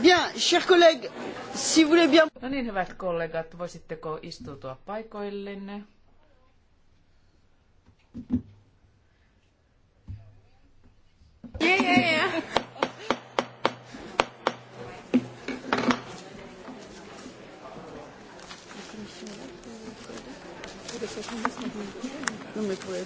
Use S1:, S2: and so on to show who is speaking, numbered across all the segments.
S1: Bien, chers collègues, si vous voulez bien... No niin, hyvät kollegat, voisitteko istutua paikoillenne? Yeah, yeah, yeah.
S2: Non, mais pour la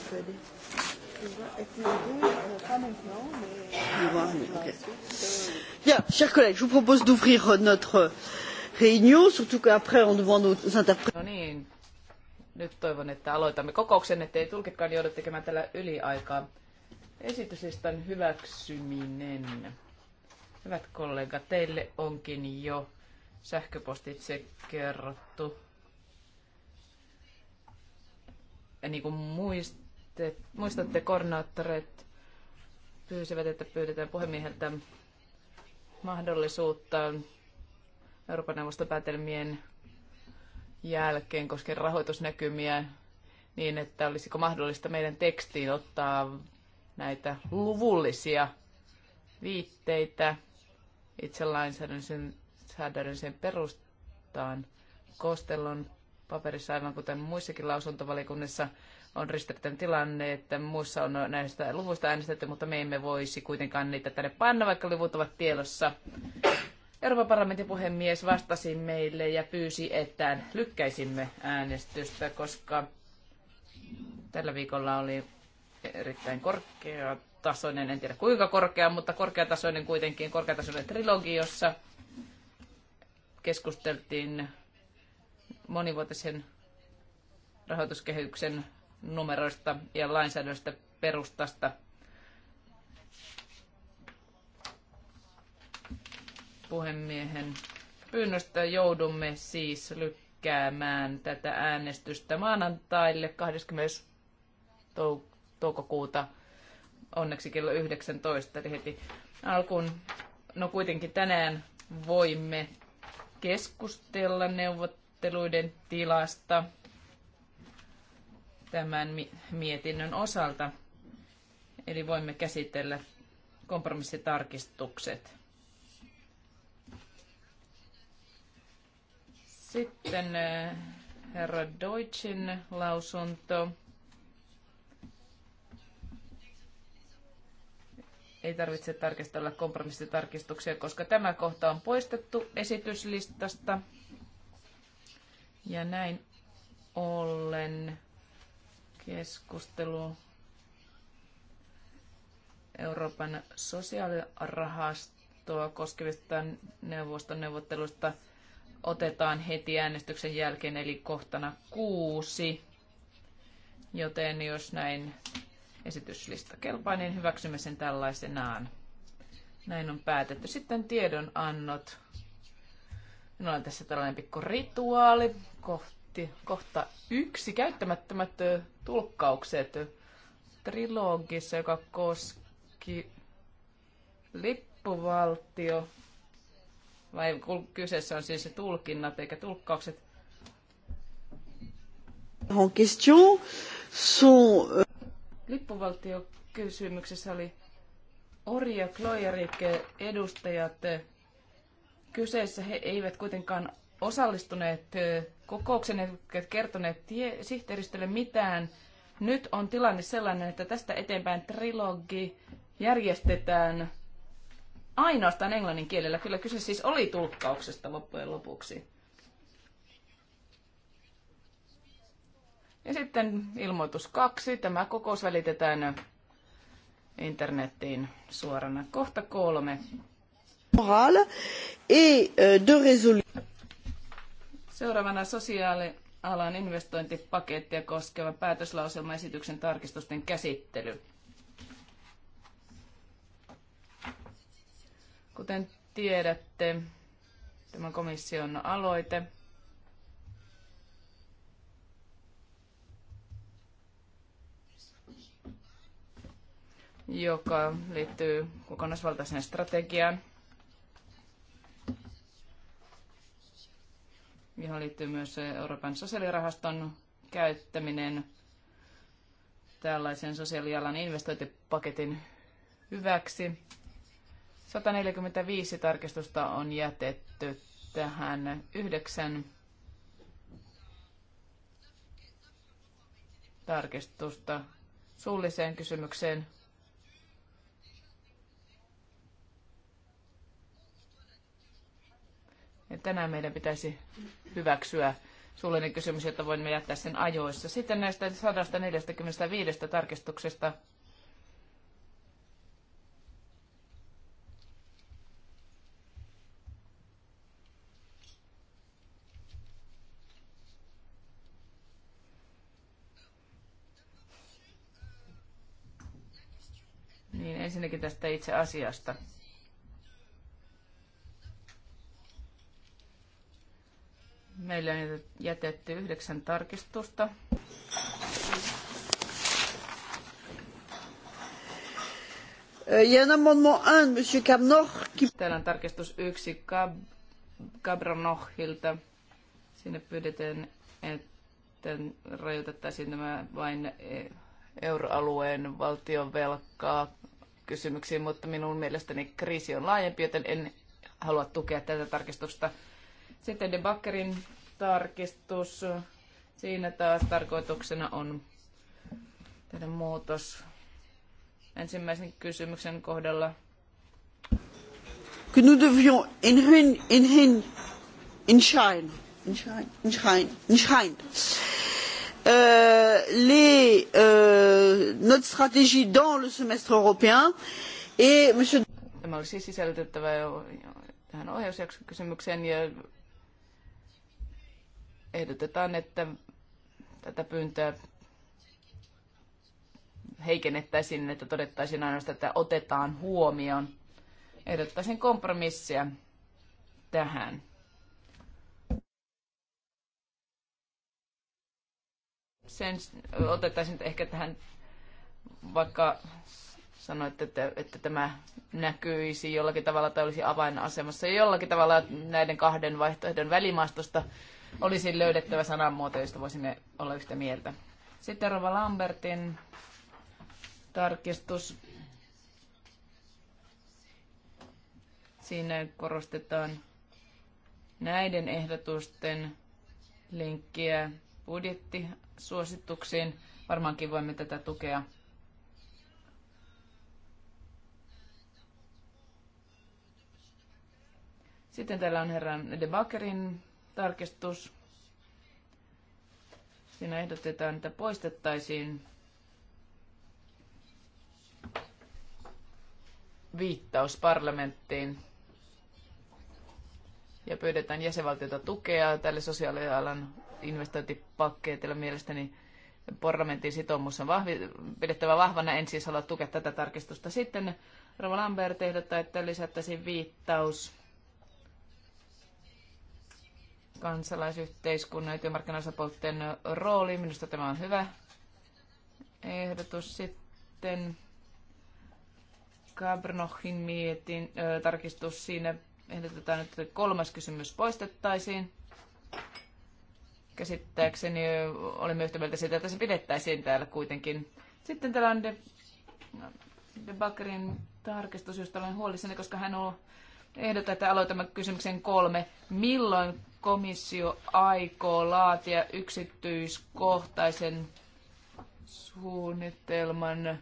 S2: chers collègues je vous propose d'ouvrir euh, notre euh, réunion surtout qu'après on demande aux interprètes. No
S1: niin. Nyt toivon, että aloitamme kokouksen, ettei tulkitkaan joudu tekemään tällä yliaikaa. Esityslistan hyväksyminen. Hyvät kollegat, teille onkin jo sähköpostitse kerrottu. Ja niin kuin muistatte, muistatte koordinaattoreet pyysivät, että pyydetään puhemieheltä mahdollisuutta Euroopan neuvoston päätelmien jälkeen koskien rahoitusnäkymiä niin, että olisiko mahdollista meidän tekstiin ottaa näitä luvullisia viitteitä itse lainsäädännöllisen perustaan. Kostellon paperissa, aivan kuten muissakin lausuntovalikunnissa on ristiriitainen tilanne, että muissa on näistä luvuista äänestetty, mutta me emme voisi kuitenkaan niitä tänne panna, vaikka luvut ovat tiedossa. Euroopan parlamentin puhemies vastasi meille ja pyysi, että lykkäisimme äänestystä, koska tällä viikolla oli erittäin tasoinen, en tiedä kuinka korkea, mutta korkeatasoinen kuitenkin, korkeatasoinen trilogi, jossa keskusteltiin monivuotisen rahoituskehyksen numeroista ja lainsäädännöstä perustasta. Puhemiehen pyynnöstä joudumme siis lykkäämään tätä äänestystä maanantaille 20. toukokuuta onneksi kello 19 eli heti alkuun. No kuitenkin tänään voimme keskustella neuvotteluiden tilasta tämän mietinnön osalta. Eli voimme käsitellä kompromissitarkistukset. Sitten eh, herra Deutschin lausunto. Ei tarvitse tarkistella kompromissitarkistuksia, koska tämä kohta on poistettu esityslistasta. Ja näin ollen keskustelu Euroopan sosiaalirahastoa koskevista neuvoston neuvotteluista otetaan heti äänestyksen jälkeen, eli kohtana kuusi. Joten jos näin esityslista kelpaa, niin hyväksymme sen tällaisenaan. Näin on päätetty. Sitten tiedonannot. Minulla on tässä tällainen pikku rituaali. Kohti, kohta yksi. Käyttämättömät tulkkaukset trilogissa, joka koski lippuvaltio, vai kyseessä on siis tulkinnat eikä tulkkaukset.
S2: En question euh,
S1: Lippuvaltio? Kysymyksessä oli Orja Klojarike edustajat. Kyseessä he eivät kuitenkaan osallistuneet kokouksen, eivätkä kertoneet tie- sihteeristölle mitään. Nyt on tilanne sellainen, että tästä eteenpäin trilogi järjestetään ainoastaan englannin kielellä. Kyllä kyse siis oli tulkkauksesta loppujen lopuksi. Ja sitten ilmoitus kaksi. Tämä kokous välitetään internettiin suorana. Kohta kolme.
S2: Moral et euh, de résolution.
S1: Seuraavana sosiaalialan investointipakettia koskeva päätöslauselmaesityksen tarkistusten käsittely. Kuten tiedätte, tämä komission aloite joka liittyy kokonaisvaltaiseen strategiaan johon liittyy myös Euroopan sosiaalirahaston käyttäminen tällaisen sosiaalialan investointipaketin hyväksi. 145 tarkistusta on jätetty tähän yhdeksän tarkistusta suulliseen kysymykseen Ja tänään meidän pitäisi hyväksyä suullinen kysymys, jotta voimme jättää sen ajoissa. Sitten näistä 145 tarkistuksesta Niin ensinnäkin tästä itse asiasta. Meillä on jätetty yhdeksän tarkistusta. Euh, Täällä on tarkistus yksi Cab... Cabranochilta. Sinne pyydetään, että rajoitettaisiin nämä vain eh, euroalueen valtion velkaa kysymyksiin, mutta minun mielestäni kriisi on laajempi, joten en halua tukea tätä tarkistusta. Sitten debuggerin tarkistus. Siinä taas tarkoituksena on tehdä muutos ensimmäisen kysymyksen kohdalla.
S2: Que nous devions enhin, enhin, shine. enshine, enshine, enshine. Euh, les, euh, notre stratégie dans le semestre européen et monsieur...
S1: Tämä olisi siis sisällytettävä jo tähän ohjausjaksokysymykseen ja ehdotetaan, että tätä pyyntöä heikennettäisiin, että todettaisiin ainoastaan, että otetaan huomioon. Ehdottaisin kompromissia tähän. Sen otettaisiin ehkä tähän, vaikka sanoitte, että, että tämä näkyisi jollakin tavalla tai olisi avainasemassa jollakin tavalla näiden kahden vaihtoehdon välimaastosta olisi löydettävä sananmuoto, josta voisimme olla yhtä mieltä. Sitten Rova Lambertin tarkistus. Siinä korostetaan näiden ehdotusten linkkiä budjettisuosituksiin. Varmaankin voimme tätä tukea. Sitten täällä on herran De Bakkerin tarkistus. Siinä ehdotetaan, että poistettaisiin viittaus parlamenttiin ja pyydetään jäsenvaltiota tukea tälle sosiaalialan investointipaketille. Mielestäni parlamentin sitoumus on vahvi, pidettävä vahvana. En siis halua tukea tätä tarkistusta. Sitten Rova Lambert ehdottaa, että lisättäisiin viittaus kansalaisyhteiskunnan ja työmarkkinaosapuolten rooli. Minusta tämä on hyvä ehdotus sitten. Cabrnochin mietin, ö, tarkistus siinä ehdotetaan, että kolmas kysymys poistettaisiin. Käsittääkseni olimme yhtä mieltä siitä, että se pidettäisiin täällä kuitenkin. Sitten täällä on De, De Bakkerin tarkistus, josta olen huolissani, koska hän on ehdottaa, että aloitamme kysymyksen kolme. Milloin komissio aikoo laatia yksityiskohtaisen suunnitelman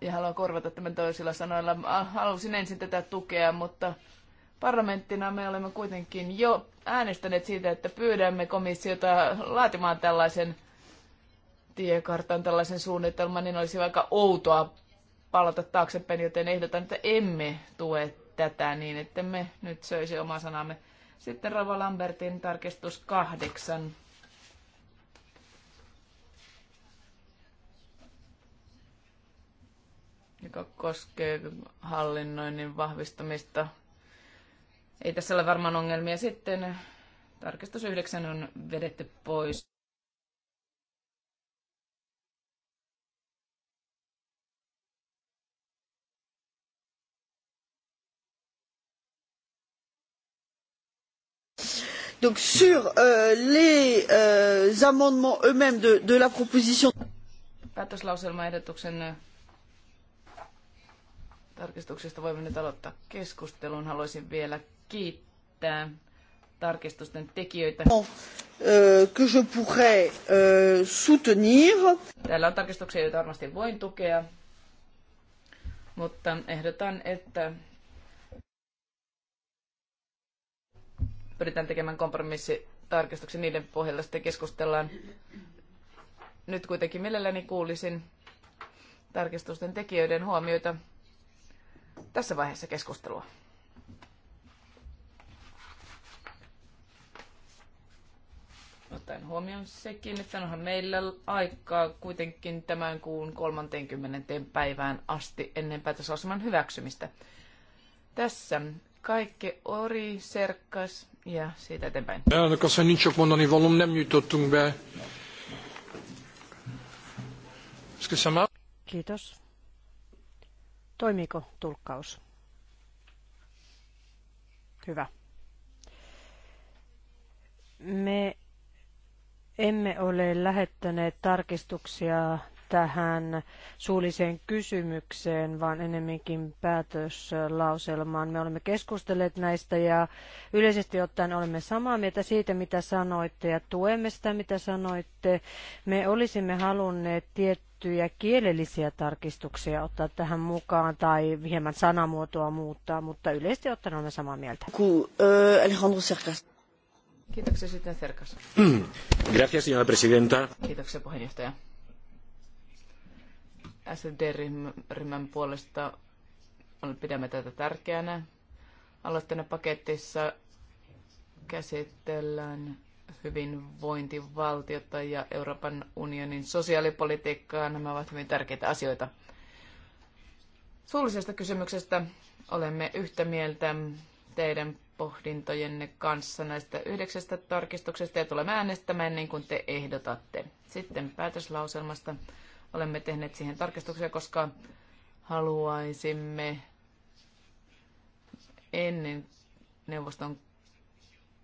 S1: ja haluan korvata tämän toisilla sanoilla. Halusin ensin tätä tukea, mutta parlamenttina me olemme kuitenkin jo äänestäneet siitä, että pyydämme komissiota laatimaan tällaisen tiekartan, tällaisen suunnitelman, niin olisi aika outoa palata taaksepäin, joten ehdotan, että emme tue tätä niin, että me nyt söisi oma sanamme. Sitten Rova Lambertin tarkistus kahdeksan. joka koskee hallinnoinnin vahvistamista. Ei tässä ole varmaan ongelmia. Sitten tarkistus yhdeksän on vedetty pois.
S2: Donc sur euh, les euh, amendements eux-mêmes de, de la proposition.
S1: Äh, tarkistuksesta voimme nyt aloittaa keskustelun. Haluaisin vielä kiittää tarkistusten tekijöitä. Euh, que je pourrais euh, soutenir. Täällä on tarkistuksia, joita varmasti voin tukea, mutta ehdotan, että pyritään tekemään kompromissitarkistuksia niiden pohjalta sitten keskustellaan. Nyt kuitenkin mielelläni kuulisin tarkistusten tekijöiden huomioita tässä vaiheessa keskustelua. Ottaen huomioon sekin, että onhan meillä aikaa kuitenkin tämän kuun 30. päivään asti ennen päätösaseman hyväksymistä. Tässä kaikki ori, serkkas ja
S3: siitä eteenpäin. Elnök asszony, nincs sok mondani valóm, nem nyújtottunk be. Kiitos. Toimiiko tulkkaus? Hyvä. Me emme ole lähettäneet tarkistuksia tähän suulliseen kysymykseen, vaan enemminkin päätöslauselmaan. Me olemme keskustelleet näistä ja yleisesti ottaen olemme samaa mieltä siitä, mitä sanoitte ja tuemme sitä, mitä sanoitte. Me olisimme halunneet tiettyjä kielellisiä tarkistuksia ottaa tähän mukaan tai hieman sanamuotoa muuttaa, mutta yleisesti ottaen olemme samaa mieltä. Alejandro Kiitoksia sitten Cercas.
S1: Gracias, señora presidenta. Kiitoksia puheenjohtaja. SD-ryhmän puolesta pidämme tätä tärkeänä. Aloitteena paketissa käsitellään hyvinvointivaltiota ja Euroopan unionin sosiaalipolitiikkaa. Nämä ovat hyvin tärkeitä asioita. Suullisesta kysymyksestä olemme yhtä mieltä teidän pohdintojenne kanssa näistä yhdeksästä tarkistuksesta ja tulemme äänestämään niin kuin te ehdotatte. Sitten päätöslauselmasta. Olemme tehneet siihen tarkistuksia, koska haluaisimme ennen neuvoston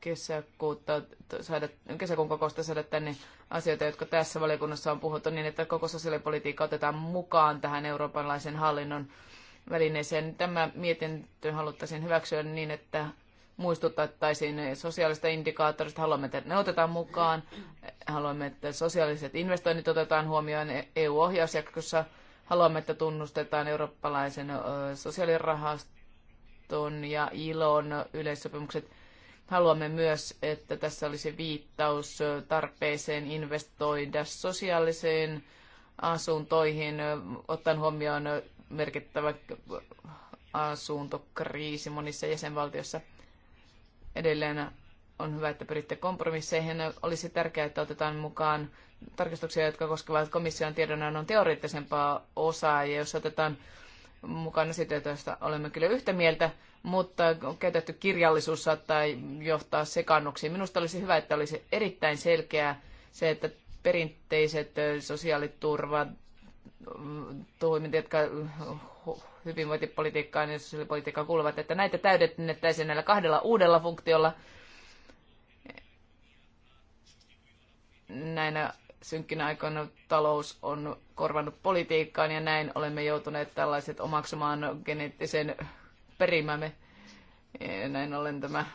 S1: kesäkuuta, saada, kesäkuun kokousta saada tänne asioita, jotka tässä valiokunnassa on puhuttu niin, että koko sosiaalipolitiikka otetaan mukaan tähän eurooppalaisen hallinnon välineeseen. Tämä mietintö haluttaisiin hyväksyä niin, että muistuttaisin sosiaalista indikaattorista. Haluamme, että ne otetaan mukaan. Haluamme, että sosiaaliset investoinnit otetaan huomioon EU-ohjausjaksossa. Haluamme, että tunnustetaan eurooppalaisen sosiaalirahaston ja ILOn yleissopimukset. Haluamme myös, että tässä olisi viittaus tarpeeseen investoida sosiaaliseen asuntoihin, ottaen huomioon merkittävä asuntokriisi monissa jäsenvaltioissa – Edelleen on hyvä, että pyritte kompromisseihin. Olisi tärkeää, että otetaan mukaan tarkistuksia, jotka koskevat komission tiedonannon teoreettisempaa osaa, ja jos otetaan mukaan sitä, josta olemme kyllä yhtä mieltä, mutta käytetty kirjallisuus saattaa johtaa sekannuksiin. Minusta olisi hyvä, että olisi erittäin selkeää se, että perinteiset sosiaaliturva, toimit, jotka hyvinvointipolitiikkaan ja sosiaalipolitiikkaan kuuluvat, että näitä täydennettäisiin näillä kahdella uudella funktiolla näinä synkkinä aikoina talous on korvannut politiikkaan ja näin olemme joutuneet tällaiset omaksumaan geneettisen perimämme. Ja näin ollen tämä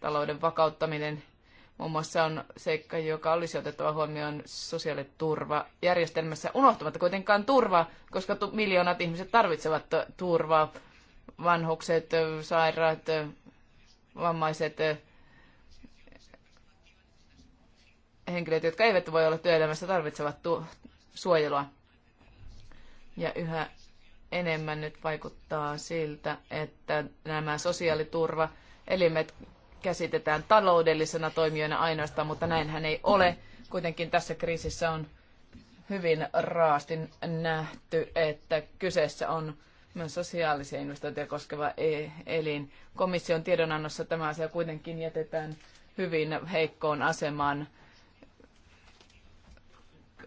S1: talouden vakauttaminen – muun muassa on seikka, joka olisi otettava huomioon sosiaaliturvajärjestelmässä, unohtamatta kuitenkaan turvaa, koska tu- miljoonat ihmiset tarvitsevat turvaa. Vanhukset, sairaat, vammaiset, henkilöt, jotka eivät voi olla työelämässä, tarvitsevat tu- suojelua. Ja yhä enemmän nyt vaikuttaa siltä, että nämä sosiaaliturva-elimet käsitetään taloudellisena toimijana ainoastaan, mutta näinhän ei ole. Kuitenkin tässä kriisissä on hyvin raasti nähty, että kyseessä on myös sosiaalisia investointeja koskeva e- elin. Komission tiedonannossa tämä asia kuitenkin jätetään hyvin heikkoon asemaan.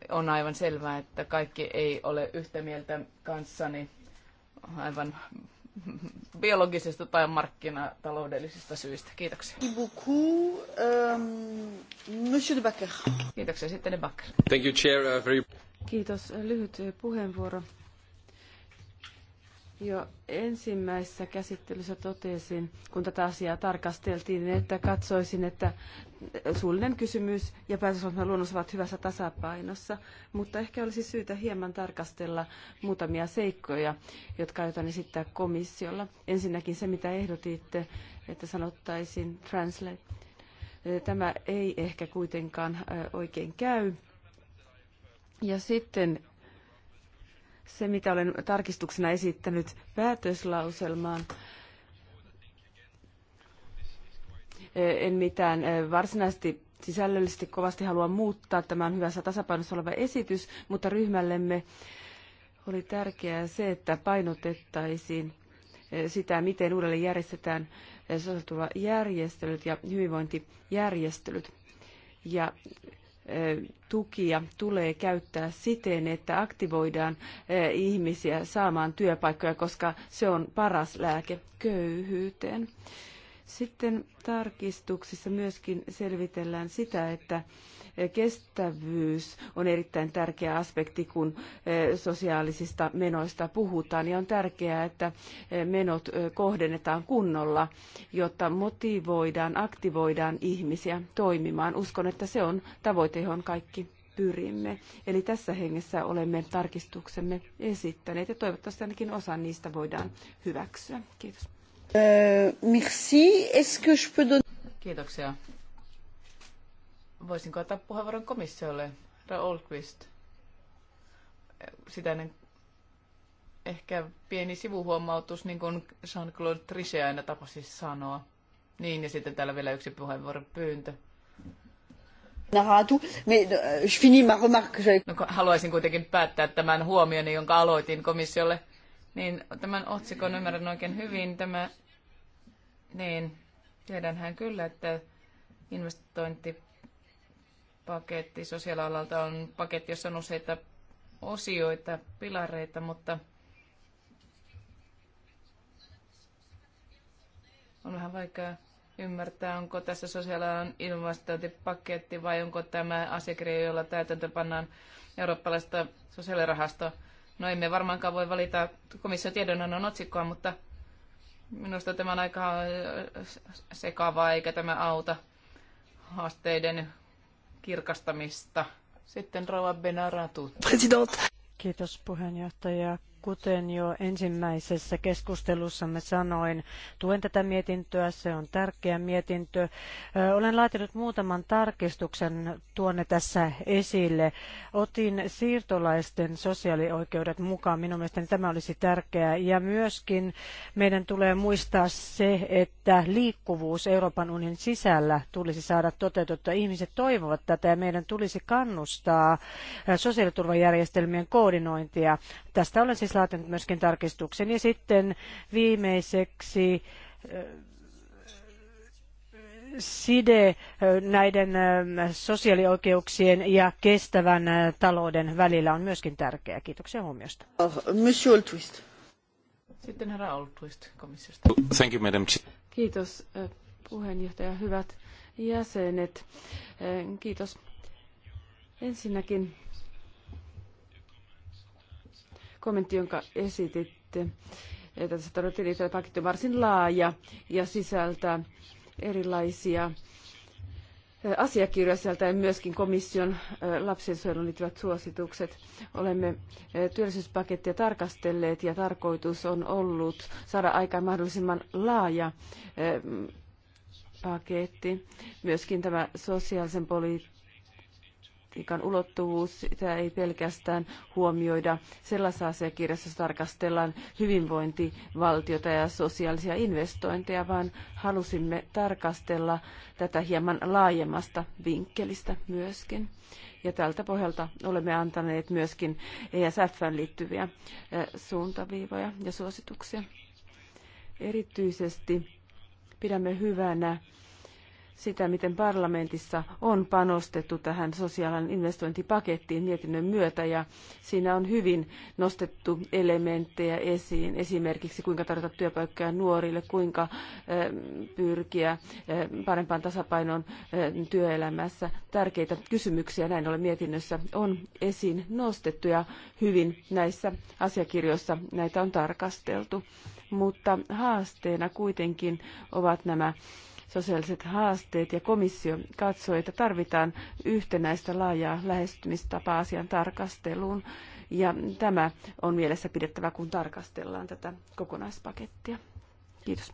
S1: On aivan selvää, että kaikki ei ole yhtä mieltä kanssani aivan biologisista tai markkinataloudellisista syistä. Kiitoksia.
S4: Um, Monsieur de Kiitoksia. Sitten de Backer.
S2: Thank you, chair, uh,
S4: Kiitos. Lyhyt puheenvuoro. Jo ensimmäisessä käsittelyssä totesin, kun tätä asiaa tarkasteltiin, että katsoisin, että suullinen kysymys ja päätösvaltainen luonnos ovat hyvässä tasapainossa, mutta ehkä olisi syytä hieman tarkastella muutamia seikkoja, jotka aiotaan esittää komissiolla. Ensinnäkin se, mitä ehdotitte, että sanottaisiin translate. Tämä ei ehkä kuitenkaan oikein käy. Ja sitten se, mitä olen tarkistuksena esittänyt päätöslauselmaan, e, en mitään e, varsinaisesti sisällöllisesti kovasti halua muuttaa. Tämä on hyvässä tasapainossa oleva esitys, mutta ryhmällemme oli tärkeää se, että painotettaisiin e, sitä, miten uudelleen järjestetään sosiaaliturvajärjestelyt ja hyvinvointijärjestelyt. Ja tukia tulee käyttää siten, että aktivoidaan ihmisiä saamaan työpaikkoja, koska se on paras lääke köyhyyteen. Sitten tarkistuksissa myöskin selvitellään sitä, että kestävyys on erittäin tärkeä aspekti, kun eh, sosiaalisista menoista puhutaan. Ja on tärkeää, että eh, menot eh, kohdennetaan kunnolla, jotta motivoidaan, aktivoidaan ihmisiä toimimaan. Uskon, että se on tavoite, johon kaikki pyrimme. Eli tässä hengessä olemme tarkistuksemme esittäneet ja toivottavasti ainakin osa niistä voidaan hyväksyä. Kiitos. Euh, Kiitoksia.
S1: Voisinko ottaa puheenvuoron komissiolle? Raolquist. Sitä ennen ehkä pieni sivuhuomautus, niin kuin Jean-Claude Trichet aina tapasi sanoa. Niin, ja sitten täällä vielä yksi puheenvuoron pyyntö.
S2: Euh, no,
S1: haluaisin kuitenkin päättää tämän huomioni, jonka aloitin komissiolle. Niin, tämän otsikon ymmärrän oikein hyvin. Tämä, niin, tiedänhän kyllä, että investointi paketti sosiaalialalta on paketti, jossa on useita osioita, pilareita, mutta on vähän vaikea ymmärtää, onko tässä sosiaalialan ilmastointipaketti vai onko tämä asiakirja, jolla täytäntö pannaan eurooppalaista sosiaalirahastoa. No emme varmaankaan voi valita komission tiedonannon otsikkoa, mutta minusta tämä on aika sekavaa eikä tämä auta haasteiden kirkastamista. Sitten Rova Benaratu.
S3: Kiitos puheenjohtaja. Kuten jo ensimmäisessä keskustelussamme sanoin, tuen tätä mietintöä, se on tärkeä mietintö. Olen laatinut muutaman tarkistuksen tuonne tässä esille. Otin siirtolaisten sosiaalioikeudet mukaan, minun mielestäni tämä olisi tärkeää. Ja myöskin meidän tulee muistaa se, että liikkuvuus Euroopan unionin sisällä tulisi saada toteutettua. Ihmiset toivovat tätä ja meidän tulisi kannustaa sosiaaliturvajärjestelmien koordinointia. Tästä olen siis siis laatinut myöskin tarkistuksen. Ja sitten viimeiseksi äh, side äh, näiden äh, sosiaalioikeuksien ja kestävän talouden välillä on myöskin tärkeä. Kiitoksia huomiosta. Oh, Monsieur Altwist.
S1: Sitten herra Altwist komissiosta.
S4: Thank you, madam.
S3: Kiitos puheenjohtaja. Hyvät
S4: jäsenet. Kiitos. Ensinnäkin kommentti, jonka esititte. Tässä todettiin, että paketti on varsin laaja ja sisältää erilaisia eh, asiakirjoja ja myöskin komission eh, lapsensuojeluun liittyvät suositukset. Olemme eh, työllisyyspakettia tarkastelleet ja tarkoitus on ollut saada aikaan mahdollisimman laaja paketti. Myöskin tämä sosiaalisen politiikan politiikan ulottuvuus, sitä ei pelkästään huomioida sellaisessa asiakirjassa, jossa tarkastellaan hyvinvointivaltiota ja sosiaalisia investointeja, vaan halusimme tarkastella tätä hieman laajemmasta vinkkelistä myöskin. Ja tältä pohjalta olemme antaneet myöskin ESFn liittyviä suuntaviivoja ja suosituksia. Erityisesti pidämme hyvänä sitä, miten parlamentissa on panostettu tähän sosiaalinen investointipakettiin mietinnön myötä ja siinä on hyvin nostettu elementtejä esiin, esimerkiksi kuinka tarjota työpaikkoja nuorille, kuinka pyrkiä parempaan tasapainoon työelämässä. Tärkeitä kysymyksiä näin ollen mietinnössä on esiin nostettu ja hyvin näissä asiakirjoissa näitä on tarkasteltu. Mutta haasteena kuitenkin ovat nämä sosiaaliset haasteet ja komissio katsoi, että tarvitaan yhtenäistä laajaa lähestymistapaa asian tarkasteluun. Ja tämä on mielessä pidettävä, kun tarkastellaan tätä kokonaispakettia. Kiitos.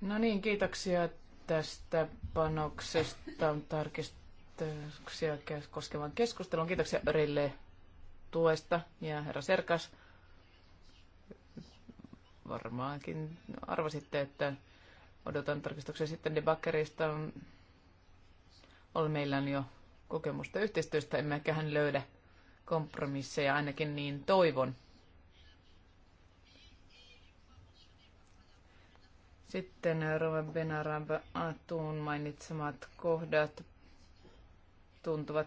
S1: No niin, kiitoksia tästä panoksesta tarkistuksia koskevan keskustelun. Kiitoksia Örille tuesta ja herra Serkas Varmaankin arvasitte, että odotan tarkistuksia sitten debakkerista. Oli meillä jo kokemusta yhteistyöstä, emmeköhän löydä kompromisseja, ainakin niin toivon. Sitten Rova Benarab Atun mainitsemat kohdat tuntuvat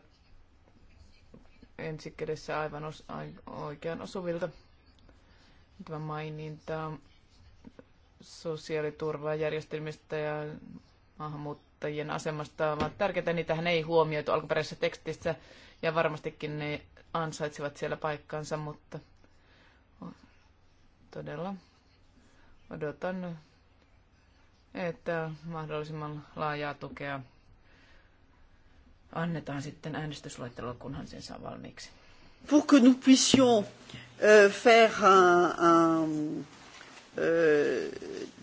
S1: kädessä aivan os, oikean osuvilta tämä maininta sosiaaliturvajärjestelmistä ja maahanmuuttajien asemasta ovat tärkeitä. Niitähän ei huomioitu alkuperäisessä tekstissä ja varmastikin ne ansaitsevat siellä paikkaansa, mutta todella odotan, että mahdollisimman laajaa tukea annetaan sitten äänestysluetteloon, kunhan sen saa valmiiksi
S2: pour que nous puissions euh, faire un, un, euh,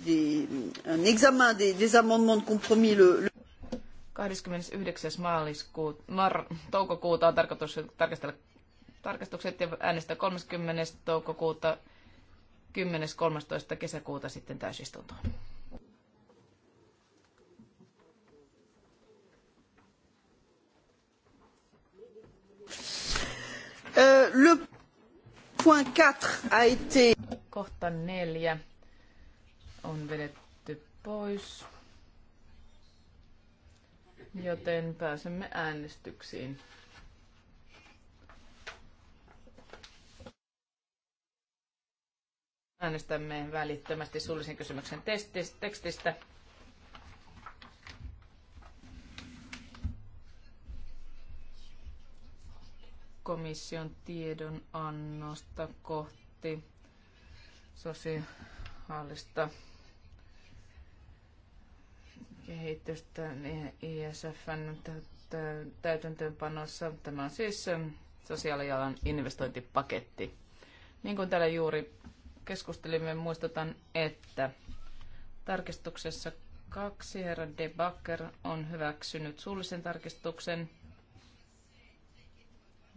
S2: des, un examen des, des amendements de compromis le, le
S1: 29. maaliskuuta, mar, toukokuuta on tarkoitus tarkastella tarkastukset ja äänestää 30. toukokuuta, 10.13. kesäkuuta sitten täysistuntoon. Euh, le point 4 a été... Kohta neljä on vedetty pois, joten pääsemme äänestyksiin. Äänestämme välittömästi suullisen kysymyksen tekstistä. komission tiedonannosta kohti sosiaalista kehitystä ISFn niin täytäntöönpanossa. Tämä on siis ähm, sosiaalialan investointipaketti. Niin kuin täällä juuri keskustelimme, muistutan, että tarkistuksessa kaksi herra De Backer on hyväksynyt suullisen tarkistuksen –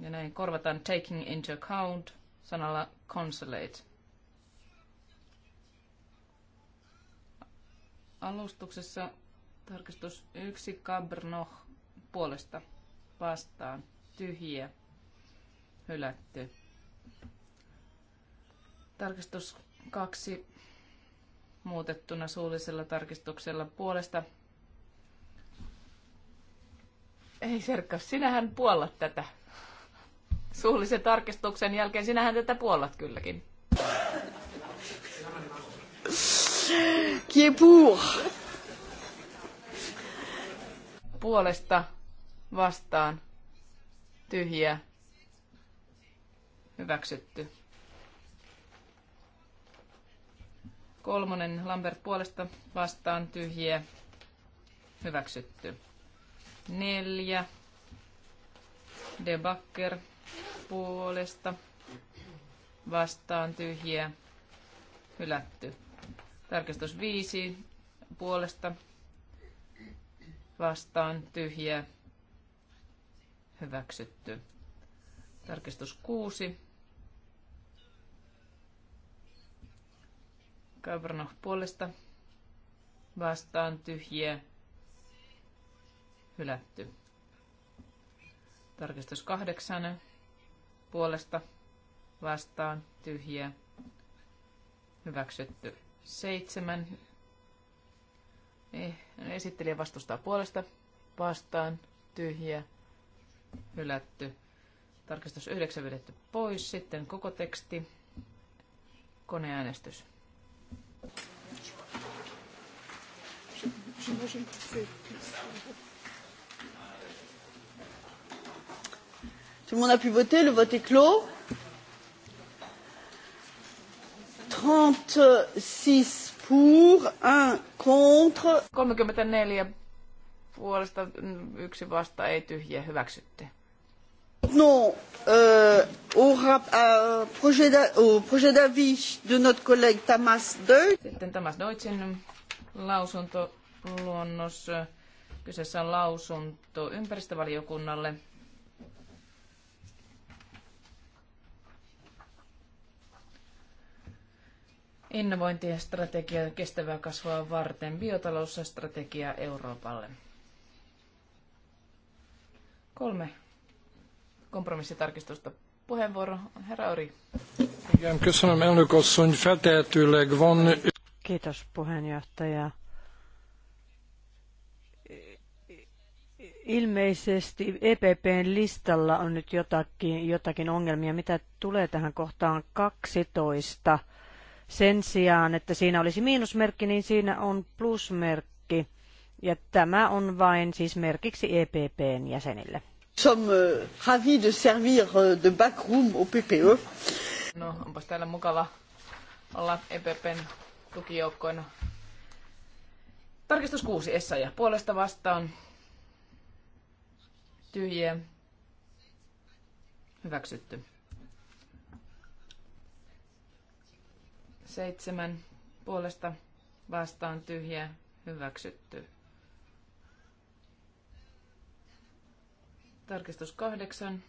S1: ja näin korvataan taking into account sanalla consolate. Alustuksessa tarkistus yksi Cabrnoch puolesta vastaan tyhjiä hylätty. Tarkistus kaksi muutettuna suullisella tarkistuksella puolesta. Ei Serkka, sinähän puolla tätä suullisen tarkistuksen jälkeen. Sinähän tätä puolat kylläkin. Qui Puolesta vastaan. Tyhjä. Hyväksytty. Kolmonen Lambert puolesta vastaan tyhjä Hyväksytty. Neljä. Debakker puolesta vastaan tyhjiä hylätty. Tarkistus 5 puolesta vastaan tyhjiä hyväksytty. Tarkistus 6 Kavrno puolesta vastaan tyhjiä hylätty. Tarkistus 8 puolesta vastaan tyhjiä hyväksytty. Seitsemän eh, esittelijä vastustaa puolesta vastaan tyhjiä hylätty. Tarkistus yhdeksän vedetty pois. Sitten koko teksti. Koneäänestys.
S2: Je, tout le monde a pu voter le vote est clos. trente six pour un contre.
S1: kolmekymmentäneljä puolesta yksi vasta ei tyhjä hyväksytty.
S2: Non, euh, au, rap, euh, projet au projet d'avis
S1: de notre collègue Tamas Deutsch. Sitten Tamas Deutschen lausuntoluonnos. Kyseessä on lausunto ympäristövaliokunnalle. innovointistrategia kestävää kasvua varten, biotalousstrategia Euroopalle. Kolme kompromissitarkistusta. Puheenvuoro, herra Ori.
S3: Kiitos puheenjohtaja. Ilmeisesti EPPn listalla on nyt jotakin, jotakin ongelmia, mitä tulee tähän kohtaan 12 – sen sijaan, että siinä olisi miinusmerkki, niin siinä on plusmerkki. Ja tämä on vain siis merkiksi EPPn jäsenille.
S2: Sommes euh, ravis de servir euh, de backroom au PPE.
S1: No, onpas täällä mukava olla EPPn tukijoukkoina. Tarkistus 6, ja Puolesta vastaan. Tyhjiä. Hyväksytty. Seitsemän puolesta vastaan tyhjä hyväksytty. Tarkistus kahdeksan.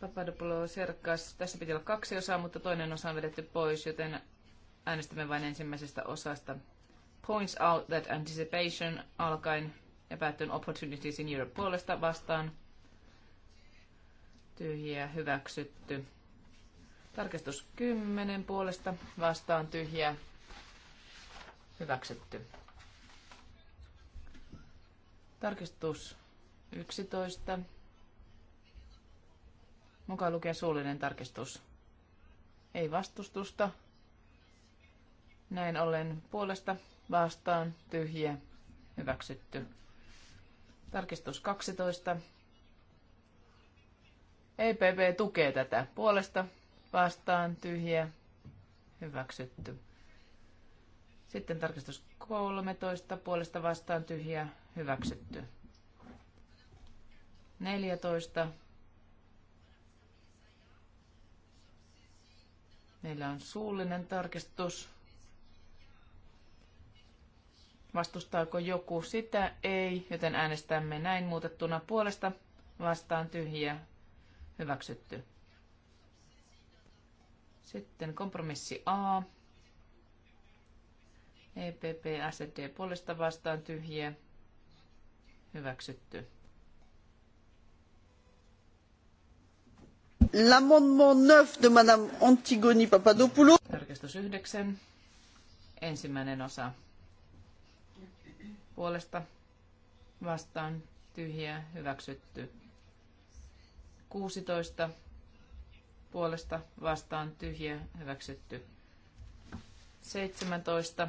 S1: Papadopoulos serkkas. Tässä piti olla kaksi osaa, mutta toinen osa on vedetty pois, joten äänestämme vain ensimmäisestä osasta. Points out that anticipation alkaen ja päättyyn opportunities in Europe puolesta vastaan tyhjiä hyväksytty. Tarkistus 10 puolesta vastaan tyhjiä hyväksytty. Tarkistus 11. Mukaan lukee suullinen tarkistus. Ei vastustusta. Näin ollen puolesta vastaan tyhjiä hyväksytty. Tarkistus 12 EPP tukee tätä puolesta vastaan tyhjä hyväksytty. Sitten tarkistus 13 puolesta vastaan tyhjä hyväksytty. 14 Meillä on suullinen tarkistus. Vastustaako joku sitä? Ei, joten äänestämme näin muutettuna puolesta vastaan tyhjiä Hyväksytty. Sitten kompromissi A. EPP, SD puolesta vastaan tyhjiä. Hyväksytty.
S2: L'amendement 9 de Madame Antigoni Papadopoulou.
S1: Tarkistus 9. Ensimmäinen osa. Puolesta vastaan tyhjiä hyväksytty. 16 puolesta vastaan tyhjä hyväksytty. 17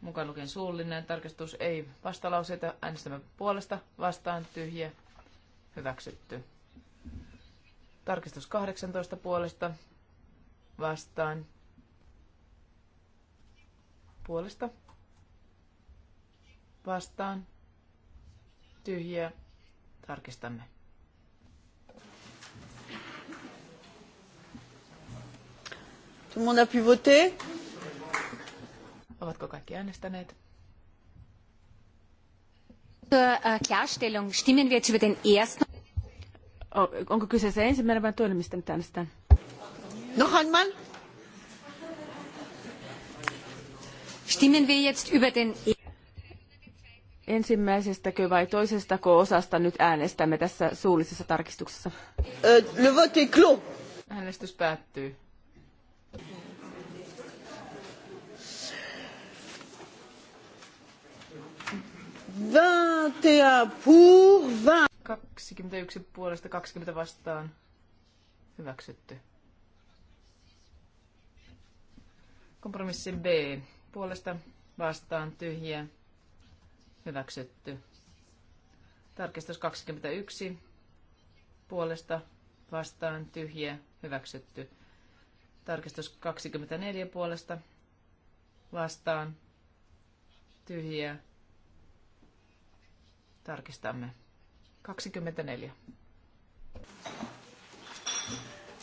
S1: mukaan lukien suullinen tarkistus ei vastalauseita äänestämme puolesta vastaan tyhjä hyväksytty. Tarkistus 18 puolesta vastaan puolesta vastaan tyhjä tarkistamme. Tout le monde a pu voter? Ovatko kaikki äänestäneet?
S3: Äh, Klarstellung. Stimmen wir jetzt über den ersten?
S4: Onko kyseessä ensimmäinen vai toinen, mistä nyt äänestetään? Noch einmal? Stimmen wir jetzt über den e- ensimmäisestäkö vai toisestako osasta nyt äänestämme tässä suullisessa tarkistuksessa? Euh, le vote est clos.
S1: Äänestys päättyy. 20 21 pour 20. 21 puolesta 20 vastaan. Hyväksytty. Kompromissi B. Puolesta vastaan tyhjä. Hyväksytty. Tarkistus 21. Puolesta vastaan tyhjä. Hyväksytty. Tarkistus 24 puolesta vastaan tyhjä. Tarkistamme. 24.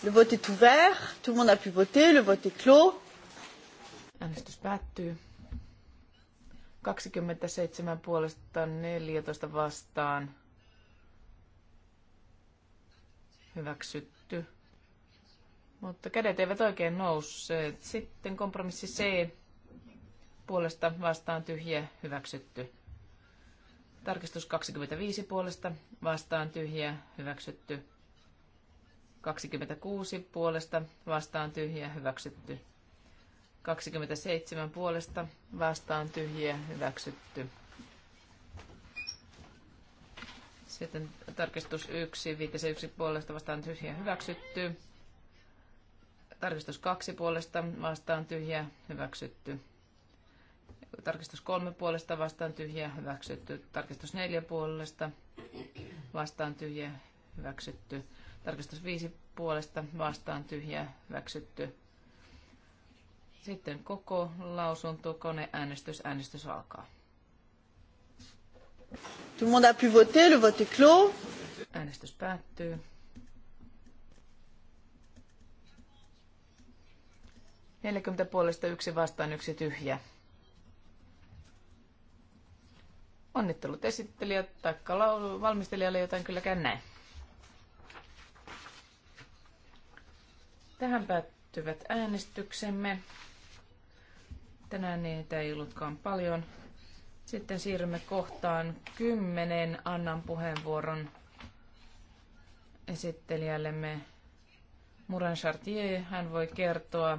S1: Le vote est ouvert. Tout le monde a pu voter. Le vote est clos. Äänestys päättyy. 27 puolesta 14 vastaan. Hyväksytty. Mutta kädet eivät oikein nousseet. Sitten kompromissi C. Puolesta vastaan tyhjä hyväksytty. Tarkistus 25 puolesta vastaan tyhjä hyväksytty. 26 puolesta vastaan tyhjä hyväksytty. 27 puolesta vastaan tyhjä hyväksytty. Sitten tarkistus 1, 51 puolesta vastaan tyhjä hyväksytty. Tarkistus 2 puolesta vastaan tyhjä hyväksytty. Tarkistus kolme puolesta vastaan tyhjä, hyväksytty. Tarkistus neljä puolesta vastaan tyhjä, hyväksytty. Tarkistus viisi puolesta vastaan tyhjä, hyväksytty. Sitten koko lausunto, koneäänestys, äänestys alkaa.
S2: Tout le monde a pu voter, le vote est clos.
S1: Äänestys päättyy. Neljäkymmentä puolesta yksi vastaan yksi tyhjä. Onnittelut esittelijät tai valmistelijalle jotain kylläkään näin. Tähän päättyvät äänestyksemme. Tänään niitä ei ollutkaan paljon. Sitten siirrymme kohtaan kymmenen. Annan puheenvuoron esittelijällemme Muran Chartier. Hän voi kertoa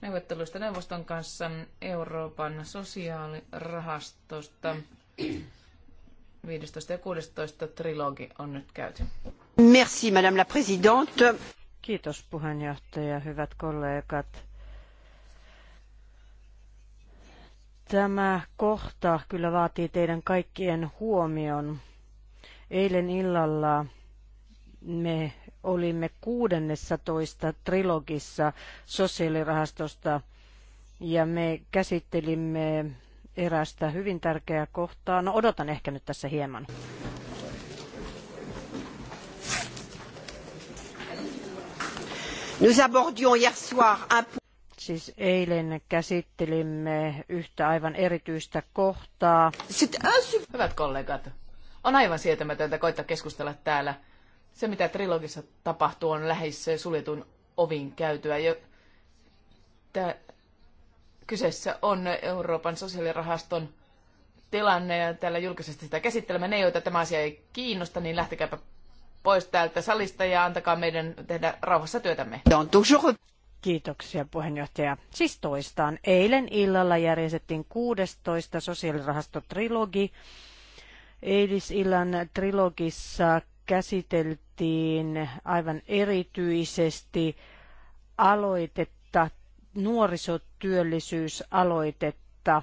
S1: neuvotteluista neuvoston kanssa Euroopan sosiaalirahastosta. Mm 15 ja 16 trilogi on nyt käyty.
S3: Merci, Madame la Présidente. Kiitos puheenjohtaja, hyvät kollegat. Tämä kohta kyllä vaatii teidän kaikkien huomion. Eilen illalla me olimme 16 trilogissa sosiaalirahastosta ja me käsittelimme erästä hyvin tärkeää kohtaa. No odotan ehkä nyt tässä hieman. Nous abordions hier soir un... Siis eilen käsittelimme yhtä aivan erityistä kohtaa.
S1: Hyvät kollegat, on aivan sietämätöntä koittaa keskustella täällä. Se, mitä trilogissa tapahtuu, on lähes suljetun ovin käytyä. Jo, kyseessä on Euroopan sosiaalirahaston tilanne ja täällä julkisesti sitä käsittelemme. Ne, joita tämä asia ei kiinnosta, niin lähtekääpä pois täältä salista ja antakaa meidän tehdä rauhassa työtämme.
S3: Kiitoksia puheenjohtaja. Siis toistaan. Eilen illalla järjestettiin 16 sosiaalirahastotrilogi. Eilisillan trilogissa käsiteltiin aivan erityisesti aloitetta nuorisotyöllisyysaloitetta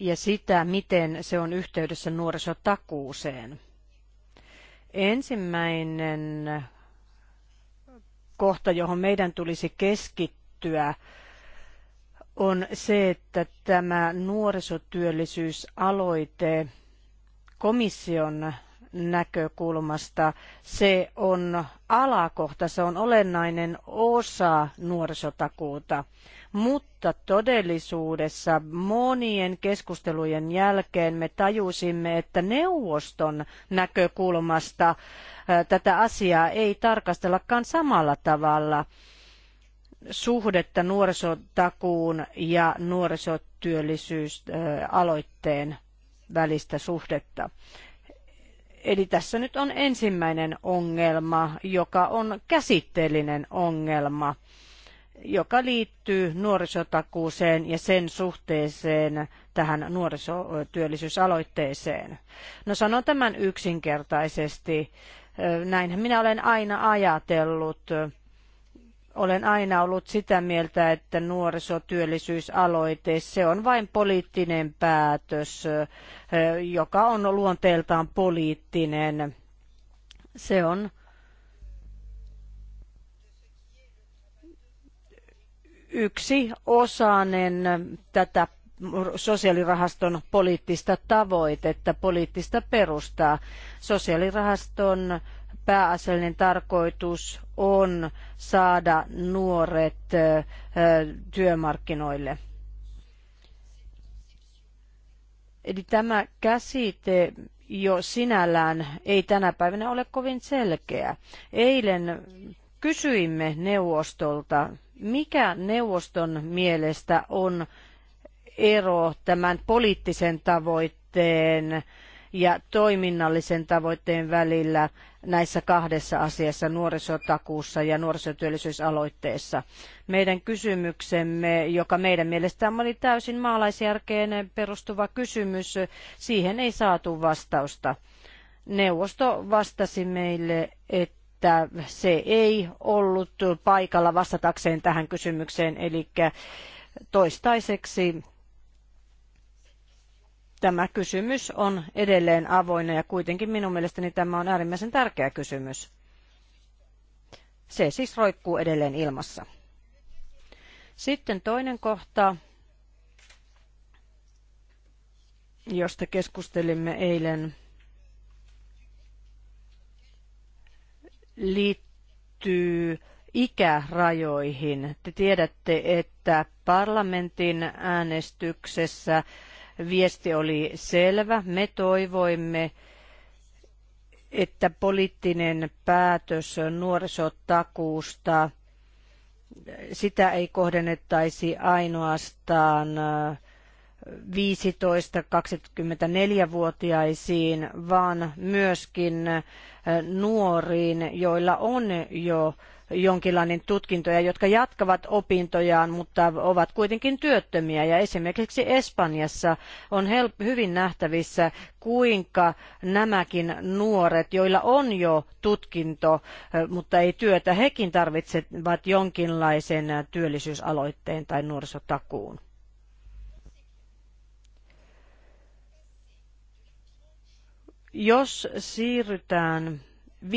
S3: ja sitä, miten se on yhteydessä nuorisotakuuseen. Ensimmäinen kohta, johon meidän tulisi keskittyä, on se, että tämä nuorisotyöllisyysaloite komission näkökulmasta. Se on alakohta, se on olennainen osa nuorisotakuuta, mutta todellisuudessa monien keskustelujen jälkeen me tajusimme, että neuvoston näkökulmasta tätä asiaa ei tarkastellakaan samalla tavalla suhdetta nuorisotakuun ja nuorisotyöllisyysaloitteen välistä suhdetta. Eli tässä nyt on ensimmäinen ongelma, joka on käsitteellinen ongelma, joka liittyy nuorisotakuuseen ja sen suhteeseen tähän nuorisotyöllisyysaloitteeseen. No sanon tämän yksinkertaisesti. Näinhän minä olen aina ajatellut. Olen aina ollut sitä mieltä, että nuorisotyöllisyysaloite, se on vain poliittinen päätös, joka on luonteeltaan poliittinen. Se on yksi osainen tätä sosiaalirahaston poliittista tavoitetta, poliittista perustaa. Sosiaalirahaston pääasiallinen tarkoitus on saada nuoret työmarkkinoille. Eli tämä käsite jo sinällään ei tänä päivänä ole kovin selkeä. Eilen kysyimme neuvostolta, mikä neuvoston mielestä on ero tämän poliittisen tavoitteen ja toiminnallisen tavoitteen välillä näissä kahdessa asiassa nuorisotakuussa ja nuorisotyöllisyysaloitteessa. Meidän kysymyksemme, joka meidän mielestämme oli täysin maalaisjärkeen perustuva kysymys, siihen ei saatu vastausta. Neuvosto vastasi meille, että että se ei ollut paikalla vastatakseen tähän kysymykseen, eli toistaiseksi tämä kysymys on edelleen avoinna ja kuitenkin minun mielestäni tämä on äärimmäisen tärkeä kysymys. Se siis roikkuu edelleen ilmassa. Sitten toinen kohta, josta keskustelimme eilen, liittyy ikärajoihin. Te tiedätte, että parlamentin äänestyksessä viesti oli selvä. Me toivoimme, että poliittinen päätös nuorisotakuusta, sitä ei kohdennettaisi ainoastaan 15-24-vuotiaisiin, äh, vaan myöskin äh, nuoriin, joilla on jo jonkinlainen tutkintoja, jotka jatkavat opintojaan, mutta ovat kuitenkin työttömiä. Ja esimerkiksi Espanjassa on hyvin nähtävissä, kuinka nämäkin nuoret, joilla on jo tutkinto, mutta ei työtä, hekin tarvitsevat jonkinlaisen työllisyysaloitteen tai nuorisotakuun. Jos siirrytään 15.24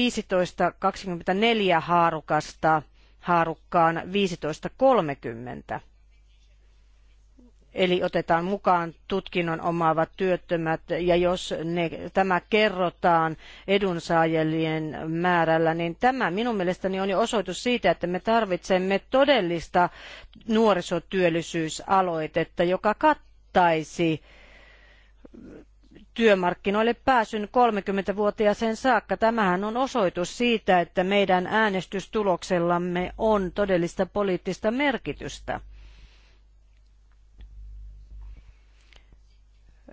S3: haarukasta haarukkaan 15.30. Eli otetaan mukaan tutkinnon omaavat työttömät ja jos ne, tämä kerrotaan edunsaajien määrällä, niin tämä minun mielestäni on jo osoitus siitä, että me tarvitsemme todellista nuorisotyöllisyysaloitetta, joka kattaisi työmarkkinoille pääsyn 30-vuotiaaseen saakka. Tämähän on osoitus siitä, että meidän äänestystuloksellamme on todellista poliittista merkitystä.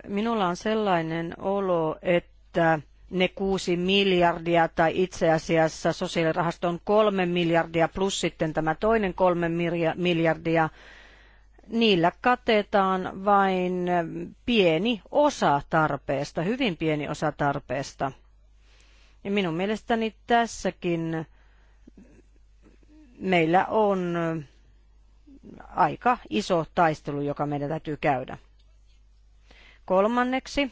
S3: Minulla on sellainen olo, että ne kuusi miljardia tai itse asiassa sosiaalirahaston kolme miljardia plus sitten tämä toinen kolme miljardia, niillä katetaan vain pieni osa tarpeesta, hyvin pieni osa tarpeesta. Ja minun mielestäni tässäkin meillä on aika iso taistelu, joka meidän täytyy käydä. Kolmanneksi,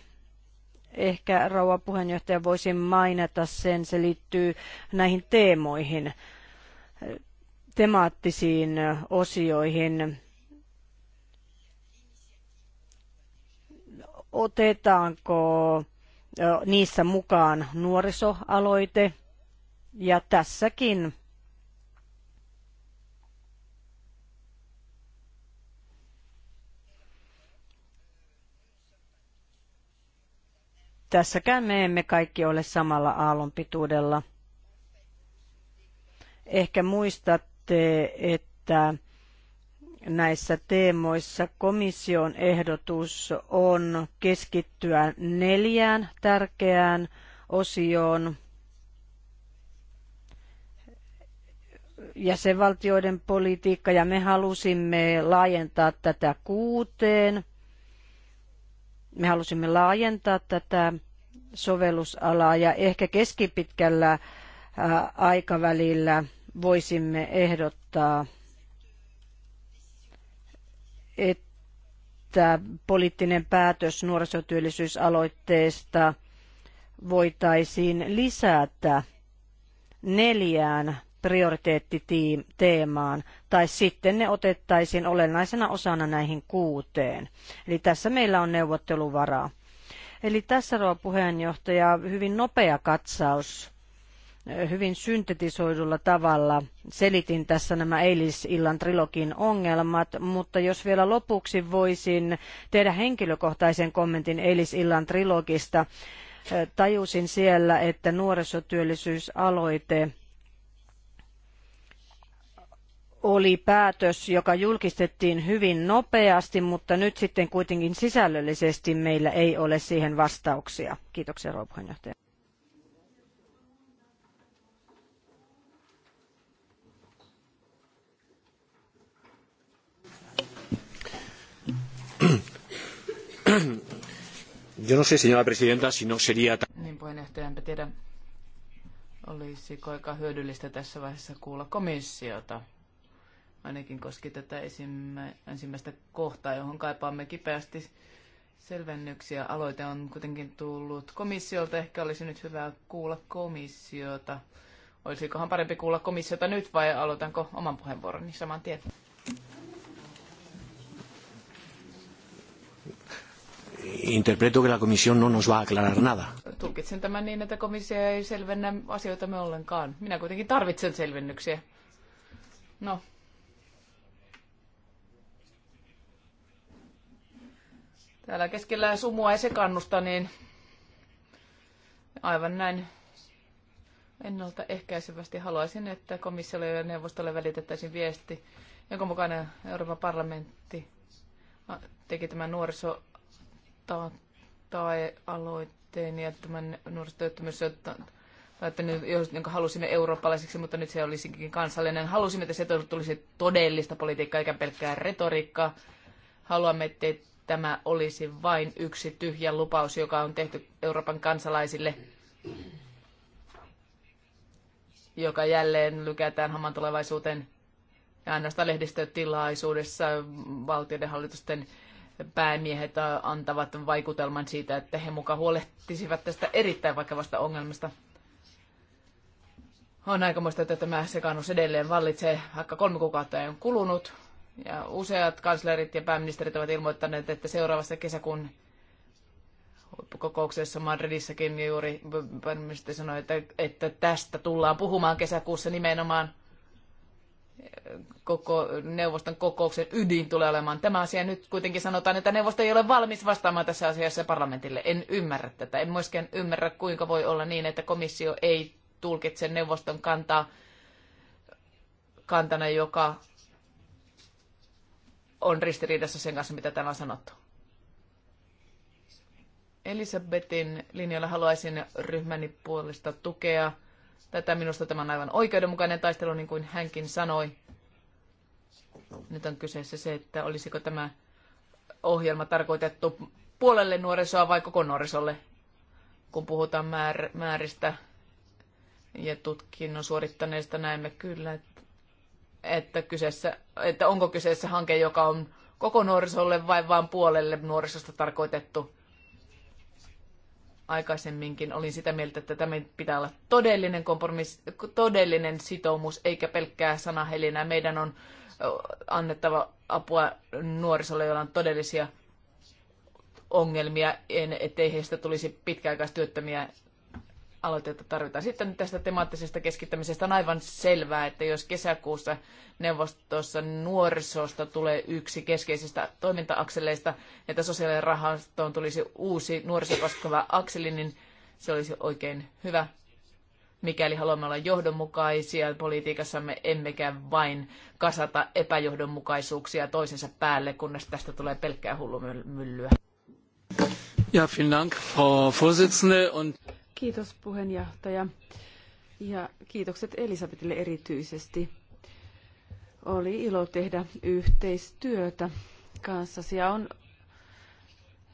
S3: ehkä rouva puheenjohtaja voisi mainita sen, se liittyy näihin teemoihin, temaattisiin osioihin otetaanko niissä mukaan nuorisoaloite. Ja tässäkin tässäkään me emme kaikki ole samalla aallonpituudella. Ehkä muistatte, että näissä teemoissa komission ehdotus on keskittyä neljään tärkeään osioon jäsenvaltioiden politiikka ja me halusimme laajentaa tätä kuuteen. Me halusimme laajentaa tätä sovellusalaa ja ehkä keskipitkällä aikavälillä voisimme ehdottaa että poliittinen päätös nuorisotyöllisyysaloitteesta voitaisiin lisätä neljään prioriteettiteemaan, tai sitten ne otettaisiin olennaisena osana näihin kuuteen. Eli tässä meillä on neuvotteluvaraa. Eli tässä, rouva puheenjohtaja, hyvin nopea katsaus hyvin syntetisoidulla tavalla selitin tässä nämä eilisillan trilogin ongelmat, mutta jos vielä lopuksi voisin tehdä henkilökohtaisen kommentin eilisillan trilogista. Eh, tajusin siellä, että nuorisotyöllisyysaloite oli päätös, joka julkistettiin hyvin nopeasti, mutta nyt sitten kuitenkin sisällöllisesti meillä ei ole siihen vastauksia. Kiitoksia, rouva puheenjohtaja.
S1: Yo no sé, señora presidenta, si no sería... Niin puheenjohtaja, tiedä, olisiko aika hyödyllistä tässä vaiheessa kuulla komissiota. Ainakin koski tätä ensimmäistä kohtaa, johon kaipaamme kipeästi selvennyksiä. Aloite on kuitenkin tullut komissiolta. Ehkä olisi nyt hyvä kuulla komissiota. Olisikohan parempi kuulla komissiota nyt vai aloitanko oman puheenvuoroni saman tien?
S3: interpreto que la comisión no nos va a aclarar nada.
S1: Tulkitsen tämän niin, että komissio ei selvennä me ollenkaan. Minä kuitenkin tarvitsen selvennyksiä. No. Täällä keskellä sumua ja sekannusta, niin aivan näin ennaltaehkäisevästi haluaisin, että komissiolle ja neuvostolle välitettäisiin viesti, jonka mukaan Euroopan parlamentti teki tämän nuoriso tai aloitteen ja tämän nuorisotyöttömyys, jonka halusimme eurooppalaiseksi, mutta nyt se olisikin kansallinen. Halusimme, että se tulisi todellista politiikkaa eikä pelkkää retoriikkaa. Haluamme, että tämä olisi vain yksi tyhjä lupaus, joka on tehty Euroopan kansalaisille, joka jälleen lykätään haman tulevaisuuteen. Ja ainoastaan lehdistötilaisuudessa valtioiden hallitusten päämiehet äh, antavat vaikutelman siitä, että he mukaan huolehtisivat tästä erittäin vakavasta ongelmasta. On aikamoista, että tämä sekaannus edelleen vallitsee, vaikka kolme kuukautta ei on kulunut. Ja useat kanslerit ja pääministerit ovat ilmoittaneet, että seuraavassa kesäkuun kokouksessa Madridissakin juuri pääministeri sanoi, että, että tästä tullaan puhumaan kesäkuussa nimenomaan – koko neuvoston kokouksen ydin tulee olemaan tämä asia. Nyt kuitenkin sanotaan, että neuvosto ei ole valmis vastaamaan tässä asiassa parlamentille. En ymmärrä tätä. En myöskään ymmärrä, kuinka voi olla niin, että komissio ei tulkitse neuvoston kantaa kantana, joka on ristiriidassa sen kanssa, mitä täällä on sanottu. Elisabetin linjalla haluaisin ryhmäni puolesta tukea tätä. Minusta tämä on aivan oikeudenmukainen taistelu, niin kuin hänkin sanoi. Nyt on kyseessä se, että olisiko tämä ohjelma tarkoitettu puolelle nuorisoa vai koko nuorisolle, kun puhutaan määr, määristä ja tutkinnon suorittaneista näemme kyllä, että, että, kyseessä, että onko kyseessä hanke, joka on koko nuorisolle vai vain puolelle nuorisosta tarkoitettu aikaisemminkin olin sitä mieltä, että tämä pitää olla todellinen kompromiss, todellinen sitoumus, eikä pelkkää sanahelinää. Meidän on annettava apua nuorisolle, joilla on todellisia ongelmia, ettei heistä tulisi pitkäaikaistyöttömiä aloitetta tarvitaan. Sitten tästä temaattisesta keskittämisestä on aivan selvää, että jos kesäkuussa neuvostossa nuorisosta tulee yksi keskeisistä toiminta-akseleista, että sosiaalirahastoon tulisi uusi nuorisokoskeva akseli, niin se olisi oikein hyvä. Mikäli haluamme olla johdonmukaisia politiikassamme, emmekä vain kasata epäjohdonmukaisuuksia toisensa päälle, kunnes tästä tulee pelkkää hullumyllyä.
S3: Ja, vielen Dank, Frau Vorsitzende. Und
S4: Kiitos puheenjohtaja ja kiitokset Elisabetille erityisesti. Oli ilo tehdä yhteistyötä kanssasi ja on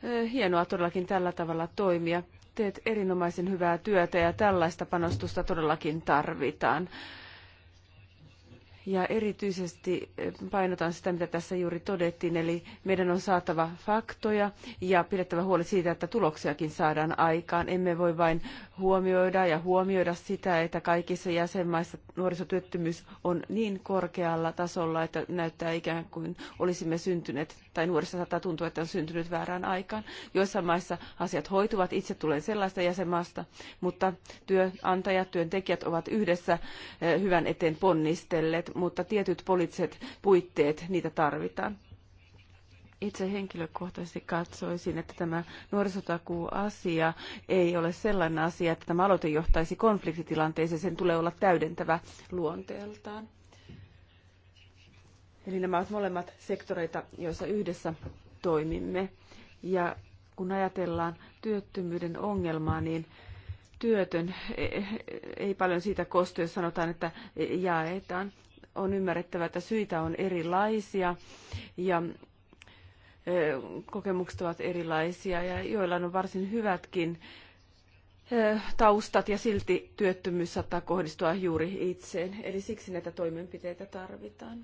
S4: eh, hienoa todellakin tällä tavalla toimia. Teet erinomaisen hyvää työtä ja tällaista panostusta todellakin tarvitaan. Ja erityisesti eh, painotan sitä, mitä tässä juuri todettiin, eli meidän on saatava faktoja ja pidettävä huoli siitä, että tuloksiakin saadaan aikaan. Emme voi vain huomioida ja huomioida sitä, että kaikissa jäsenmaissa nuorisotyöttömyys on niin korkealla tasolla, että näyttää ikään kuin olisimme syntyneet, tai nuorissa saattaa tuntua, että on syntynyt väärään aikaan. Joissain maissa asiat hoituvat, itse tulen sellaista jäsenmaasta, mutta työnantajat, työntekijät ovat yhdessä eh, hyvän eteen ponnistelleet mutta tietyt poliittiset puitteet, niitä tarvitaan. Itse henkilökohtaisesti katsoisin, että tämä nuorisotakuu-asia ei ole sellainen asia, että tämä aloite johtaisi konfliktitilanteeseen. Sen tulee olla täydentävä luonteeltaan. Eli nämä ovat molemmat sektoreita, joissa yhdessä toimimme. Ja kun ajatellaan työttömyyden ongelmaa, niin työtön, e, e, ei paljon siitä kostu, jos sanotaan, että jaetaan on ymmärrettävä, että syitä on erilaisia ja kokemukset ovat erilaisia ja joillain on varsin hyvätkin taustat ja silti työttömyys saattaa kohdistua juuri itseen. Eli siksi näitä toimenpiteitä tarvitaan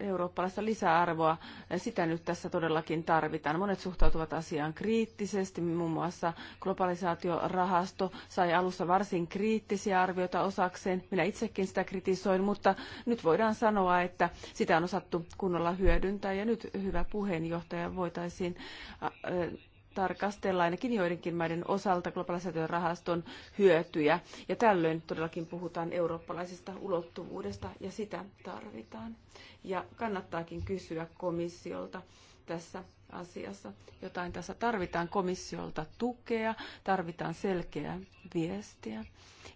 S4: eurooppalaista lisäarvoa. Sitä nyt tässä todellakin tarvitaan. Monet suhtautuvat asiaan kriittisesti. Muun muassa globalisaatiorahasto sai alussa varsin kriittisiä arvioita osakseen. Minä itsekin sitä kritisoin, mutta nyt voidaan sanoa, että sitä on osattu kunnolla hyödyntää. Ja nyt, hyvä puheenjohtaja, voitaisiin äh, tarkastella ainakin joidenkin maiden osalta globalisaation rahaston hyötyjä. Ja tällöin todellakin puhutaan eurooppalaisesta ulottuvuudesta ja sitä tarvitaan. Ja kannattaakin kysyä komissiolta tässä asiassa. Jotain tässä tarvitaan komissiolta tukea, tarvitaan selkeää viestiä.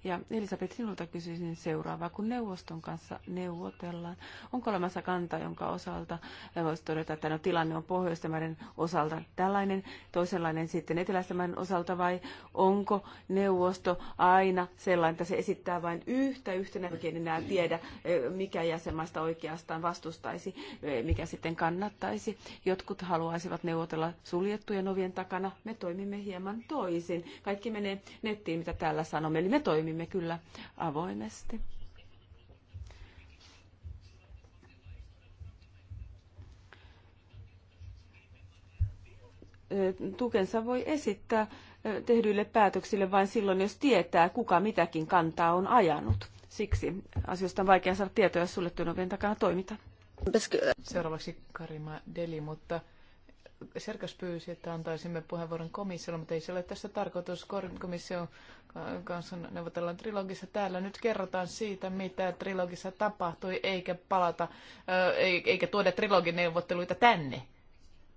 S4: Ja Elisabeth, sinulta kysyisin seuraavaa. Kun neuvoston kanssa neuvotellaan, onko olemassa kanta, jonka osalta voisi todeta, että no, tilanne on pohjoistamäiden osalta tällainen, toisenlainen sitten eteläistamaren osalta, vai onko neuvosto aina sellainen, että se esittää vain yhtä yhtenä, oikein enää tiedä, e, mikä jäsenmaista oikeastaan vastustaisi, e, mikä sitten kannattaisi. Jotkut haluaisivat voisivat neuvotella suljettujen ovien takana. Me toimimme hieman toisin. Kaikki menee nettiin, mitä täällä sanomme. Eli me toimimme kyllä avoimesti. tukensa voi esittää tehdyille päätöksille vain silloin, jos tietää, kuka mitäkin kantaa on ajanut. Siksi asioista on vaikea saada tietoja jos suljettujen ovien takana toimita.
S1: Seuraavaksi Karima Deli, mutta Serkas pyysi, että antaisimme puheenvuoron komissiolle, mutta ei se ole tässä tarkoitus. Komission kanssa neuvotellaan trilogissa. Täällä nyt kerrotaan siitä, mitä trilogissa tapahtui, eikä palata, eikä tuoda trilogineuvotteluita tänne.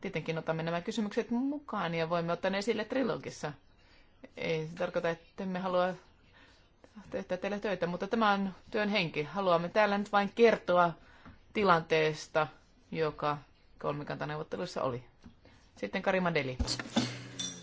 S1: Tietenkin otamme nämä kysymykset mukaan ja voimme ottaa ne esille trilogissa. Ei se tarkoita, että emme halua tehdä teille töitä, mutta tämä on työn henki. Haluamme täällä nyt vain kertoa tilanteesta, joka kolmikantaneuvotteluissa oli. Sitten Karima Deli.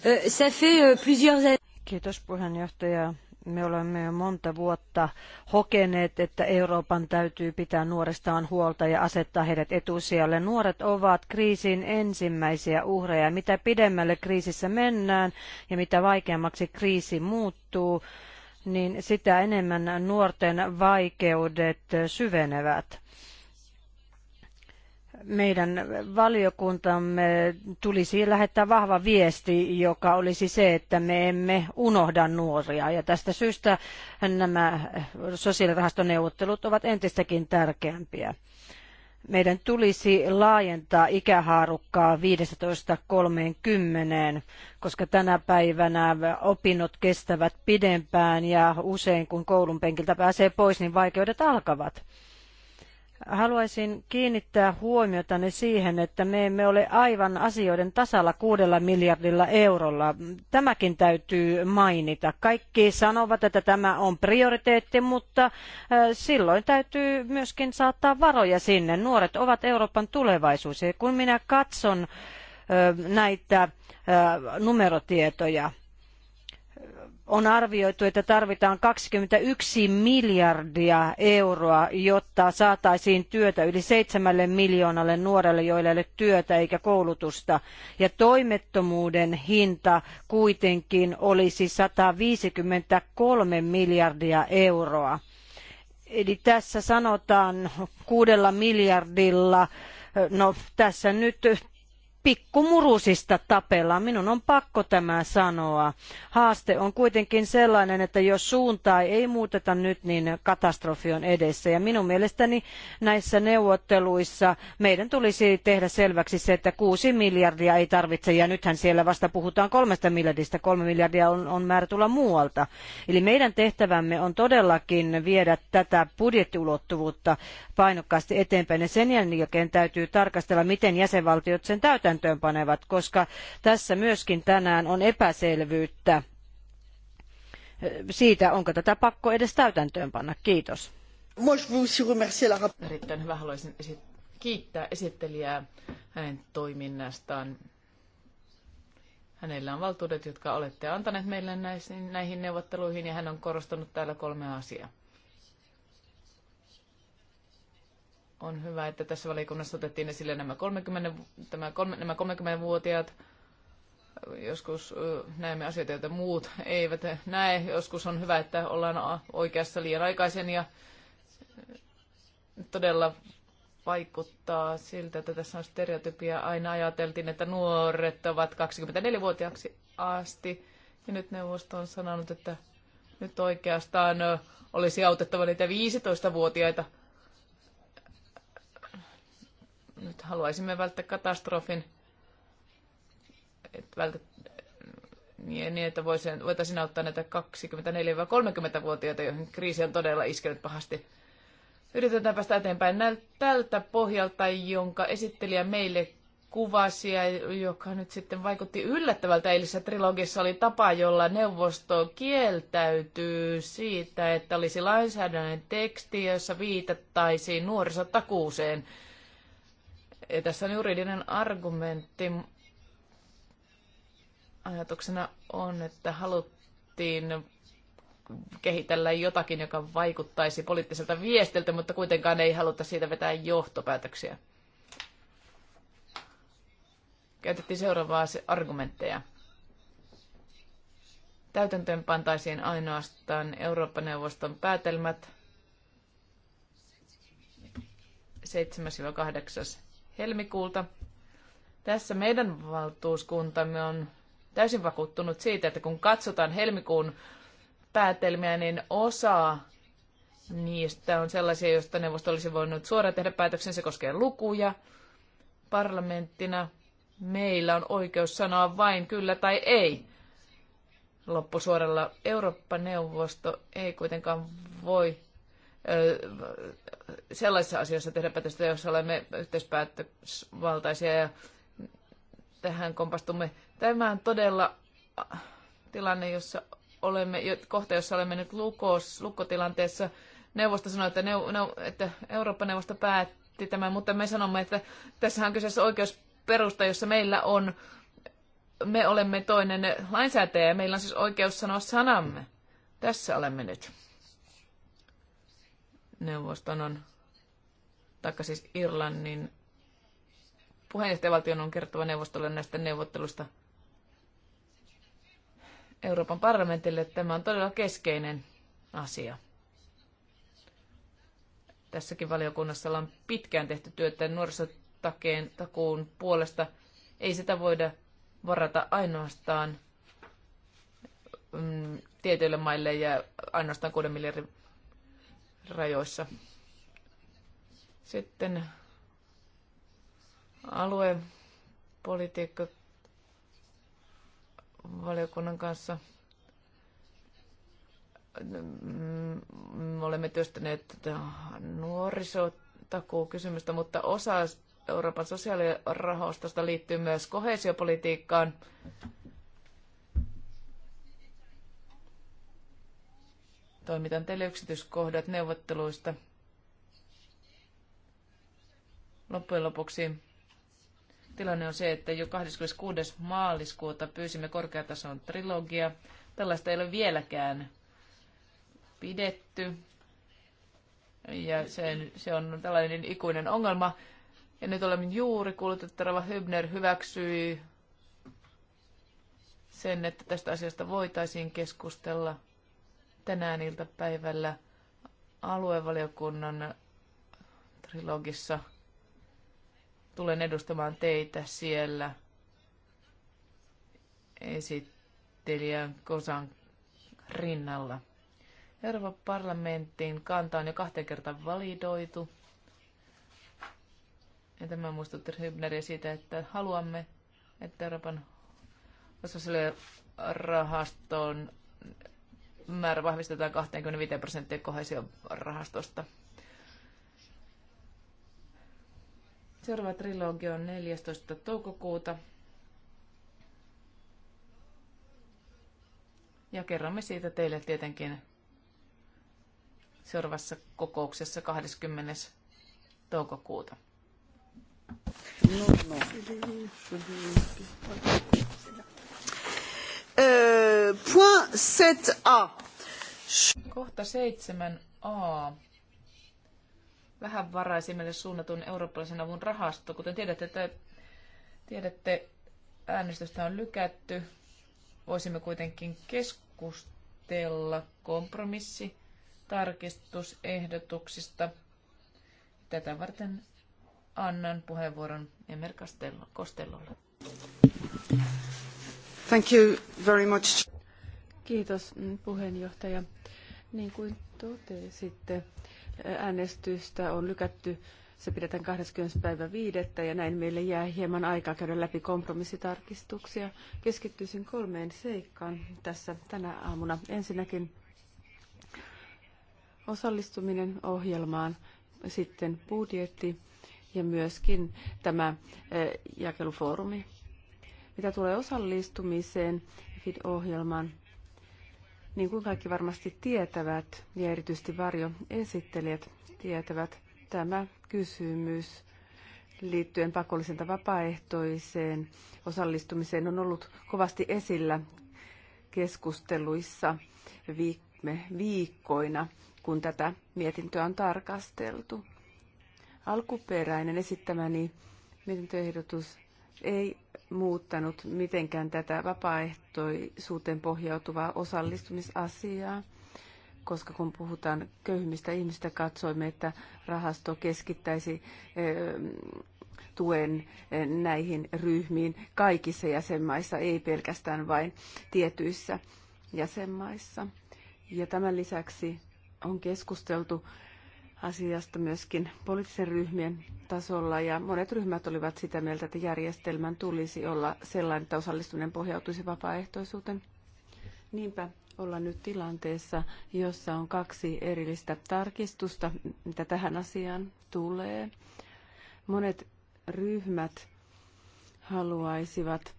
S3: Euh, euh, Kiitos puheenjohtaja. Me olemme jo monta vuotta hokeneet, että Euroopan täytyy pitää nuorestaan huolta ja asettaa heidät etusijalle. Nuoret ovat kriisin ensimmäisiä uhreja. Mitä pidemmälle kriisissä mennään ja mitä vaikeammaksi kriisi muuttuu, niin sitä enemmän nuorten vaikeudet syvenevät meidän valiokuntamme tulisi lähettää vahva viesti, joka olisi se, että me emme unohda nuoria. Ja tästä syystä nämä sosiaalirahastoneuvottelut ovat entistäkin tärkeämpiä. Meidän tulisi laajentaa ikähaarukkaa 15-30, koska tänä päivänä opinnot kestävät pidempään ja usein kun koulun penkiltä pääsee pois, niin vaikeudet alkavat Haluaisin kiinnittää huomiotanne siihen, että me emme ole aivan asioiden tasalla kuudella miljardilla eurolla. Tämäkin täytyy mainita. Kaikki sanovat, että tämä on prioriteetti, mutta äh, silloin täytyy myöskin saattaa varoja sinne. Nuoret ovat Euroopan tulevaisuus. Ja kun minä katson äh, näitä äh, numerotietoja, on arvioitu, että tarvitaan 21 miljardia euroa, jotta saataisiin työtä yli seitsemälle miljoonalle nuorelle, joille ei ole työtä eikä koulutusta. Ja toimettomuuden hinta kuitenkin olisi 153 miljardia euroa. Eli tässä sanotaan kuudella miljardilla no tässä nyt pikkumurusista tapellaan. Minun on pakko tämä sanoa. Haaste on kuitenkin sellainen, että jos suuntaa ei muuteta nyt, niin katastrofi on edessä. Ja minun mielestäni näissä neuvotteluissa meidän tulisi tehdä selväksi se, että kuusi miljardia ei tarvitse. Ja nythän siellä vasta puhutaan kolmesta miljardista. Kolme miljardia on, on määrä tulla muualta. Eli meidän tehtävämme on todellakin viedä tätä budjettiulottuvuutta painokkaasti eteenpäin. Ja sen jälkeen täytyy tarkastella, miten jäsenvaltiot sen täytäntöön täytäntöön panevat, koska tässä myöskin tänään on epäselvyyttä siitä, onko tätä pakko edes täytäntöön panna. Kiitos.
S1: Erittäin hyvä. Haluaisin esit- kiittää esittelijää hänen toiminnastaan. Hänellä on valtuudet, jotka olette antaneet meille näihin, näihin neuvotteluihin ja hän on korostanut täällä kolme asiaa. On hyvä, että tässä valiokunnassa otettiin esille nämä 30, tämä, nämä 30-vuotiaat. Joskus näemme asioita, joita muut eivät näe. Joskus on hyvä, että ollaan oikeassa liian aikaisen ja todella vaikuttaa siltä, että tässä on stereotypia. Aina ajateltiin, että nuoret ovat 24-vuotiaaksi asti. Ja nyt neuvosto on sanonut, että nyt oikeastaan olisi autettava niitä 15-vuotiaita nyt haluaisimme välttää katastrofin, että vältä, niin, niin, että voisin, voitaisiin auttaa näitä 24-30-vuotiaita, joihin kriisi on todella iskenyt pahasti. Yritetään päästä eteenpäin tältä pohjalta, jonka esittelijä meille kuvasi ja joka nyt sitten vaikutti yllättävältä eilisessä trilogissa oli tapa, jolla neuvosto kieltäytyy siitä, että olisi lainsäädännön teksti, jossa viitattaisiin nuorisotakuuseen – ja tässä on juridinen argumentti. Ajatuksena on, että haluttiin kehitellä jotakin, joka vaikuttaisi poliittiselta viestiltä, mutta kuitenkaan ei haluta siitä vetää johtopäätöksiä. Käytettiin seuraavaa argumentteja. Täytäntöön pantaisiin ainoastaan Eurooppa-neuvoston päätelmät 7-8 helmikuulta. Tässä meidän valtuuskuntamme on täysin vakuuttunut siitä, että kun katsotaan helmikuun päätelmiä, niin osa niistä on sellaisia, joista neuvosto olisi voinut suoraan tehdä päätöksen. Se koskee lukuja. Parlamenttina meillä on oikeus sanoa vain kyllä tai ei. Loppusuoralla Eurooppa-neuvosto ei kuitenkaan voi sellaisissa asioissa tehdä päätöstä, joissa olemme yhteispäätösvaltaisia ja tähän kompastumme. Tämä on todella tilanne, jossa olemme, kohta, jossa olemme nyt lukos, lukkotilanteessa. Neuvosto sanoi, että, neu, neu, että Eurooppa-neuvosto päätti tämän, mutta me sanomme, että tässä on kyseessä oikeusperusta, jossa meillä on, me olemme toinen lainsäätäjä ja meillä on siis oikeus sanoa sanamme. Tässä olemme nyt neuvoston on, taikka siis Irlannin puheenjohtajavaltion on kertova neuvostolle näistä neuvottelusta Euroopan parlamentille. että Tämä on todella keskeinen asia. Tässäkin valiokunnassa ollaan pitkään tehty työtä nuorisotakeen takuun puolesta. Ei sitä voida varata ainoastaan mm, tietyille maille ja ainoastaan 6 miljardin rajoissa. Sitten aluepolitiikka valiokunnan kanssa mm, olemme työstäneet nuorisotakuukysymystä, mutta osa Euroopan sosiaalirahoista liittyy myös kohesiopolitiikkaan. Toimitan teille yksityiskohdat neuvotteluista. Loppujen lopuksi tilanne on se, että jo 26. maaliskuuta pyysimme korkeatason trilogia. Tällaista ei ole vieläkään pidetty. Ja sen, se on tällainen ikuinen ongelma. Ja nyt olemme juuri kuullut, että Rava Hübner hyväksyi sen, että tästä asiasta voitaisiin keskustella tänään iltapäivällä aluevaliokunnan trilogissa. Tulen edustamaan teitä siellä esittelijän Kosan rinnalla. Euroopan parlamentin kanta on jo kahteen kertaan validoitu. Ja tämä muistutti Hybneriä siitä, että haluamme, että Euroopan rahaston määrä vahvistetaan 25 prosenttia kohesion rahastosta. Seuraava trilogi on 14. toukokuuta. Ja kerromme siitä teille tietenkin seuraavassa kokouksessa 20. toukokuuta. No, no. Euh, point 7a. Kohta 7a. Vähävaraisimmille suunnatun eurooppalaisen avun rahasto. Kuten tiedätte, että tiedätte, äänestystä on lykätty. Voisimme kuitenkin keskustella kompromissi tarkistusehdotuksista. Tätä varten annan puheenvuoron Emer Kostellolle.
S4: Thank mm, puheenjohtaja. Niin kuin totesitte, äänestystä on lykätty. Se pidetään 20. päivä viidettä ja näin meille jää hieman aikaa käydä läpi kompromissitarkistuksia. Keskittyisin kolmeen seikkaan tässä tänä aamuna. Ensinnäkin osallistuminen ohjelmaan, sitten budjetti ja myöskin tämä eh, jakelufoorumi mitä tulee osallistumiseen FID-ohjelman, niin kuin kaikki varmasti tietävät, ja erityisesti varjoesittelijät tietävät, tämä kysymys liittyen pakollisen tai vapaaehtoiseen osallistumiseen on ollut kovasti esillä keskusteluissa viime viikkoina, kun tätä mietintöä on tarkasteltu. Alkuperäinen esittämäni mietintöehdotus ei muuttanut mitenkään tätä vapaaehtoisuuteen pohjautuvaa osallistumisasiaa, koska kun puhutaan köyhimmistä ihmistä, katsoimme, että rahasto keskittäisi eh, tuen eh, näihin ryhmiin kaikissa jäsenmaissa, ei pelkästään vain tietyissä jäsenmaissa. Ja tämän lisäksi on keskusteltu asiasta myöskin poliittisen ryhmien tasolla ja monet ryhmät olivat sitä mieltä, että järjestelmän tulisi olla sellainen, että osallistuminen pohjautuisi vapaaehtoisuuteen. Niinpä olla nyt tilanteessa, jossa on kaksi erillistä tarkistusta, mitä tähän asiaan tulee. Monet ryhmät haluaisivat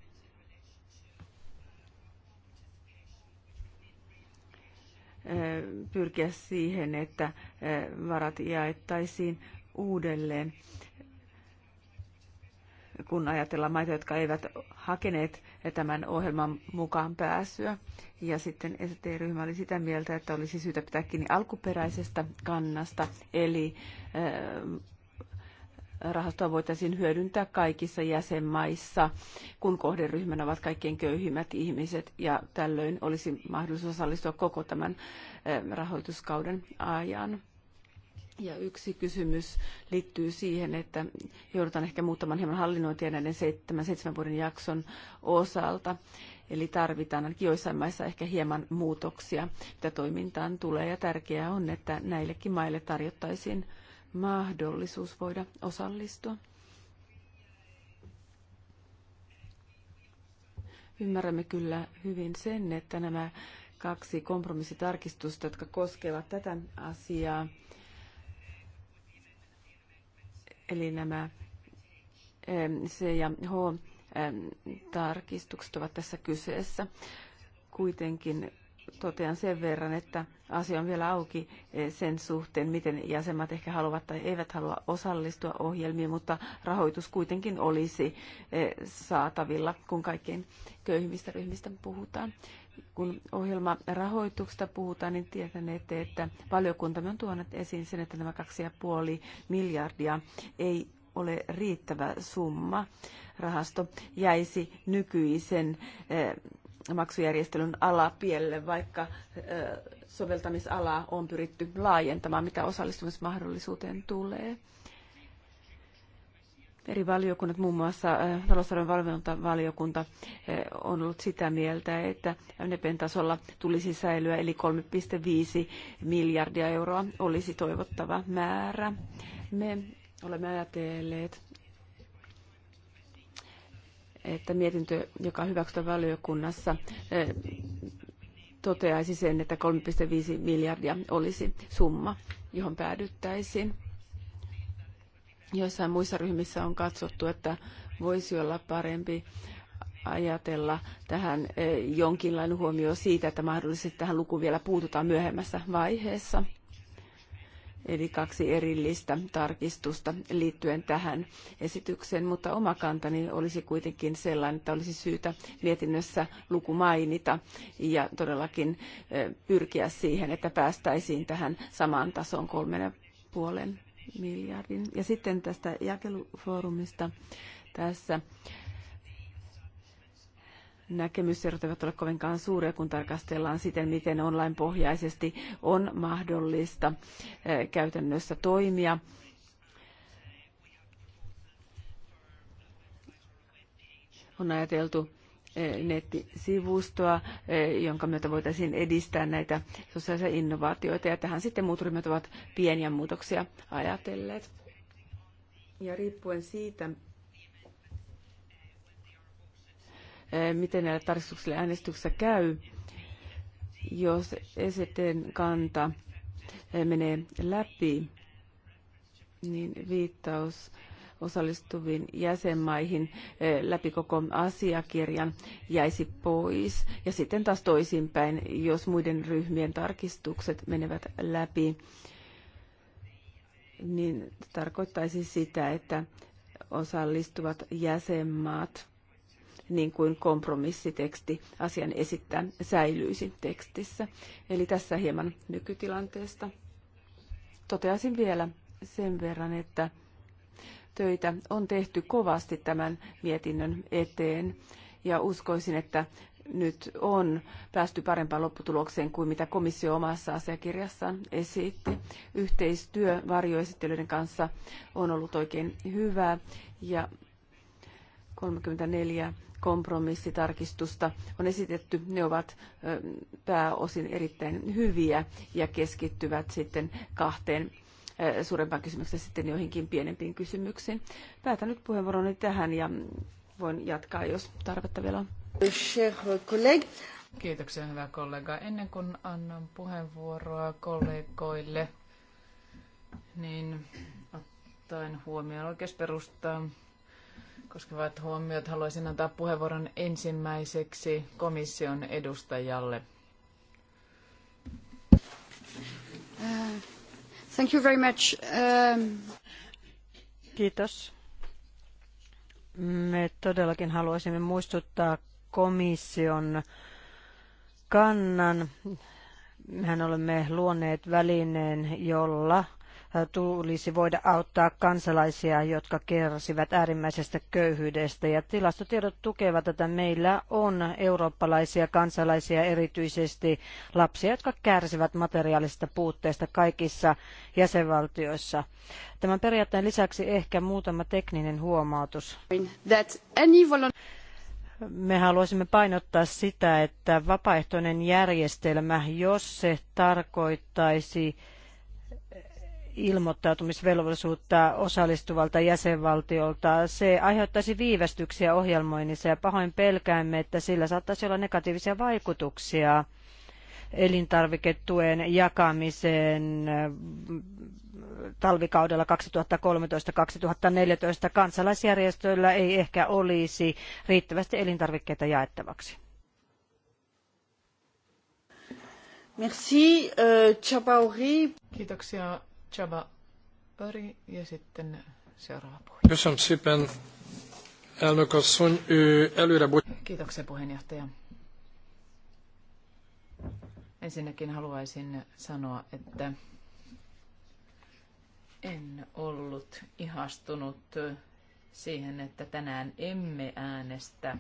S4: pyrkiä siihen, että varat jaettaisiin uudelleen, kun ajatellaan maita, jotka eivät hakeneet tämän ohjelman mukaan pääsyä. Ja sitten ST-ryhmä oli sitä mieltä, että olisi syytä pitää kiinni alkuperäisestä kannasta, eli rahastoa voitaisiin hyödyntää kaikissa jäsenmaissa, kun kohderyhmänä ovat kaikkein köyhimmät ihmiset, ja tällöin olisi mahdollisuus osallistua koko tämän eh, rahoituskauden ajan. Ja yksi kysymys liittyy siihen, että joudutaan ehkä muuttamaan hieman hallinnointia näiden seitsemän, seitsemän vuoden jakson osalta. Eli tarvitaan ainakin joissain maissa ehkä hieman muutoksia, mitä toimintaan tulee. Ja tärkeää on, että näillekin maille tarjottaisiin mahdollisuus voida osallistua. Ymmärrämme kyllä hyvin sen, että nämä kaksi kompromissitarkistusta, jotka koskevat tätä asiaa, eli nämä C ja H tarkistukset ovat tässä kyseessä. Kuitenkin totean sen verran, että asia on vielä auki eh, sen suhteen, miten jäsenmaat ehkä haluavat tai eivät halua osallistua ohjelmiin, mutta rahoitus kuitenkin olisi eh, saatavilla, kun kaikkein köyhimmistä ryhmistä puhutaan. Kun ohjelma rahoituksesta puhutaan, niin tietänette, että valiokuntamme on tuonut esiin sen, että nämä 2,5 miljardia ei ole riittävä summa. Rahasto jäisi nykyisen eh, maksujärjestelyn alapielelle, vaikka soveltamisalaa on pyritty laajentamaan, mitä osallistumismahdollisuuteen tulee. Eri valiokunnat, muun muassa talousarvon valvontavaliokunta, on ollut sitä mieltä, että MNPn tasolla tulisi säilyä, eli 3,5 miljardia euroa olisi toivottava määrä. Me olemme ajatelleet että mietintö, joka hyväksytään valiokunnassa, toteaisi sen, että 3,5 miljardia olisi summa, johon päädyttäisiin. Joissain muissa ryhmissä on katsottu, että voisi olla parempi ajatella tähän jonkinlainen huomio siitä, että mahdollisesti tähän lukuun vielä puututaan myöhemmässä vaiheessa. Eli kaksi erillistä tarkistusta liittyen tähän esitykseen, mutta oma kantani olisi kuitenkin sellainen, että olisi syytä mietinnössä luku mainita ja todellakin pyrkiä siihen, että päästäisiin tähän samaan tasoon kolmen puolen miljardin. Ja sitten tästä jakelufoorumista tässä näkemyserot eivät ole kovinkaan suuria, kun tarkastellaan siten, miten online-pohjaisesti on mahdollista eh, käytännössä toimia. On ajateltu eh, nettisivustoa, eh, jonka myötä voitaisiin edistää näitä sosiaalisia innovaatioita, ja tähän sitten muut ryhmät ovat pieniä muutoksia ajatelleet. Ja riippuen siitä, Eh, miten näillä tarkistuksilla äänestyksessä käy, jos STn kanta eh, menee läpi, niin viittaus osallistuviin jäsenmaihin eh, läpi koko asiakirjan jäisi pois. Ja sitten taas toisinpäin, jos muiden ryhmien tarkistukset menevät läpi, niin tarkoittaisi sitä, että osallistuvat jäsenmaat niin kuin kompromissiteksti asian esittää säilyisi tekstissä. Eli tässä hieman nykytilanteesta. Toteaisin vielä sen verran, että töitä on tehty kovasti tämän mietinnön eteen ja uskoisin, että nyt on päästy parempaan lopputulokseen kuin mitä komissio omassa asiakirjassaan esitti. Yhteistyö varjoesittelyiden kanssa on ollut oikein hyvää ja 34 kompromissitarkistusta on esitetty, ne ovat pääosin erittäin hyviä ja keskittyvät sitten kahteen suurempaan kysymykseen sitten joihinkin pienempiin kysymyksiin. Päätän nyt puheenvuoroni tähän ja voin jatkaa, jos tarvetta vielä on.
S1: Kiitoksia, hyvä kollega. Ennen kuin annan puheenvuoroa kollegoille, niin ottaen huomioon oikeusperustaa koskevat huomiot haluaisin antaa puheenvuoron ensimmäiseksi komission edustajalle.
S2: Uh, thank you very much.
S3: Um... Kiitos. Me todellakin haluaisimme muistuttaa komission kannan. Mehän olemme luoneet välineen, jolla tulisi voida auttaa kansalaisia, jotka kärsivät äärimmäisestä köyhyydestä. Ja tilastotiedot tukevat että Meillä on eurooppalaisia kansalaisia, erityisesti lapsia, jotka kärsivät materiaalisesta puutteesta kaikissa jäsenvaltioissa. Tämän periaatteen lisäksi ehkä muutama tekninen huomautus. Me haluaisimme painottaa sitä, että vapaaehtoinen järjestelmä, jos se tarkoittaisi ilmoittautumisvelvollisuutta osallistuvalta jäsenvaltiolta. Se aiheuttaisi viivästyksiä ohjelmoinnissa ja pahoin pelkäämme, että sillä saattaisi olla negatiivisia vaikutuksia elintarviketuen jakamiseen mm, talvikaudella 2013-2014 kansalaisjärjestöillä ei ehkä olisi riittävästi elintarvikkeita jaettavaksi.
S1: Merci, euh, Chabauri. Kiitoksia Chaba Öri ja sitten seuraava puhuja. Köszönöm szépen, elnök asszony, előre... Kiitoksia puheenjohtaja. Ensinnäkin haluaisin sanoa, että en ollut ihastunut siihen, että tänään emme äänestä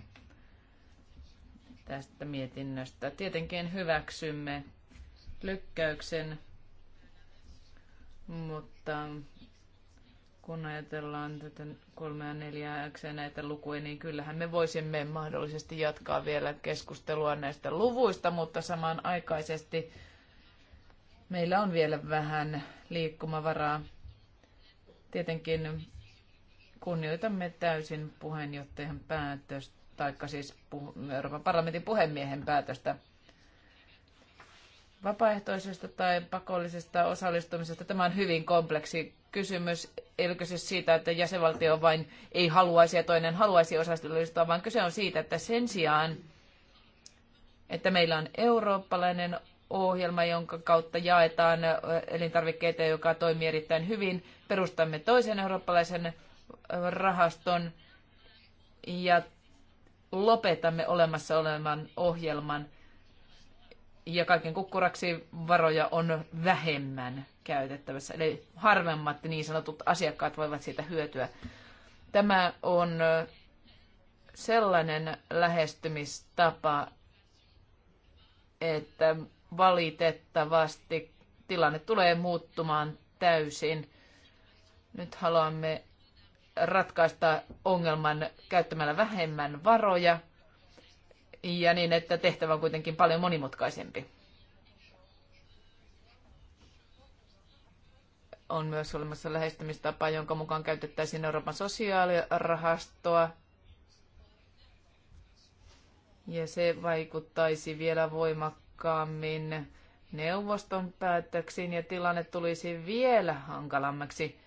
S1: tästä mietinnöstä. Tietenkin hyväksymme lykkäyksen mutta kun ajatellaan tätä kolmea neljää ja näitä lukuja, niin kyllähän me voisimme mahdollisesti jatkaa vielä keskustelua näistä luvuista, mutta samanaikaisesti meillä on vielä vähän liikkumavaraa. Tietenkin kunnioitamme täysin puheenjohtajan päätöstä, taikka siis Euroopan parlamentin puhemiehen päätöstä vapaaehtoisesta tai pakollisesta osallistumisesta. Tämä on hyvin kompleksi kysymys. Ei ole kyse siitä, että jäsenvaltio vain ei haluaisi ja toinen haluaisi osallistua, vaan kyse on siitä, että sen sijaan, että meillä on eurooppalainen ohjelma, jonka kautta jaetaan elintarvikkeita, joka toimii erittäin hyvin. Perustamme toisen eurooppalaisen rahaston ja lopetamme olemassa olevan ohjelman – ja kaiken kukkuraksi varoja on vähemmän käytettävissä. Eli harvemmat niin sanotut asiakkaat voivat siitä hyötyä. Tämä on sellainen lähestymistapa, että valitettavasti tilanne tulee muuttumaan täysin. Nyt haluamme ratkaista ongelman käyttämällä vähemmän varoja – ja niin, että tehtävä on kuitenkin paljon monimutkaisempi. On myös olemassa lähestymistapa, jonka mukaan käytettäisiin Euroopan sosiaalirahastoa. Ja se vaikuttaisi vielä voimakkaammin neuvoston päätöksiin ja tilanne tulisi vielä hankalammaksi.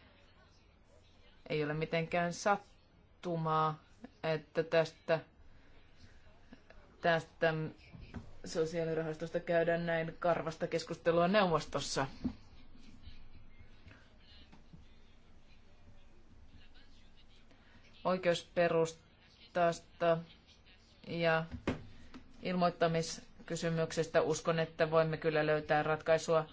S1: Ei ole mitenkään sattumaa, että tästä tästä sosiaalirahastosta käydään näin karvasta keskustelua neuvostossa. Oikeusperustasta ja ilmoittamiskysymyksestä uskon, että voimme kyllä löytää ratkaisua,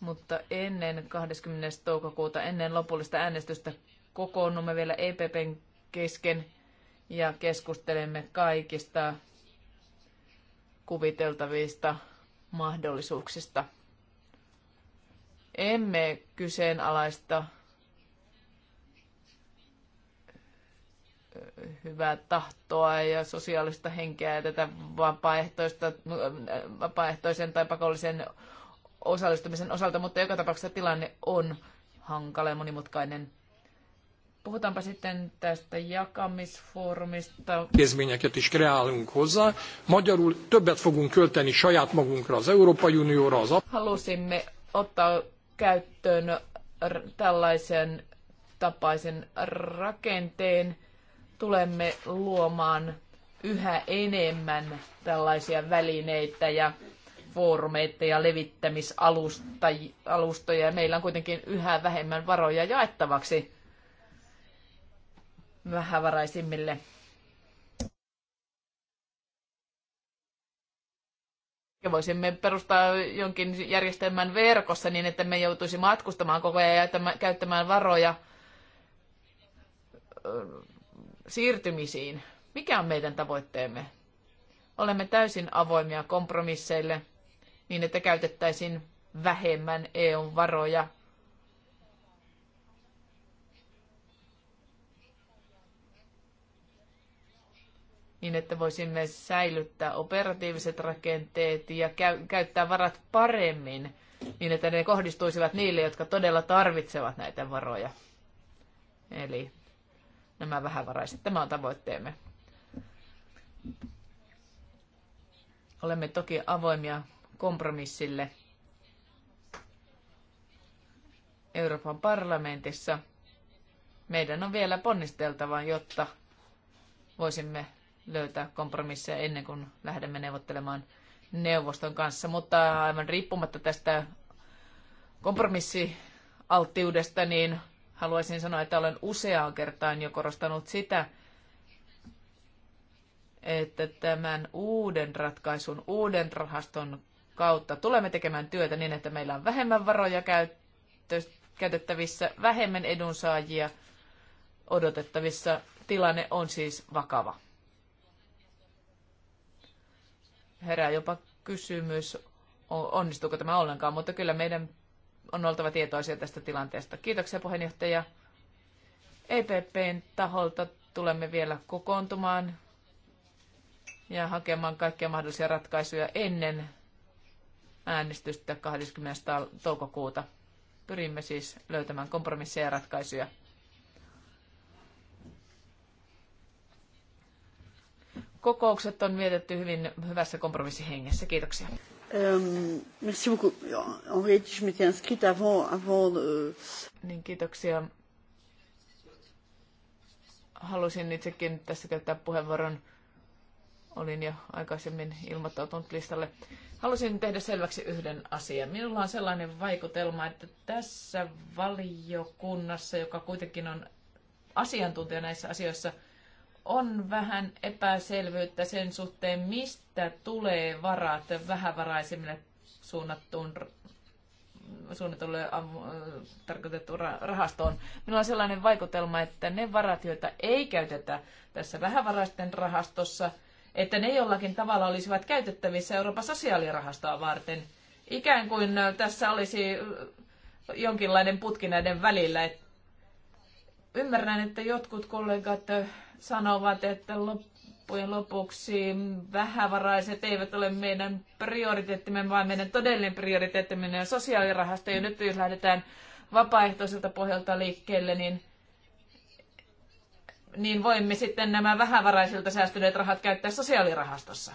S1: mutta ennen 20. toukokuuta, ennen lopullista äänestystä kokoonnumme vielä EPPn kesken ja keskustelemme kaikista kuviteltavista mahdollisuuksista. Emme kyseenalaista hyvää tahtoa ja sosiaalista henkeä ja tätä vapaaehtoista, vapaaehtoisen tai pakollisen osallistumisen osalta, mutta joka tapauksessa tilanne on hankala ja monimutkainen. Puhutaanpa sitten tästä jakamisfoorumista.
S2: Intézményeket is kreálunk hozzá. Magyarul többet fogunk költeni saját magunkra, az Európai Unióra, az...
S1: Halusimme ottaa käyttöön tällaisen tapaisen rakenteen. Tulemme luomaan yhä enemmän tällaisia välineitä ja foorumeita ja levittämisalustoja. Meillä on kuitenkin yhä vähemmän varoja jaettavaksi vähävaraisimmille. Ja voisimme perustaa jonkin järjestelmän verkossa niin, että me joutuisi matkustamaan koko ajan ja käyttämään varoja siirtymisiin. Mikä on meidän tavoitteemme? Olemme täysin avoimia kompromisseille niin, että käytettäisiin vähemmän EUn varoja niin että voisimme säilyttää operatiiviset rakenteet ja käy- käyttää varat paremmin niin, että ne kohdistuisivat niille, jotka todella tarvitsevat näitä varoja. Eli nämä vähävaraiset. Tämä on tavoitteemme. Olemme toki avoimia kompromissille Euroopan parlamentissa. Meidän on vielä ponnisteltava, jotta voisimme löytää kompromisseja ennen kuin lähdemme neuvottelemaan neuvoston kanssa. Mutta aivan riippumatta tästä kompromissialttiudesta, niin haluaisin sanoa, että olen useaan kertaan jo korostanut sitä, että tämän uuden ratkaisun, uuden rahaston kautta tulemme tekemään työtä niin, että meillä on vähemmän varoja käytettävissä, vähemmän edunsaajia odotettavissa. Tilanne on siis vakava. herää jopa kysymys, onnistuuko tämä ollenkaan, mutta kyllä meidän on oltava tietoisia tästä tilanteesta. Kiitoksia puheenjohtaja. EPPn taholta tulemme vielä kokoontumaan ja hakemaan kaikkia mahdollisia ratkaisuja ennen äänestystä 20. toukokuuta. Pyrimme siis löytämään kompromisseja ja ratkaisuja. kokoukset on vietetty hyvin hyvässä kompromissihengessä. Kiitoksia.
S2: Ähm, merci beaucoup. En réalité, je m'étais inscrite avant, avant le... Niin, kiitoksia.
S1: Halusin itsekin tässä käyttää puheenvuoron. Olin jo aikaisemmin ilmoittautunut listalle. Halusin tehdä selväksi yhden asian. Minulla on sellainen vaikutelma, että tässä valiokunnassa, joka kuitenkin on asiantuntija näissä asioissa – on vähän epäselvyyttä sen suhteen, mistä tulee varat vähävaraisimmille suunnattuun suunnitellulle äh, tarkoitettuun rahastoon. Minulla on sellainen vaikutelma, että ne varat, joita ei käytetä tässä vähävaraisten rahastossa, että ne jollakin tavalla olisivat käytettävissä Euroopan sosiaalirahastoa varten. Ikään kuin äh, tässä olisi äh, jonkinlainen putki näiden välillä. Ymmärrän, että jotkut kollegat sanovat, että loppujen lopuksi vähävaraiset eivät ole meidän prioriteettimme, vaan meidän todellinen prioriteettimme on sosiaalirahasto. Ja nyt jos lähdetään vapaaehtoiselta pohjalta liikkeelle, niin niin voimme sitten nämä vähävaraisilta säästyneet rahat käyttää sosiaalirahastossa.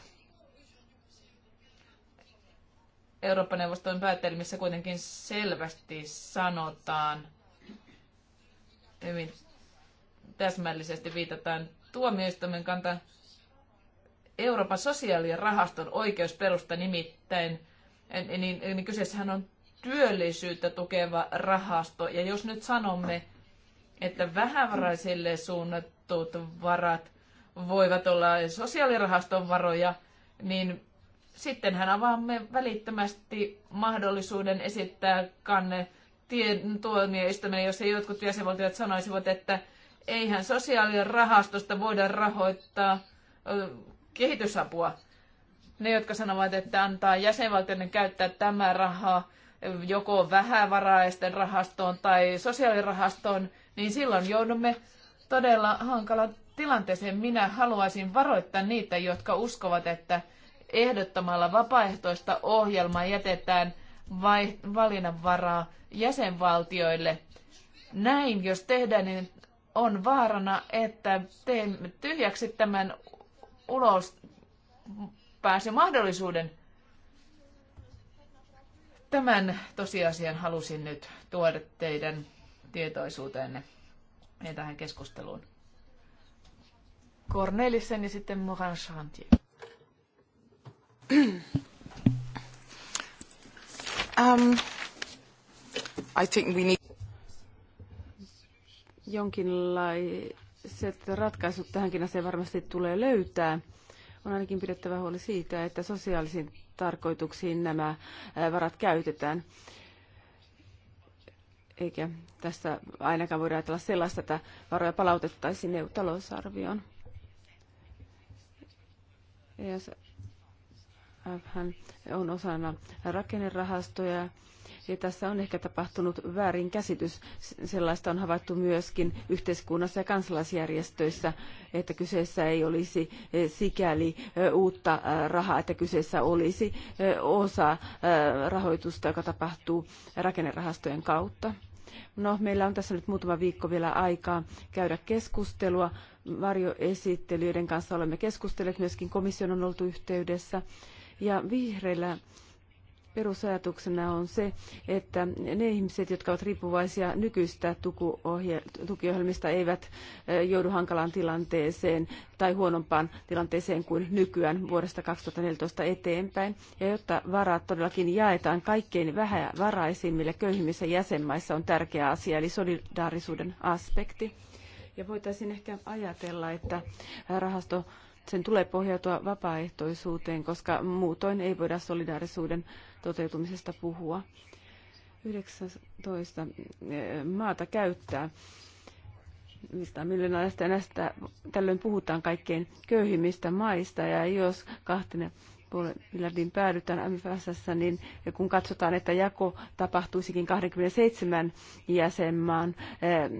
S1: Eurooppa-neuvoston päätelmissä kuitenkin selvästi sanotaan hyvin täsmällisesti viitataan tuomioistuimen kanta Euroopan sosiaalirahaston oikeusperusta nimittäin, niin, niin kyseessähän on työllisyyttä tukeva rahasto. Ja jos nyt sanomme, että vähävaraisille suunnattut varat voivat olla sosiaalirahaston varoja, niin sittenhän avaamme välittömästi mahdollisuuden esittää kanne tuomioistuimeen, jos jotkut jäsenvaltiot sanoisivat, että Eihän sosiaalirahastosta voida rahoittaa kehitysapua. Ne, jotka sanovat, että antaa jäsenvaltioiden käyttää tämä raha joko vähävaraisten rahastoon tai sosiaalirahastoon, niin silloin joudumme todella hankalan tilanteeseen. Minä haluaisin varoittaa niitä, jotka uskovat, että ehdottamalla vapaaehtoista ohjelmaa jätetään vai, valinnanvaraa jäsenvaltioille. Näin, jos tehdään, niin on vaarana, että teemme tyhjäksi tämän ulos pääsymahdollisuuden. Tämän tosiasian halusin nyt tuoda teidän tietoisuuteenne ja tähän keskusteluun. Cornelissen ja sitten Morin Chantier.
S4: Um, I think we need jonkinlaiset ratkaisut tähänkin asiaan varmasti tulee löytää. On ainakin pidettävä huoli siitä, että sosiaalisiin tarkoituksiin nämä varat käytetään. Eikä tässä ainakaan voida ajatella sellaista, että varoja palautettaisiin EU-talousarvioon. ESF on osana rakennerahastoja ja tässä on ehkä tapahtunut väärin käsitys, Sellaista on havaittu myöskin yhteiskunnassa ja kansalaisjärjestöissä, että kyseessä ei olisi e, sikäli e, uutta e, rahaa, että kyseessä olisi osa rahoitusta, joka tapahtuu rakennerahastojen kautta. No, meillä on tässä nyt muutama viikko vielä aikaa käydä keskustelua. Varjoesittelijöiden kanssa olemme keskustelleet, myöskin komission on oltu yhteydessä. Ja vihreillä perusajatuksena on se, että ne ihmiset, jotka ovat riippuvaisia nykyistä tukiohjelmista, eivät joudu hankalaan tilanteeseen tai huonompaan tilanteeseen kuin nykyään vuodesta 2014 eteenpäin. Ja jotta varat todellakin jaetaan kaikkein vähävaraisimmille köyhimmissä jäsenmaissa on tärkeä asia, eli solidaarisuuden aspekti. Ja voitaisiin ehkä ajatella, että rahasto sen tulee pohjautua vapaaehtoisuuteen, koska muutoin ei voida solidaarisuuden toteutumisesta puhua. 19 eh, maata käyttää mistä miljoonaa näistä, näistä tällöin puhutaan kaikkein köyhimmistä maista ja jos kahtena miljardin päädytään MFSS, niin kun katsotaan, että jako tapahtuisikin 27 jäsenmaan eh,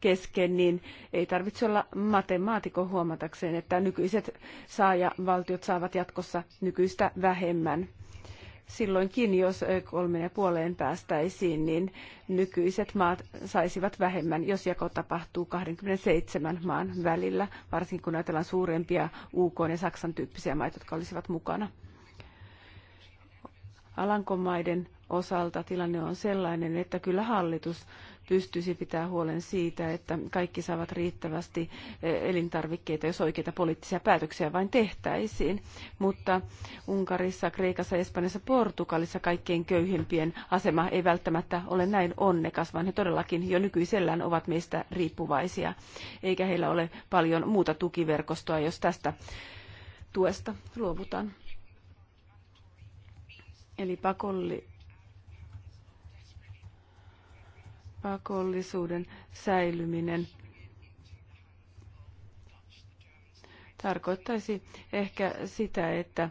S4: kesken, niin ei tarvitse olla matemaatikko huomatakseen, että nykyiset saajavaltiot saavat jatkossa nykyistä vähemmän silloinkin, jos kolmen ja puoleen päästäisiin, niin nykyiset maat saisivat vähemmän, jos jako tapahtuu 27 maan välillä, varsinkin kun ajatellaan suurempia UK ja Saksan tyyppisiä maita, jotka olisivat mukana. Alankomaiden osalta tilanne on sellainen, että kyllä hallitus pystyisi pitää huolen siitä, että kaikki saavat riittävästi e, elintarvikkeita, jos oikeita poliittisia päätöksiä vain tehtäisiin. Mutta Unkarissa, Kreikassa, Espanjassa, Portugalissa kaikkein köyhimpien asema ei välttämättä ole näin onnekas, vaan he todellakin jo nykyisellään ovat meistä riippuvaisia, eikä heillä ole paljon muuta tukiverkostoa, jos tästä tuesta luovutaan. Eli pakolli, pakollisuuden säilyminen tarkoittaisi ehkä sitä, että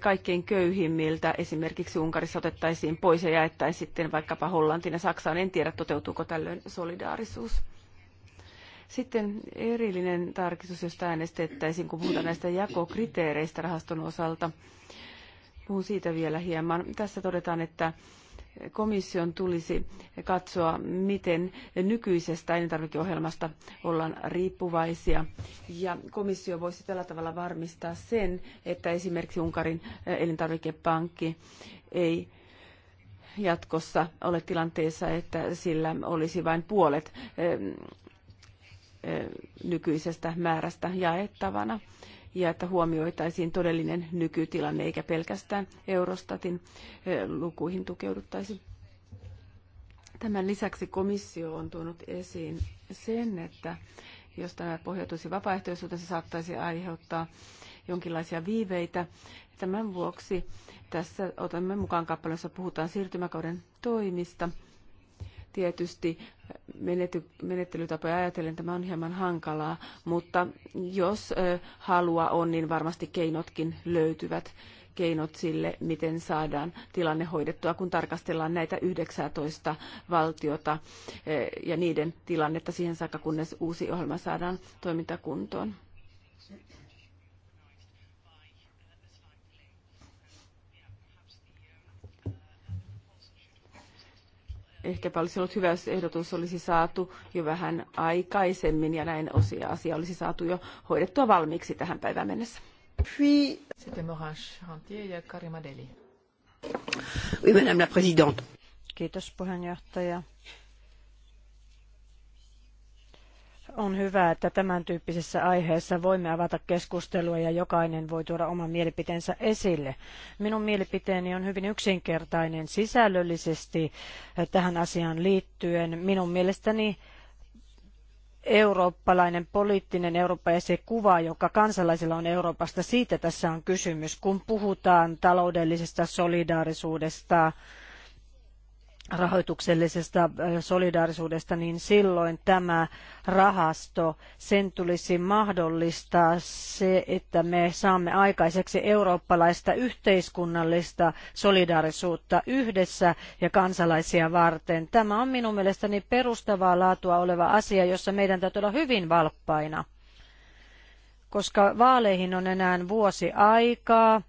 S4: kaikkein köyhimmiltä esimerkiksi Unkarissa otettaisiin pois ja jaettaisiin sitten vaikkapa Hollantiin ja Saksaan. En tiedä, toteutuuko tällöin solidaarisuus. Sitten erillinen tarkistus, josta äänestettäisiin, kun puhutaan näistä jakokriteereistä rahaston osalta. Puhun siitä vielä hieman. Tässä todetaan, että komission tulisi katsoa, miten nykyisestä elintarvikeohjelmasta ollaan riippuvaisia. Ja komissio voisi tällä tavalla varmistaa sen, että esimerkiksi Unkarin elintarvikepankki ei jatkossa ole tilanteessa, että sillä olisi vain puolet nykyisestä määrästä jaettavana ja että huomioitaisiin todellinen nykytilanne eikä pelkästään Eurostatin lukuihin tukeuduttaisi. Tämän lisäksi komissio on tuonut esiin sen, että jos tämä pohjautuisi vapaaehtoisuuteen, se saattaisi aiheuttaa jonkinlaisia viiveitä. Tämän vuoksi tässä otamme mukaan kappaleessa puhutaan siirtymäkauden toimista – tietysti menety, menettelytapoja ajatellen tämä on hieman hankalaa, mutta jos halua on, niin varmasti keinotkin löytyvät keinot sille, miten saadaan tilanne hoidettua, kun tarkastellaan näitä 19 valtiota ja niiden tilannetta siihen saakka, kunnes uusi ohjelma saadaan toimintakuntoon. ehkäpä olisi ollut hyvä, jos ehdotus olisi saatu jo vähän aikaisemmin ja näin osia asia olisi saatu jo hoidettua valmiiksi tähän päivään mennessä.
S3: Kiitos puheenjohtaja. On hyvä, että tämän tyyppisessä aiheessa voimme avata keskustelua ja jokainen voi tuoda oman mielipiteensä esille. Minun mielipiteeni on hyvin yksinkertainen sisällöllisesti tähän asiaan liittyen. Minun mielestäni eurooppalainen poliittinen Eurooppa ja se kuva, joka kansalaisilla on Euroopasta, siitä tässä on kysymys, kun puhutaan taloudellisesta solidaarisuudesta, rahoituksellisesta äh, solidaarisuudesta, niin silloin tämä rahasto, sen tulisi mahdollistaa se, että me saamme aikaiseksi eurooppalaista yhteiskunnallista solidaarisuutta yhdessä ja kansalaisia varten. Tämä on minun mielestäni perustavaa laatua oleva asia, jossa meidän täytyy olla hyvin valppaina. Koska vaaleihin on enää vuosi aikaa,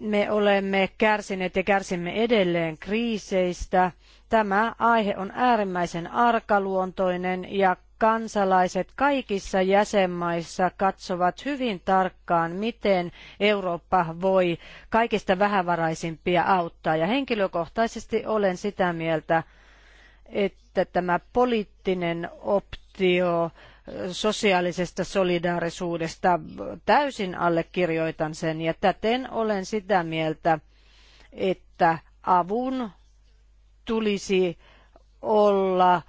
S3: me olemme kärsineet ja kärsimme edelleen kriiseistä. Tämä aihe on äärimmäisen arkaluontoinen ja kansalaiset kaikissa jäsenmaissa katsovat hyvin tarkkaan, miten Eurooppa voi kaikista vähävaraisimpia auttaa. Ja henkilökohtaisesti olen sitä mieltä, että tämä poliittinen optio sosiaalisesta solidaarisuudesta. Täysin allekirjoitan sen ja täten olen sitä mieltä, että avun tulisi olla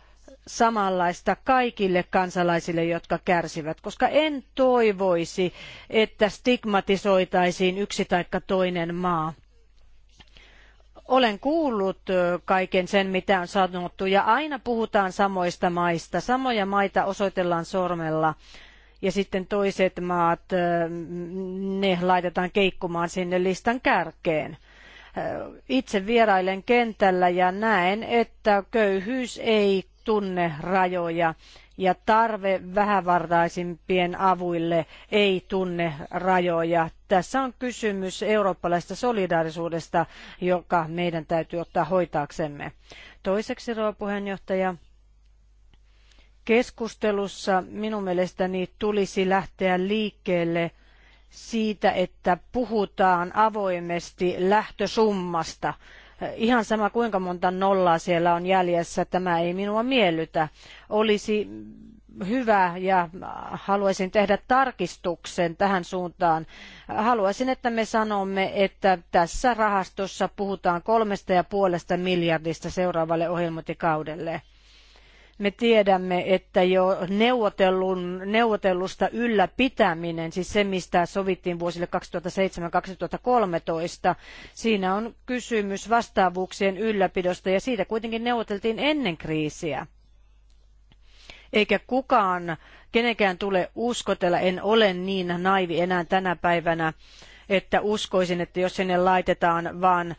S3: samanlaista kaikille kansalaisille, jotka kärsivät, koska en toivoisi, että stigmatisoitaisiin yksi taikka toinen maa olen kuullut kaiken sen, mitä on sanottu, ja aina puhutaan samoista maista. Samoja maita osoitellaan sormella, ja sitten toiset maat, ne laitetaan keikkumaan sinne listan kärkeen itse vierailen kentällä ja näen, että köyhyys ei tunne rajoja ja tarve vähävartaisimpien avuille ei tunne rajoja. Tässä on kysymys eurooppalaisesta solidaarisuudesta, joka meidän täytyy ottaa hoitaaksemme. Toiseksi, rouva puheenjohtaja, keskustelussa minun mielestäni tulisi lähteä liikkeelle siitä, että puhutaan avoimesti lähtösummasta – Ihan sama kuinka monta nollaa siellä on jäljessä, tämä ei minua miellytä. Olisi hyvä ja haluaisin tehdä tarkistuksen tähän suuntaan. Haluaisin, että me sanomme, että tässä rahastossa puhutaan kolmesta ja puolesta miljardista seuraavalle ohjelmointikaudelle. Me tiedämme, että jo neuvotellun, neuvotellusta ylläpitäminen, siis se mistä sovittiin vuosille 2007-2013, siinä on kysymys vastaavuuksien ylläpidosta ja siitä kuitenkin neuvoteltiin ennen kriisiä eikä kukaan kenenkään tule uskotella, en ole niin naivi enää tänä päivänä, että uskoisin, että jos sinne laitetaan vain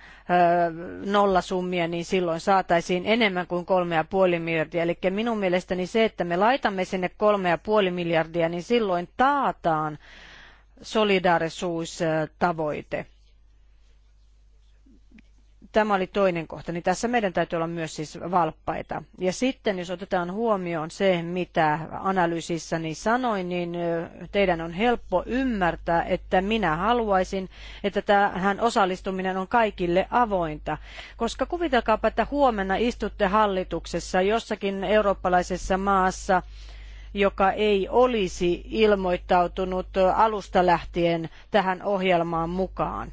S3: nollasummia, niin silloin saataisiin enemmän kuin kolme puoli miljardia. Eli minun mielestäni se, että me laitamme sinne kolme puoli miljardia, niin silloin taataan solidaarisuustavoite. Tämä oli toinen kohta, niin tässä meidän täytyy olla myös siis valppaita. Ja sitten jos otetaan huomioon se, mitä analyysissäni niin sanoin, niin teidän on helppo ymmärtää, että minä haluaisin, että tähän osallistuminen on kaikille avointa. Koska kuvitelkaapa, että huomenna istutte hallituksessa jossakin eurooppalaisessa maassa, joka ei olisi ilmoittautunut alusta lähtien tähän ohjelmaan mukaan.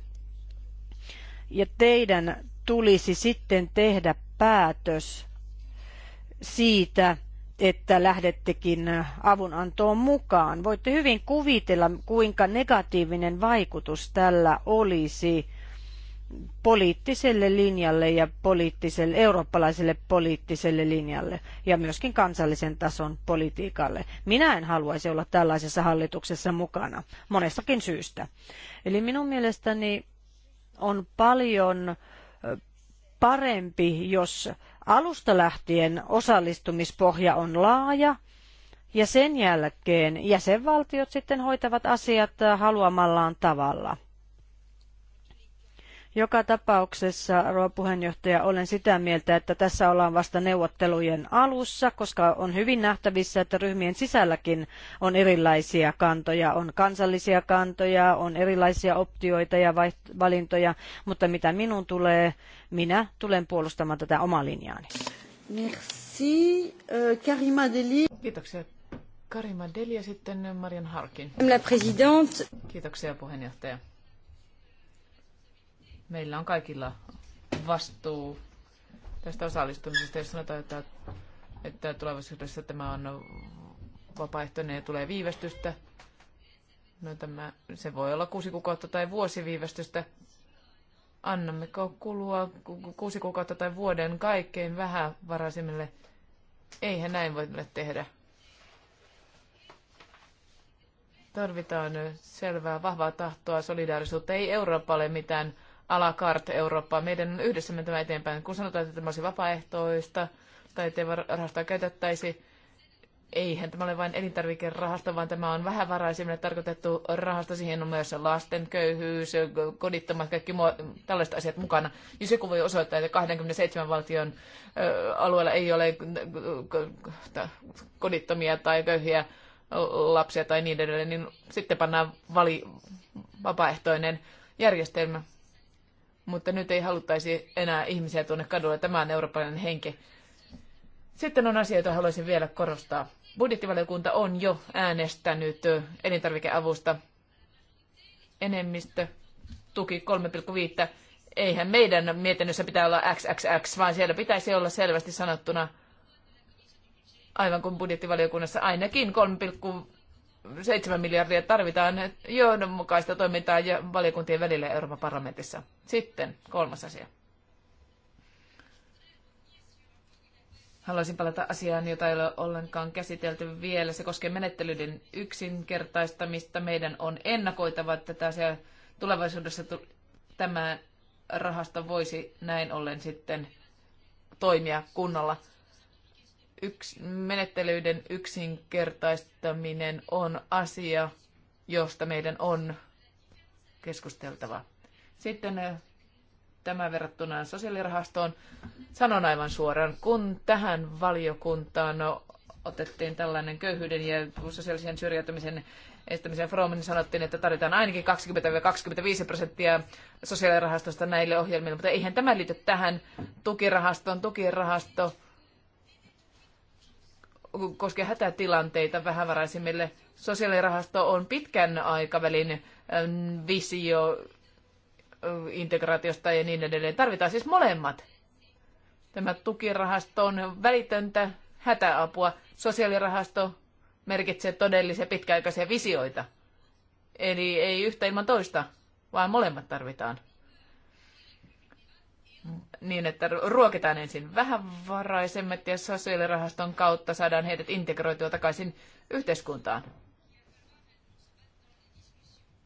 S3: Ja teidän tulisi sitten tehdä päätös siitä, että lähdettekin avunantoon mukaan. Voitte hyvin kuvitella, kuinka negatiivinen vaikutus tällä olisi poliittiselle linjalle ja poliittiselle, eurooppalaiselle poliittiselle linjalle ja myöskin kansallisen tason politiikalle. Minä en haluaisi olla tällaisessa hallituksessa mukana monestakin syystä. Eli minun mielestäni on paljon parempi, jos alusta lähtien osallistumispohja on laaja ja sen jälkeen jäsenvaltiot sitten hoitavat asiat haluamallaan tavalla. Joka tapauksessa, rouva puheenjohtaja, olen sitä mieltä, että tässä ollaan vasta neuvottelujen alussa, koska on hyvin nähtävissä, että ryhmien sisälläkin on erilaisia kantoja. On kansallisia kantoja, on erilaisia optioita ja valintoja, mutta mitä minun tulee, minä tulen puolustamaan tätä omaa linjaani.
S1: Merci. Euh, Karima Deli. Kiitoksia. Karima Deli ja sitten Marian Harkin. Kiitoksia puheenjohtaja meillä on kaikilla vastuu tästä osallistumisesta, jos sanotaan, että, että tulevaisuudessa tämä on vapaaehtoinen ja tulee viivästystä. No tämä, se voi olla kuusi kuukautta tai vuosi viivästystä. Annammeko kulua kuusi kuukautta tai vuoden kaikkein vähävaraisimmille? Eihän näin voi tehdä. Tarvitaan selvää, vahvaa tahtoa, solidaarisuutta. Ei Eurooppa ole mitään alakart Eurooppaa. Meidän on yhdessä mentävä eteenpäin. Kun sanotaan, että tämä olisi vapaaehtoista tai ettei rahastoa käytettäisi, eihän tämä ole vain elintarvikerahasto, vaan tämä on vähävaraisimmille tarkoitettu rahasto. Siihen on myös lasten köyhyys, kodittomat, kaikki muo, tällaiset asiat mukana. Jos joku voi osoittaa, että 27 valtion alueella ei ole kodittomia tai köyhiä lapsia tai niin edelleen, niin sitten pannaan vali, vapaaehtoinen järjestelmä mutta nyt ei haluttaisi enää ihmisiä tuonne kadulle. Tämä on eurooppalainen henke. Sitten on asia, jota haluaisin vielä korostaa. Budjettivaliokunta on jo äänestänyt elintarvikeavusta enemmistö tuki 3,5. Eihän meidän mietinnössä pitää olla XXX, vaan siellä pitäisi olla selvästi sanottuna, aivan kuin budjettivaliokunnassa, ainakin 7 miljardia tarvitaan johdonmukaista toimintaa ja valiokuntien välillä Euroopan parlamentissa. Sitten kolmas asia. Haluaisin palata asiaan, jota ei ole ollenkaan käsitelty vielä. Se koskee menettelyiden yksinkertaistamista. Meidän on ennakoitava että tässä Tulevaisuudessa tämä rahasto voisi näin ollen sitten toimia kunnolla yks, menettelyiden yksinkertaistaminen on asia, josta meidän on keskusteltava. Sitten tämä verrattuna sosiaalirahastoon. Sanon aivan suoraan, kun tähän valiokuntaan otettiin tällainen köyhyyden ja sosiaalisen syrjäytymisen estämisen From, niin sanottiin, että tarvitaan ainakin 20-25 prosenttia sosiaalirahastosta näille ohjelmille, mutta eihän tämä liity tähän tukirahastoon. Tukirahasto koskee hätätilanteita vähävaraisimmille. Sosiaalirahasto on pitkän aikavälin visio integraatiosta ja niin edelleen. Tarvitaan siis molemmat. Tämä tukirahasto on välitöntä hätäapua. Sosiaalirahasto merkitsee todellisia pitkäaikaisia visioita. Eli ei yhtä ilman toista, vaan molemmat tarvitaan niin, että ruokitaan ensin vähän varaisemmat ja sosiaalirahaston kautta saadaan heidät integroitua takaisin yhteiskuntaan.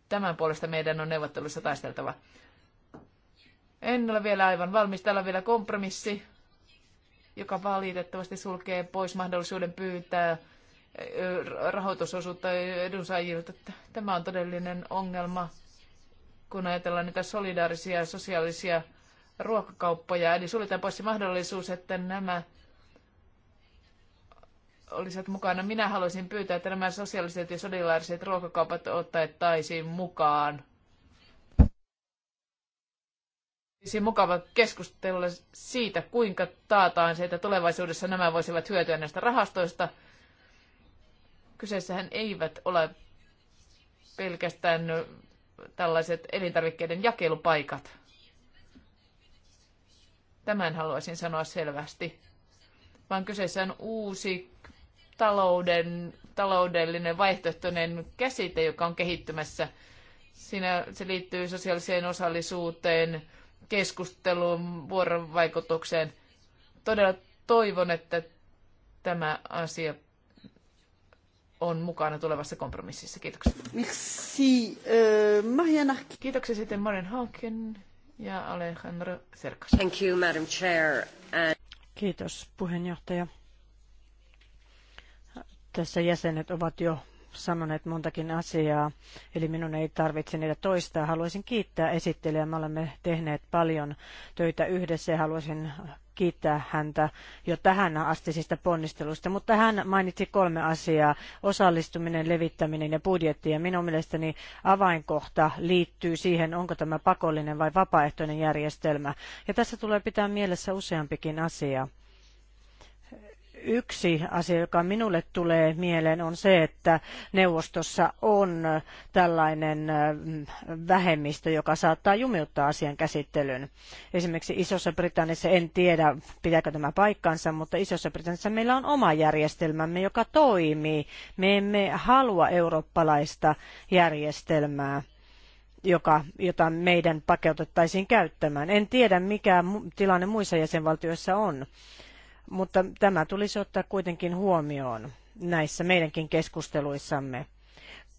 S1: Tämän puolesta meidän on neuvottelussa taisteltava. En ole vielä aivan valmis. Täällä on vielä kompromissi, joka valitettavasti sulkee pois mahdollisuuden pyytää rahoitusosuutta edunsaajilta. Tämä on todellinen ongelma, kun ajatellaan niitä solidaarisia ja sosiaalisia ruokakauppoja, eli suljetaan pois se mahdollisuus, että nämä olisivat mukana. Minä haluaisin pyytää, että nämä sosiaaliset ja solidaariset ruokakaupat ottaisiin mukaan. Olisi mukava keskustella siitä, kuinka taataan se, että tulevaisuudessa nämä voisivat hyötyä näistä rahastoista. Kyseessähän eivät ole pelkästään tällaiset elintarvikkeiden jakelupaikat. Tämän haluaisin sanoa selvästi. Vaan kyseessä on uusi talouden, taloudellinen vaihtoehtoinen käsite, joka on kehittymässä. Siinä se liittyy sosiaaliseen osallisuuteen, keskusteluun, vuorovaikutukseen. Todella toivon, että tämä asia on mukana tulevassa kompromississa. Kiitoksia. Merci, euh, Kiitoksia
S3: sitten Marian Harkin ja Alejandro Thank you, Madam Chair. And... Kiitos, puheenjohtaja. Tässä jäsenet ovat jo sanoneet montakin asiaa, eli minun ei tarvitse niitä toistaa. Haluaisin kiittää esittelijää. Me olemme tehneet paljon töitä yhdessä ja haluaisin kiittää häntä jo tähän astisista ponnisteluista, mutta hän mainitsi kolme asiaa, osallistuminen, levittäminen ja budjetti. Ja minun mielestäni avainkohta liittyy siihen, onko tämä pakollinen vai vapaaehtoinen järjestelmä. Ja tässä tulee pitää mielessä useampikin asia. Yksi asia, joka minulle tulee mieleen, on se, että neuvostossa on tällainen vähemmistö, joka saattaa jumiuttaa asian käsittelyn. Esimerkiksi Isossa Britanniassa, en tiedä pitääkö tämä paikkansa, mutta Isossa Britanniassa meillä on oma järjestelmämme, joka toimii. Me emme halua eurooppalaista järjestelmää joka, jota meidän pakeutettaisiin käyttämään. En tiedä, mikä tilanne muissa jäsenvaltioissa on mutta tämä tulisi ottaa kuitenkin huomioon näissä meidänkin keskusteluissamme.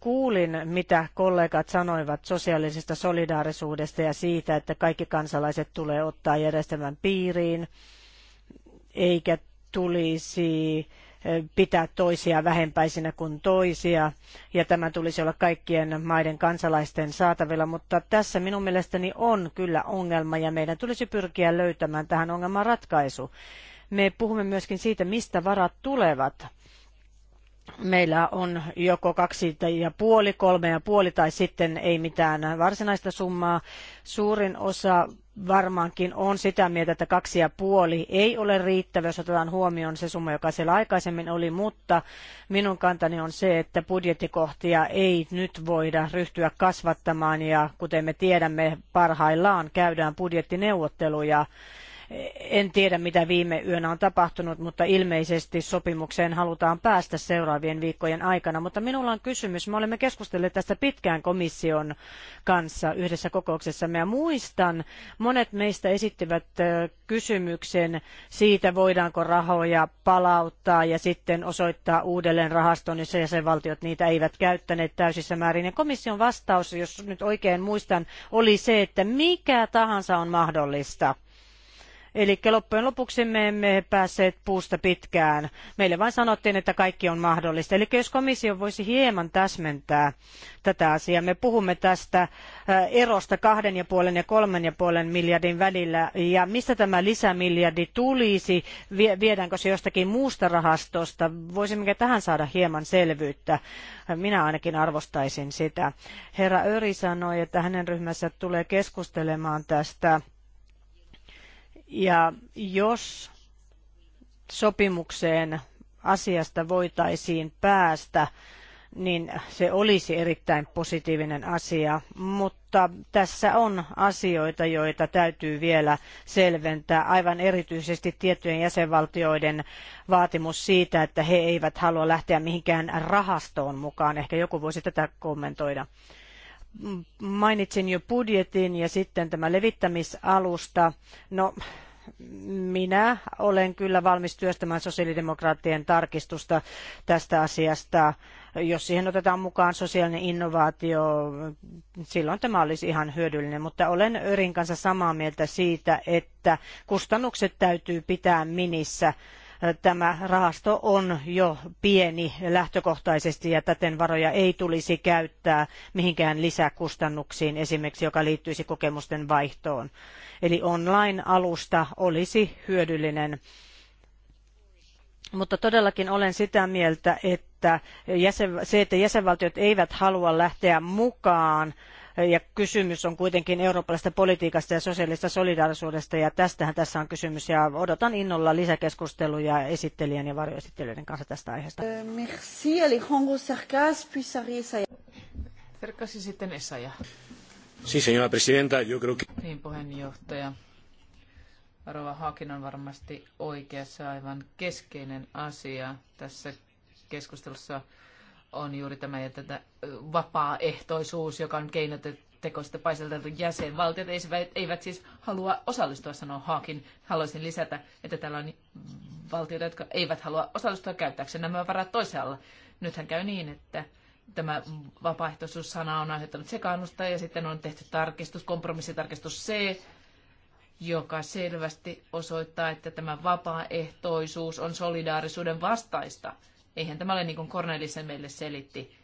S3: Kuulin, mitä kollegat sanoivat sosiaalisesta solidaarisuudesta ja siitä, että kaikki kansalaiset tulee ottaa järjestelmän piiriin, eikä tulisi eh, pitää toisia vähempäisinä kuin toisia, ja tämä tulisi olla kaikkien maiden kansalaisten saatavilla, mutta tässä minun mielestäni on kyllä ongelma, ja meidän tulisi pyrkiä löytämään tähän ongelman ratkaisu. Me puhumme myöskin siitä, mistä varat tulevat meillä on joko kaksi ja puoli, kolme ja puoli tai sitten ei mitään varsinaista summaa. Suurin osa varmaankin on sitä mieltä, että kaksi ja puoli ei ole riittävä, jos otetaan huomioon se summa, joka siellä aikaisemmin oli, mutta minun kantani on se, että budjettikohtia ei nyt voida ryhtyä kasvattamaan ja kuten me tiedämme, parhaillaan käydään budjettineuvotteluja en tiedä, mitä viime yönä on tapahtunut, mutta ilmeisesti sopimukseen halutaan päästä seuraavien viikkojen aikana. Mutta minulla on kysymys. Me olemme keskustelleet tästä pitkään komission kanssa yhdessä kokouksessa. Mä muistan, monet meistä esittivät kysymyksen siitä, voidaanko rahoja palauttaa ja sitten osoittaa uudelleen rahastoon, jos jäsenvaltiot niitä eivät käyttäneet täysissä määrin. Ja komission vastaus, jos nyt oikein muistan, oli se, että mikä tahansa on mahdollista. Eli loppujen lopuksi me emme päässeet puusta pitkään. Meille vain sanottiin, että kaikki on mahdollista. Eli jos komissio voisi hieman täsmentää tätä asiaa. Me puhumme tästä äh, erosta kahden ja puolen ja kolmen ja puolen miljardin välillä. Ja mistä tämä lisämiljardi tulisi? Viedäänkö se jostakin muusta rahastosta? Voisimmekin tähän saada hieman selvyyttä? Minä ainakin arvostaisin sitä. Herra Öri sanoi, että hänen ryhmänsä tulee keskustelemaan tästä ja jos sopimukseen asiasta voitaisiin päästä, niin se olisi erittäin positiivinen asia, mutta tässä on asioita, joita täytyy vielä selventää, aivan erityisesti tiettyjen jäsenvaltioiden vaatimus siitä, että he eivät halua lähteä mihinkään rahastoon mukaan. Ehkä joku voisi tätä kommentoida. Mainitsin jo budjetin ja sitten tämä levittämisalusta. No, minä olen kyllä valmis työstämään sosiaalidemokraattien tarkistusta tästä asiasta. Jos siihen otetaan mukaan sosiaalinen innovaatio, silloin tämä olisi ihan hyödyllinen. Mutta olen Örin kanssa samaa mieltä siitä, että kustannukset täytyy pitää minissä tämä rahasto on jo pieni lähtökohtaisesti ja täten varoja ei tulisi käyttää mihinkään lisäkustannuksiin esimerkiksi, joka liittyisi kokemusten vaihtoon. Eli online-alusta olisi hyödyllinen mutta todellakin olen sitä mieltä, että se, että jäsenvaltiot eivät halua lähteä mukaan ja kysymys on kuitenkin eurooppalaisesta politiikasta ja sosiaalista solidaarisuudesta, ja tästähän tässä on kysymys, ja odotan innolla lisäkeskusteluja esittelijän ja varjoesittelijöiden kanssa tästä aiheesta.
S2: Eh, merci Alejandro
S1: Sarkas, puis Sarkas sitten Esaja.
S4: Sí, señora presidenta, yo creo que...
S1: Niin, puheenjohtaja. Rova Haakin on varmasti oikeassa aivan keskeinen asia tässä keskustelussa on juuri tämä ja tätä vapaaehtoisuus, joka on keinotekoista paiselteltu jäsenvaltiot, eivät siis halua osallistua, sanoo Haakin. Haluaisin lisätä, että täällä on valtioita, jotka eivät halua osallistua käyttääkseen nämä varat toisella. Nythän käy niin, että tämä vapaaehtoisuussana on aiheuttanut sekaannusta ja sitten on tehty tarkistus, kompromissitarkistus C, joka selvästi osoittaa, että tämä vapaaehtoisuus on solidaarisuuden vastaista – Eihän tämä ole niin kuin Cornelissen meille selitti.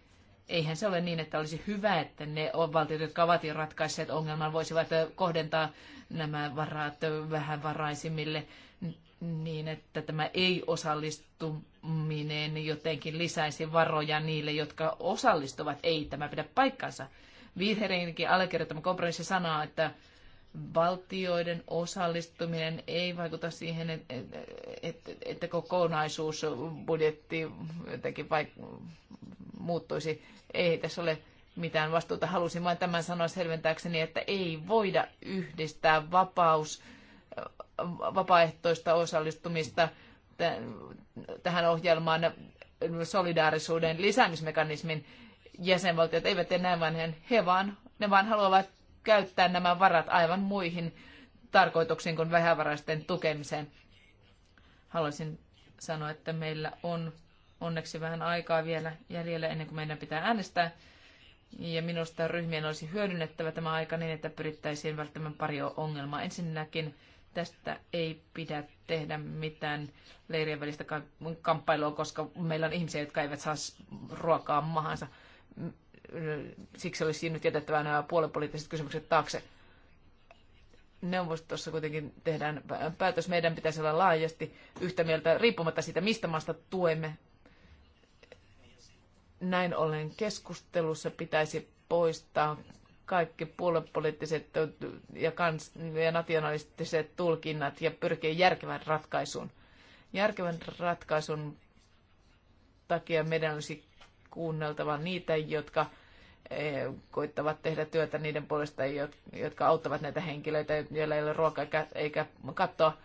S1: Eihän se ole niin, että olisi hyvä, että ne valtiot, jotka ovat jo ratkaisseet ongelman, voisivat kohdentaa nämä varat vähän varaisimmille niin, että tämä ei-osallistuminen jotenkin lisäisi varoja niille, jotka osallistuvat. Ei tämä pidä paikkansa. Vihreidenkin allekirjoittama kompromissi sanoo, että valtioiden osallistuminen ei vaikuta siihen, että, et, et, kokonaisuus budjetti jotenkin vaik- muuttuisi. Ei tässä ole mitään vastuuta. Halusin vain tämän sanoa selventääkseni, että ei voida yhdistää vapaus, vapaaehtoista osallistumista tähän ohjelmaan solidaarisuuden lisäämismekanismin jäsenvaltiot eivät tee vanhen, he vaan, ne vaan haluavat käyttää nämä varat aivan muihin tarkoituksiin kuin vähävaraisten tukemiseen. Haluaisin sanoa, että meillä on onneksi vähän aikaa vielä jäljellä ennen kuin meidän pitää äänestää. Ja minusta ryhmien olisi hyödynnettävä tämä aika niin, että pyrittäisiin välttämään pari ongelmaa. Ensinnäkin tästä ei pidä tehdä mitään leirien välistä kamppailua, koska meillä on ihmisiä, jotka eivät saa ruokaa mahansa siksi olisi nyt jätettävä nämä puolipoliittiset kysymykset taakse. Neuvostossa kuitenkin tehdään päätös. Meidän pitäisi olla laajasti yhtä mieltä, riippumatta siitä, mistä maasta tuemme. Näin ollen keskustelussa pitäisi poistaa kaikki puoluepoliittiset ja, kans- ja nationalistiset tulkinnat ja pyrkiä järkevän ratkaisuun. Järkevän ratkaisun takia meidän olisi kuunneltava niitä, jotka E, koittavat tehdä työtä niiden puolesta, jotka auttavat näitä henkilöitä, joilla ei ole ruokaa eikä kattoa.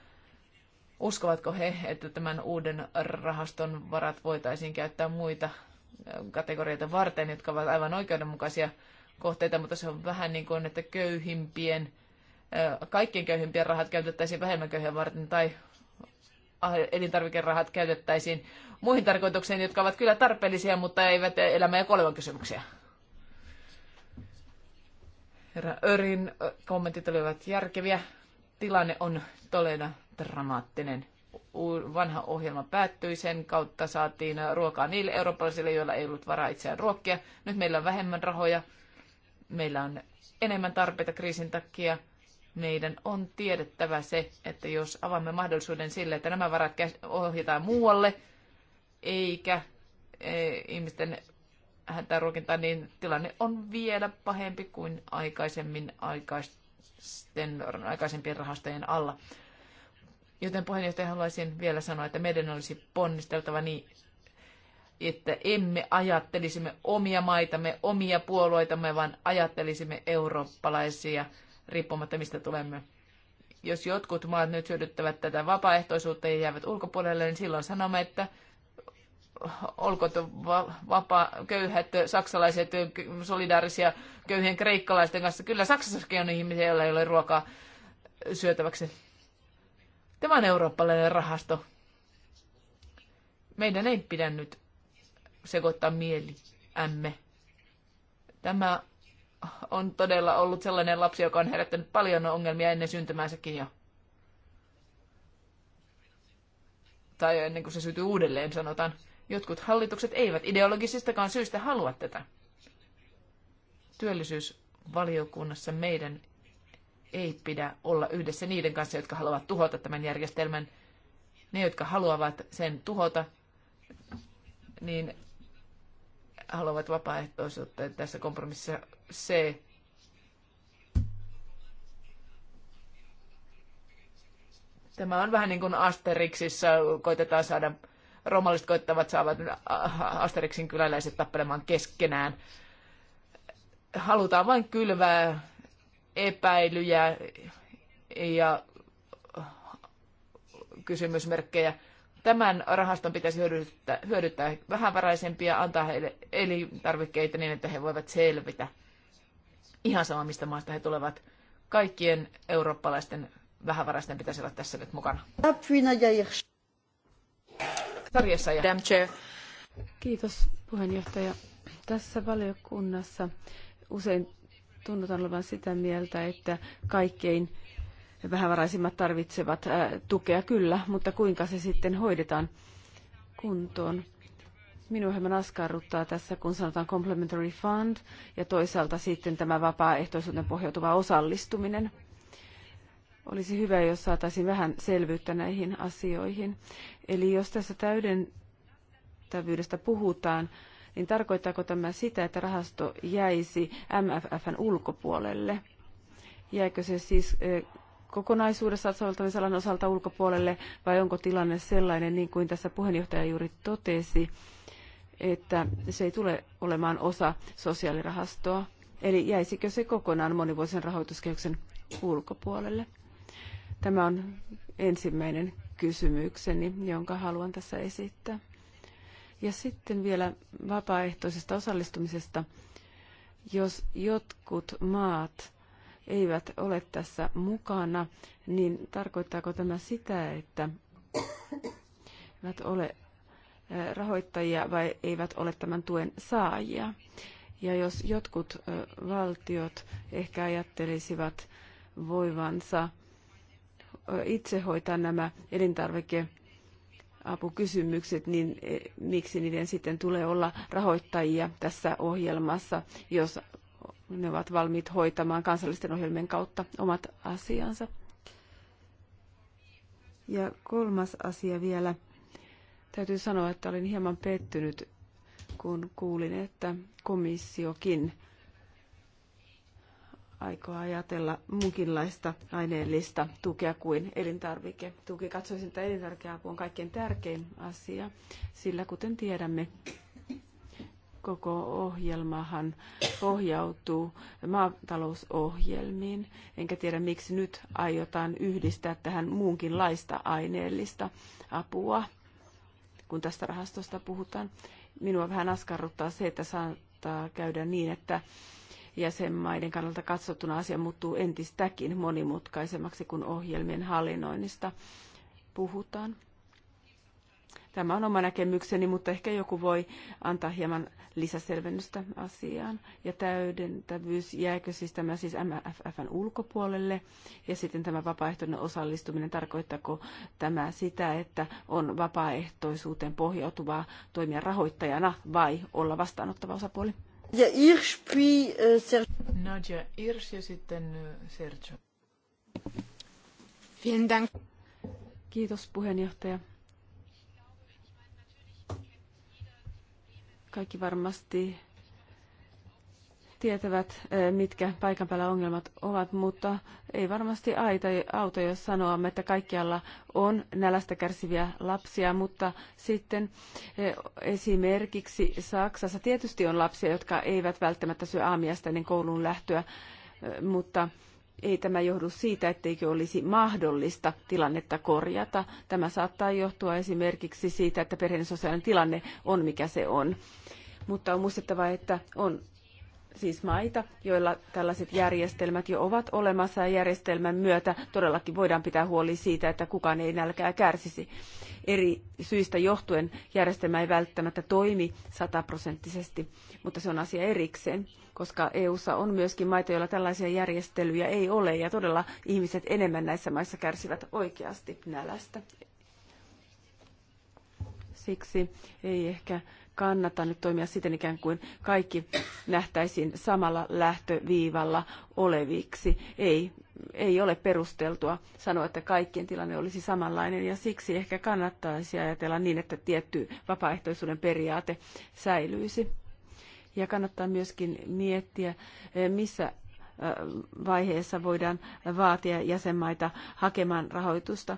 S1: Uskovatko he, että tämän uuden rahaston varat voitaisiin käyttää muita e, kategorioita varten, jotka ovat aivan oikeudenmukaisia kohteita, mutta se on vähän niin kuin, että köyhimpien, e, kaikkien köyhimpien rahat käytettäisiin vähemmän köyhiä varten tai elintarvikerahat käytettäisiin muihin tarkoituksiin, jotka ovat kyllä tarpeellisia, mutta eivät elämä- ja kuoleman kysymyksiä. Herra Örin kommentit olivat järkeviä. Tilanne on todella dramaattinen. Vanha ohjelma päättyi, sen kautta saatiin ruokaa niille eurooppalaisille, joilla ei ollut varaa itseään ruokkia. Nyt meillä on vähemmän rahoja, meillä on enemmän tarpeita kriisin takia. Meidän on tiedettävä se, että jos avaamme mahdollisuuden sille, että nämä varat ohjataan muualle, eikä e, ihmisten häntä ruokintaa, niin tilanne on vielä pahempi kuin aikaisemmin aikaisempien rahastojen alla. Joten puheenjohtaja haluaisin vielä sanoa, että meidän olisi ponnisteltava niin, että emme ajattelisimme omia maitamme, omia puolueitamme, vaan ajattelisimme eurooppalaisia riippumatta mistä tulemme. Jos jotkut maat nyt hyödyttävät tätä vapaaehtoisuutta ja jäävät ulkopuolelle, niin silloin sanomme, että olkot vapa, köyhät saksalaiset solidaarisia köyhien kreikkalaisten kanssa. Kyllä Saksassakin on ihmisiä, joilla ei ole ruokaa syötäväksi. Tämä on eurooppalainen rahasto. Meidän ei pidä nyt sekoittaa ämme. Tämä on todella ollut sellainen lapsi, joka on herättänyt paljon ongelmia ennen syntymäänsäkin jo. Tai ennen kuin se syntyy uudelleen, sanotaan. Jotkut hallitukset eivät ideologisistakaan syistä halua tätä. Työllisyysvaliokunnassa meidän ei pidä olla yhdessä niiden kanssa, jotka haluavat tuhota tämän järjestelmän. Ne, jotka haluavat sen tuhota, niin haluavat vapaaehtoisuutta. Tässä kompromississa C tämä on vähän niin kuin Asterixissa koitetaan saada romalliset koittavat saavat Asterixin kyläläiset tappelemaan keskenään. Halutaan vain kylvää epäilyjä ja kysymysmerkkejä. Tämän rahaston pitäisi hyödyttää, hyödyttää vähävaraisempia, antaa heille elintarvikkeita niin, että he voivat selvitä. Ihan sama, mistä maasta he tulevat. Kaikkien eurooppalaisten vähävaraisten pitäisi olla tässä nyt mukana sarjassa. Ja...
S4: Kiitos puheenjohtaja. Tässä valiokunnassa usein tunnutaan olevan sitä mieltä, että kaikkein vähävaraisimmat tarvitsevat tukea kyllä, mutta kuinka se sitten hoidetaan kuntoon? Minua hieman askarruttaa tässä, kun sanotaan complementary fund ja toisaalta sitten tämä vapaaehtoisuuden pohjautuva osallistuminen olisi hyvä, jos saataisiin vähän selvyyttä näihin asioihin. Eli jos tässä täydentävyydestä puhutaan, niin tarkoittaako tämä sitä, että rahasto jäisi MFFn ulkopuolelle? Jääkö se siis e, kokonaisuudessaan soveltamisalan osalta ulkopuolelle vai onko tilanne sellainen, niin kuin tässä puheenjohtaja juuri totesi, että se ei tule olemaan osa sosiaalirahastoa? Eli jäisikö se kokonaan monivuosien rahoituskehyksen ulkopuolelle? Tämä on ensimmäinen kysymykseni, jonka haluan tässä esittää. Ja sitten vielä vapaaehtoisesta osallistumisesta. Jos jotkut maat eivät ole tässä mukana, niin tarkoittaako tämä sitä, että eivät ole rahoittajia vai eivät ole tämän tuen saajia? Ja jos jotkut valtiot ehkä ajattelisivat voivansa itse hoitaa nämä elintarvikeapukysymykset, apukysymykset, niin e, miksi niiden sitten tulee olla rahoittajia tässä ohjelmassa, jos ne ovat valmiit hoitamaan kansallisten ohjelmien kautta omat asiansa. Ja kolmas asia vielä. Täytyy sanoa, että olin hieman pettynyt, kun kuulin, että komissiokin aikoo ajatella munkinlaista aineellista tukea kuin Tuki Katsoisin, että elintarvikeapu on kaikkein tärkein asia, sillä kuten tiedämme, koko ohjelmahan pohjautuu maatalousohjelmiin, enkä tiedä miksi nyt aiotaan yhdistää tähän muunkinlaista aineellista apua, kun tästä rahastosta puhutaan. Minua vähän askarruttaa se, että saattaa käydä niin, että jäsenmaiden kannalta katsottuna asia muuttuu entistäkin monimutkaisemmaksi, kun ohjelmien hallinnoinnista puhutaan. Tämä on oma näkemykseni, mutta ehkä joku voi antaa hieman lisäselvennystä asiaan. Ja täydentävyys, jääkö siis tämä siis MFFn ulkopuolelle? Ja sitten tämä vapaaehtoinen osallistuminen, tarkoittako tämä sitä, että on vapaaehtoisuuteen pohjautuvaa toimia rahoittajana vai olla vastaanottava osapuoli?
S1: Ja Irsch, puis euh, Sergio. Nadia, Irsch ja sitten äh,
S4: Sergio. Vielen Dank. Kiitos puheenjohtaja. Kaikki varmasti tietävät, mitkä paikan päällä ongelmat ovat, mutta ei varmasti aita, auta, jos sanoamme, että kaikkialla on nälästä kärsiviä lapsia, mutta sitten esimerkiksi Saksassa tietysti on lapsia, jotka eivät välttämättä syö aamiaista ennen kouluun lähtöä, mutta ei tämä johdu siitä, etteikö olisi mahdollista tilannetta korjata. Tämä saattaa johtua esimerkiksi siitä, että perheen sosiaalinen tilanne on mikä se on. Mutta on muistettava, että on siis maita, joilla tällaiset järjestelmät jo ovat olemassa ja järjestelmän myötä todellakin voidaan pitää huoli siitä, että kukaan ei nälkää kärsisi. Eri syistä johtuen järjestelmä ei välttämättä toimi sataprosenttisesti, mutta se on asia erikseen, koska EU:ssa on myöskin maita, joilla tällaisia järjestelyjä ei ole ja todella ihmiset enemmän näissä maissa kärsivät oikeasti nälästä. Siksi ei ehkä kannata nyt toimia siten ikään kuin kaikki nähtäisiin samalla lähtöviivalla oleviksi. Ei, ei ole perusteltua sanoa, että kaikkien tilanne olisi samanlainen ja siksi ehkä kannattaisi ajatella niin, että tietty vapaaehtoisuuden periaate säilyisi. Ja kannattaa myöskin miettiä, eh, missä eh, vaiheessa voidaan vaatia jäsenmaita hakemaan rahoitusta.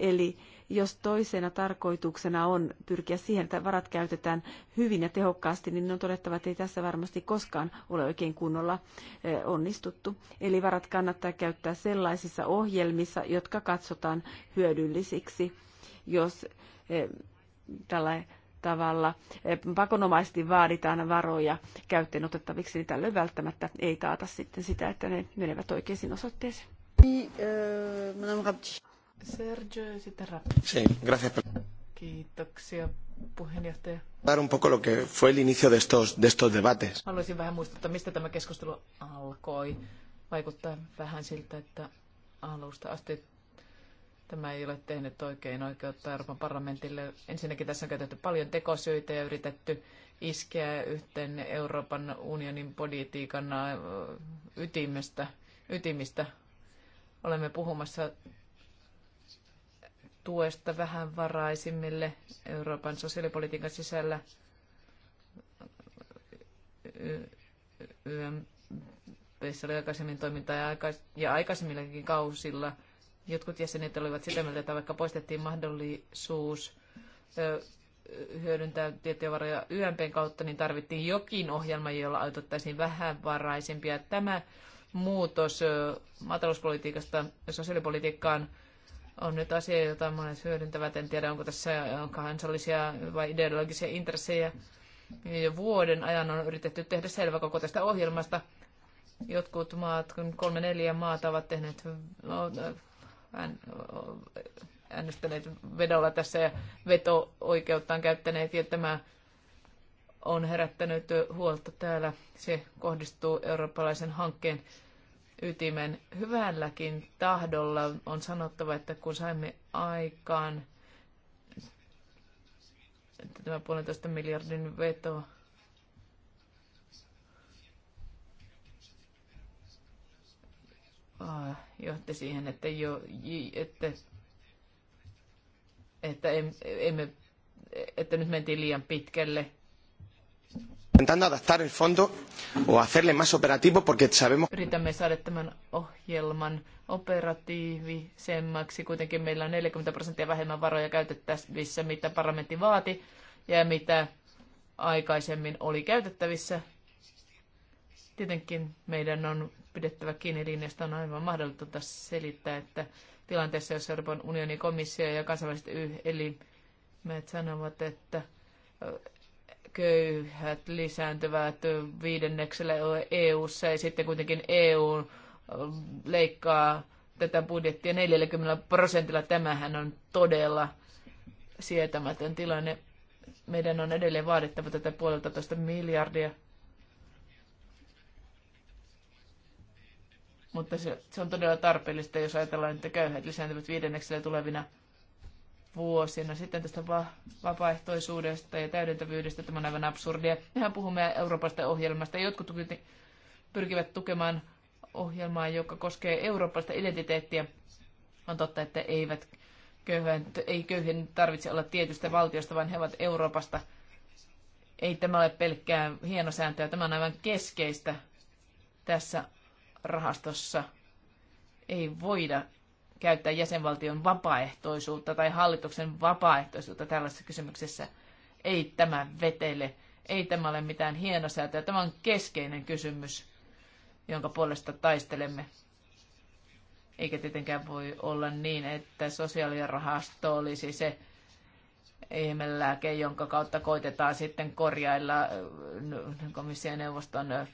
S4: Eli jos toisena tarkoituksena on pyrkiä siihen, että varat käytetään hyvin ja tehokkaasti, niin on todettava, että ei tässä varmasti koskaan ole oikein kunnolla eh, onnistuttu. Eli varat kannattaa käyttää sellaisissa ohjelmissa, jotka katsotaan hyödyllisiksi. Jos eh, tällä tavalla eh, pakonomaisesti vaaditaan varoja käyttöön otettaviksi, niin tällöin välttämättä ei taata sitten sitä, että ne menevät oikeisiin osoitteisiin.
S1: Euh, Madame Rapti. Sergio ja sitten Rapp.
S4: Sí, gracias.
S1: Kiitoksia puheenjohtaja. Un poco lo que fue el inicio de estos, de estos debates. Haluaisin vähän muistuttaa, mistä tämä keskustelu alkoi. Vaikuttaa vähän siltä, että alusta asti tämä ei ole tehnyt oikein oikeutta Euroopan parlamentille. Ensinnäkin tässä on käytetty paljon tekosyitä ja yritetty iskeä yhteen Euroopan unionin politiikan ytimestä, ytimistä. Olemme puhumassa tuesta vähävaraisimmille Euroopan sosiaalipolitiikan sisällä YMPssä oli aikaisemmin toimintaa ja, aikaisemmillakin kausilla jotkut jäsenet olivat sitä mieltä, että vaikka poistettiin mahdollisuus hyödyntää tiettyjä varoja YMPn kautta, niin tarvittiin jokin ohjelma, jolla autettaisiin vähävaraisempia. Tämä muutos maatalouspolitiikasta sosiaalipolitiikkaan on nyt asia, jota monet hyödyntävät. En tiedä, onko tässä on kansallisia vai ideologisia intressejä. Jo vuoden ajan on yritetty tehdä selvä koko tästä ohjelmasta. Jotkut maat, kun kolme neljä maata ovat tehneet äänestäneet vedolla tässä ja veto-oikeuttaan käyttäneet. Ja tämä on herättänyt huolta täällä. Se kohdistuu eurooppalaisen hankkeen ytimen. Hyvälläkin tahdolla on sanottava, että kun saimme aikaan tämä puolentoista miljardin veto, ah, johti siihen, että, jo, että, että, emme, että nyt mentiin liian pitkälle intentando adaptar el fondo o hacerle más operativo porque sabemos... Yritämme saada tämän ohjelman operatiivisemmaksi. Kuitenkin meillä on 40 prosenttia vähemmän varoja käytettävissä, mitä parlamentti vaati ja mitä aikaisemmin oli käytettävissä. Tietenkin meidän on pidettävä kiinni linjasta. On aivan mahdollista selittää, että tilanteessa, jos Euroopan unionin komissio ja kansainväliset me sanovat, että köyhät lisääntyvät viidennekselle EU-ssa ja sitten kuitenkin EU leikkaa tätä budjettia 40 prosentilla. Tämähän on todella sietämätön tilanne. Meidän on edelleen vaadittava tätä puolelta miljardia. Mutta se, se on todella tarpeellista, jos ajatellaan, että köyhät lisääntyvät viidenneksellä tulevina vuosina. Sitten tästä vapaaehtoisuudesta ja täydentävyydestä, tämä on aivan absurdia. Mehän puhumme Euroopasta ohjelmasta. Jotkut pyrkivät tukemaan ohjelmaa, joka koskee Euroopasta identiteettiä. On totta, että eivät köyhän, ei köyhien tarvitse olla tietystä valtiosta, vaan he ovat Euroopasta. Ei tämä ole pelkkää hienosääntöä, tämä on aivan keskeistä tässä rahastossa. Ei voida käyttää jäsenvaltion vapaaehtoisuutta tai hallituksen vapaaehtoisuutta tällaisessa kysymyksessä. Ei tämä vetele, ei tämä ole mitään hienosäätöä. Tämä on keskeinen kysymys, jonka puolesta taistelemme. Eikä tietenkään voi olla niin, että sosiaalirahasto olisi se ihmelääke, jonka kautta koitetaan sitten korjailla äh, komission neuvoston äh, äh,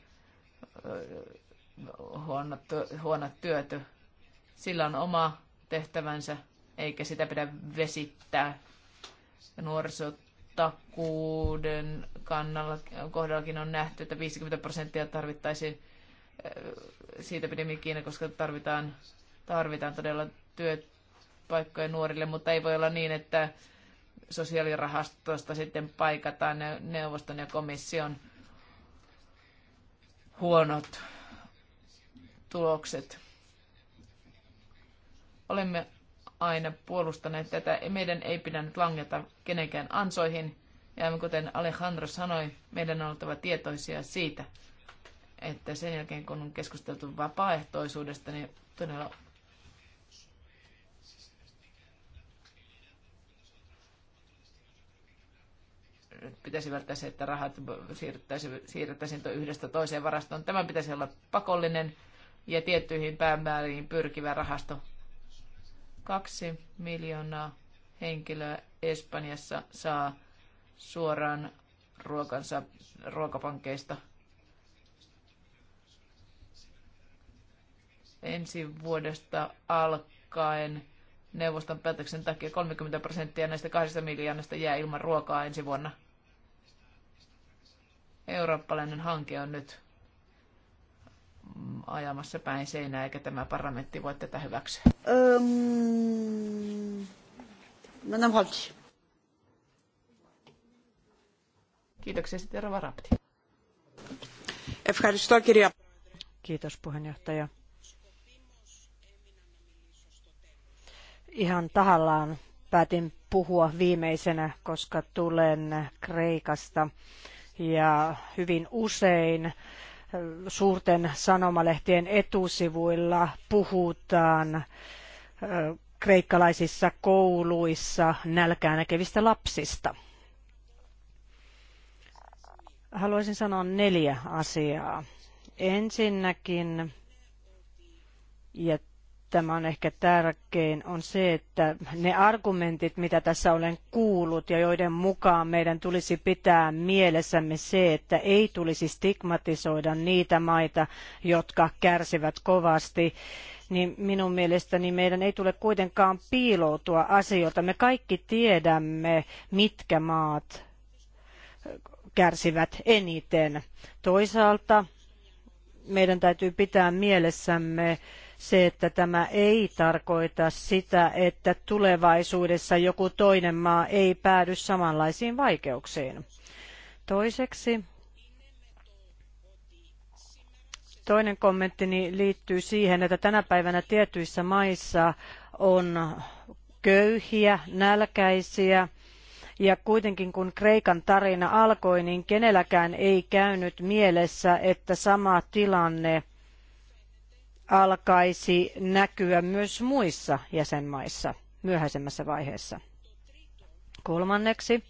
S1: huonot, huonot työt sillä on oma tehtävänsä, eikä sitä pidä vesittää. Ja nuorisotakuuden kannalla, kohdallakin on nähty, että 50 prosenttia tarvittaisiin äh, siitä pidemmin kiinni, koska tarvitaan, tarvitaan todella työpaikkoja nuorille, mutta ei voi olla niin, että sosiaalirahastosta sitten paikataan neuvoston ja komission huonot tulokset. Olemme aina puolustaneet tätä. Meidän ei pidä nyt langeta kenenkään ansoihin. Ja kuten Alejandro sanoi, meidän on oltava tietoisia siitä, että sen jälkeen kun on keskusteltu vapaaehtoisuudesta, niin todella nyt pitäisi välttää se, että rahat siirrettäisiin, siirrettäisiin yhdestä toiseen varastoon. Tämä pitäisi olla pakollinen ja tiettyihin päämääriin pyrkivä rahasto. Kaksi miljoonaa henkilöä Espanjassa saa suoraan ruokansa ruokapankkeista. Ensi vuodesta alkaen neuvoston päätöksen takia 30 prosenttia näistä kahdesta miljoonasta jää ilman ruokaa ensi vuonna. Eurooppalainen hanke on nyt ajamassa päin seinää, eikä tämä parlamentti voi tätä hyväksyä.
S2: Um, Madame Holtz.
S3: Kiitoksia sitten Rova Rapti. Kiitos puheenjohtaja. Ihan tahallaan päätin puhua viimeisenä, koska tulen Kreikasta ja hyvin usein suurten sanomalehtien etusivuilla puhutaan kreikkalaisissa kouluissa nälkää näkevistä lapsista. Haluaisin sanoa neljä asiaa. Ensinnäkin, ja tämä on ehkä tärkein, on se, että ne argumentit, mitä tässä olen kuullut ja joiden mukaan meidän tulisi pitää mielessämme se, että ei tulisi stigmatisoida niitä maita, jotka kärsivät kovasti, niin minun mielestäni meidän ei tule kuitenkaan piiloutua asioilta. Me kaikki tiedämme, mitkä maat kärsivät eniten. Toisaalta meidän täytyy pitää mielessämme se, että tämä ei tarkoita sitä, että tulevaisuudessa joku toinen maa ei päädy samanlaisiin vaikeuksiin. Toiseksi toinen kommenttini liittyy siihen, että tänä päivänä tietyissä maissa on köyhiä, nälkäisiä, ja kuitenkin kun Kreikan tarina alkoi, niin kenelläkään ei käynyt mielessä, että sama tilanne alkaisi näkyä myös muissa jäsenmaissa myöhäisemmässä vaiheessa. Kolmanneksi,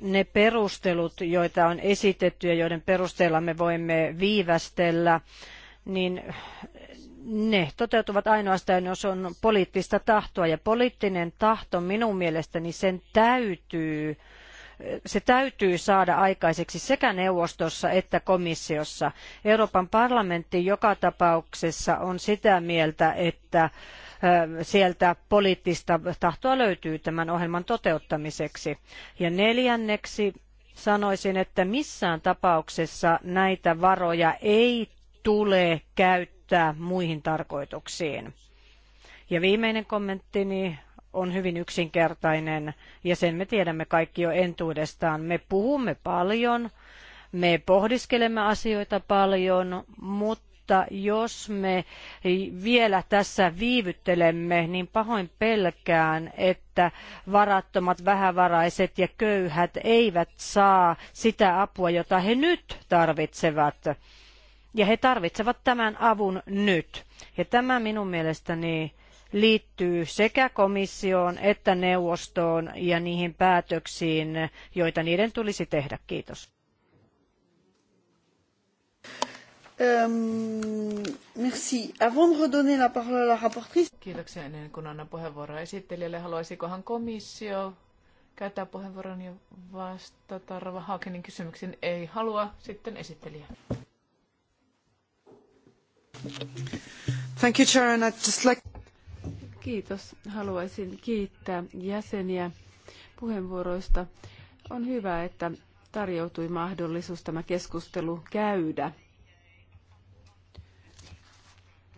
S3: ne perustelut, joita on esitetty ja joiden perusteella me voimme viivästellä, niin ne toteutuvat ainoastaan, jos on poliittista tahtoa. Ja poliittinen tahto minun mielestäni sen täytyy äh, se täytyy saada aikaiseksi sekä neuvostossa että komissiossa. Euroopan parlamentti joka tapauksessa on sitä mieltä, että sieltä poliittista tahtoa löytyy tämän ohjelman toteuttamiseksi. Ja neljänneksi sanoisin, että missään tapauksessa näitä varoja ei tule käyttää muihin tarkoituksiin. Ja viimeinen kommenttini on hyvin yksinkertainen ja sen me tiedämme kaikki jo entuudestaan. Me puhumme paljon, me pohdiskelemme asioita paljon, mutta jos me vielä tässä viivyttelemme, niin pahoin pelkään, että varattomat, vähävaraiset ja köyhät eivät saa sitä apua, jota he nyt tarvitsevat. Ja he tarvitsevat tämän avun nyt. Ja tämä minun mielestäni liittyy sekä komissioon että neuvostoon ja niihin päätöksiin, joita niiden tulisi tehdä. Kiitos.
S1: Kiitoksia ennen kuin annan puheenvuoron esittelijälle. Haluaisikohan komissio käyttää puheenvuoron ja vastata Rova Haakenin kysymyksiin? Ei halua. Sitten esittelijä.
S4: Thank you, Chair, and I'd just like... Kiitos. Haluaisin kiittää jäseniä puheenvuoroista. On hyvä, että tarjoutui mahdollisuus tämä keskustelu käydä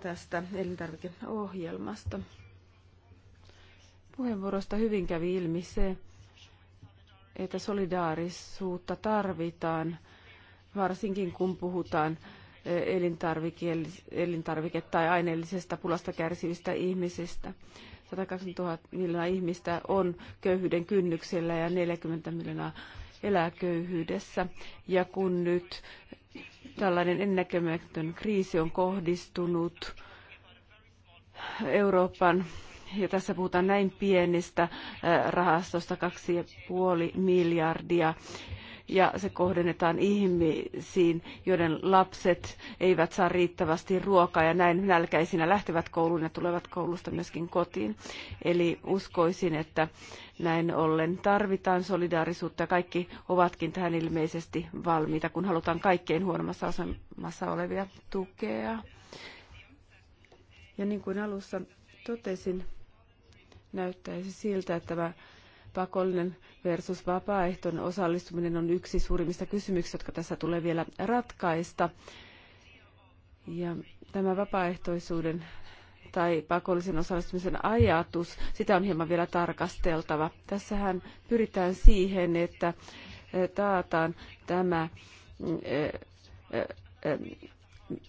S4: tästä elintarvikeohjelmasta. Puheenvuorosta hyvin kävi ilmi se, että solidaarisuutta tarvitaan, varsinkin kun puhutaan elintarvike, tai aineellisesta pulasta kärsivistä ihmisistä. 120 000 miljoonaa ihmistä on köyhyyden kynnyksellä ja 40 miljoonaa elää köyhyydessä. Ja kun nyt tällainen ennäkemätön kriisi on kohdistunut Euroopan ja tässä puhutaan näin pienistä rahastosta, kaksi 2,5 miljardia ja se kohdennetaan ihmisiin, joiden lapset eivät saa riittävästi ruokaa ja näin nälkäisinä lähtevät kouluun ja tulevat koulusta myöskin kotiin. Eli uskoisin, että näin ollen tarvitaan solidaarisuutta ja kaikki ovatkin tähän ilmeisesti valmiita, kun halutaan kaikkein huonommassa asemassa olevia tukea. Ja niin kuin alussa totesin, näyttäisi siltä, että tämä pakollinen versus vapaaehtoinen osallistuminen on yksi suurimmista kysymyksistä, jotka tässä tulee vielä ratkaista. Ja tämä vapaaehtoisuuden tai pakollisen osallistumisen ajatus, sitä on hieman vielä tarkasteltava. Tässähän pyritään siihen, että eh, taataan tämä mm, eh, eh,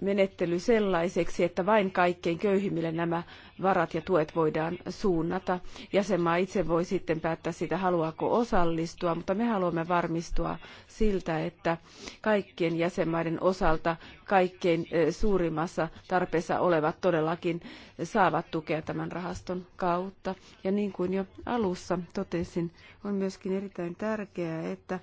S4: menettely sellaiseksi, että vain kaikkein köyhimmille nämä varat ja tuet voidaan suunnata. Jäsenmaa itse voi sitten päättää siitä, haluaako osallistua, mutta me haluamme varmistua siltä, että kaikkien jäsenmaiden osalta kaikkein eh, suurimmassa tarpeessa olevat todellakin saavat tukea tämän rahaston kautta. Ja niin kuin jo alussa totesin, on myöskin erittäin tärkeää, että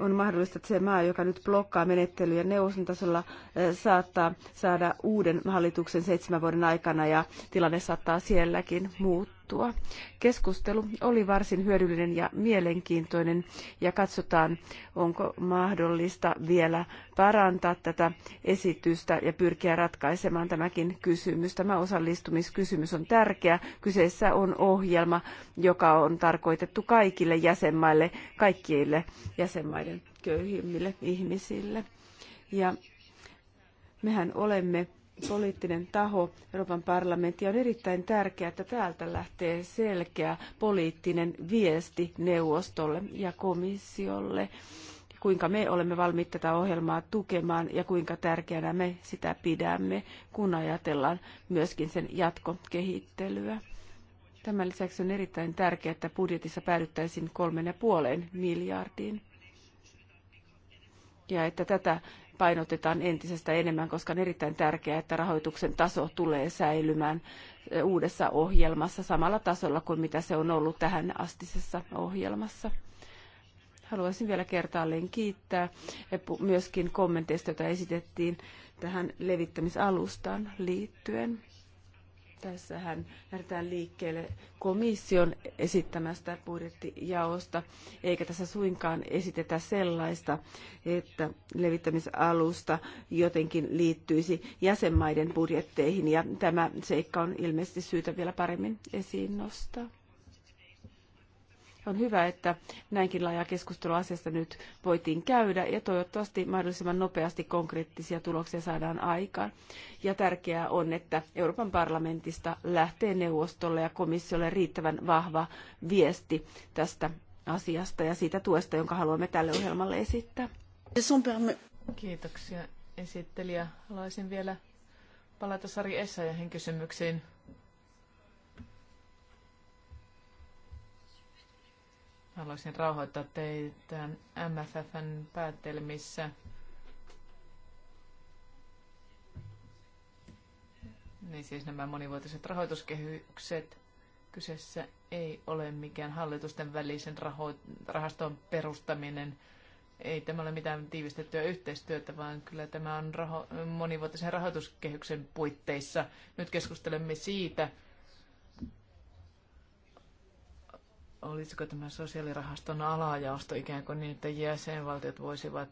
S4: on mahdollista, että se maa, joka nyt blokkaa menettelyjä neuvoston tasolla, eh, saattaa saada uuden hallituksen seitsemän vuoden aikana ja tilanne saattaa sielläkin muuttua etua. Keskustelu oli varsin hyödyllinen ja mielenkiintoinen ja katsotaan, onko mahdollista vielä parantaa tätä esitystä ja pyrkiä ratkaisemaan tämäkin kysymys. Tämä osallistumiskysymys on tärkeä. Kyseessä on ohjelma, joka on tarkoitettu kaikille jäsenmaille, kaikille jäsenmaiden köyhimmille ihmisille. Ja mehän olemme poliittinen taho, Euroopan parlamentti, on erittäin tärkeää, että täältä lähtee selkeä poliittinen viesti neuvostolle ja komissiolle, kuinka me olemme valmiit tätä ohjelmaa tukemaan ja kuinka tärkeänä me sitä pidämme, kun ajatellaan myöskin sen jatkokehittelyä. Tämän lisäksi on erittäin tärkeää, että budjetissa päädyttäisiin kolmen ja puoleen miljardiin ja että tätä painotetaan entisestä enemmän, koska on erittäin tärkeää, että rahoituksen taso tulee säilymään eh, uudessa ohjelmassa samalla tasolla kuin mitä se on ollut tähän astisessa ohjelmassa. Haluaisin vielä kertaalleen kiittää eh, myöskin kommenteista, joita esitettiin tähän levittämisalustaan liittyen. Tässähän lähdetään liikkeelle komission esittämästä budjettijaosta, eikä tässä suinkaan esitetä sellaista, että levittämisalusta jotenkin liittyisi jäsenmaiden budjetteihin, ja tämä seikka on ilmeisesti syytä vielä paremmin esiin nostaa. On hyvä, että näinkin laaja keskustelu asiasta nyt voitiin käydä ja toivottavasti mahdollisimman nopeasti konkreettisia tuloksia saadaan aikaan. Ja tärkeää on, että Euroopan parlamentista lähtee neuvostolle ja komissiolle riittävän vahva viesti tästä asiasta ja siitä tuesta, jonka haluamme tälle ohjelmalle esittää.
S1: Kiitoksia esittelijä. Haluaisin vielä palata Sari Essayahin kysymyksiin. Haluaisin rauhoittaa teitä MFFn päättelmissä. Niin siis nämä monivuotiset rahoituskehykset. Kyseessä ei ole mikään hallitusten välisen raho- rahaston perustaminen. Ei tämä ole mitään tiivistettyä yhteistyötä, vaan kyllä tämä on raho- monivuotisen rahoituskehyksen puitteissa. Nyt keskustelemme siitä, olisiko tämä sosiaalirahaston alajaosto ikään kuin niin, että jäsenvaltiot voisivat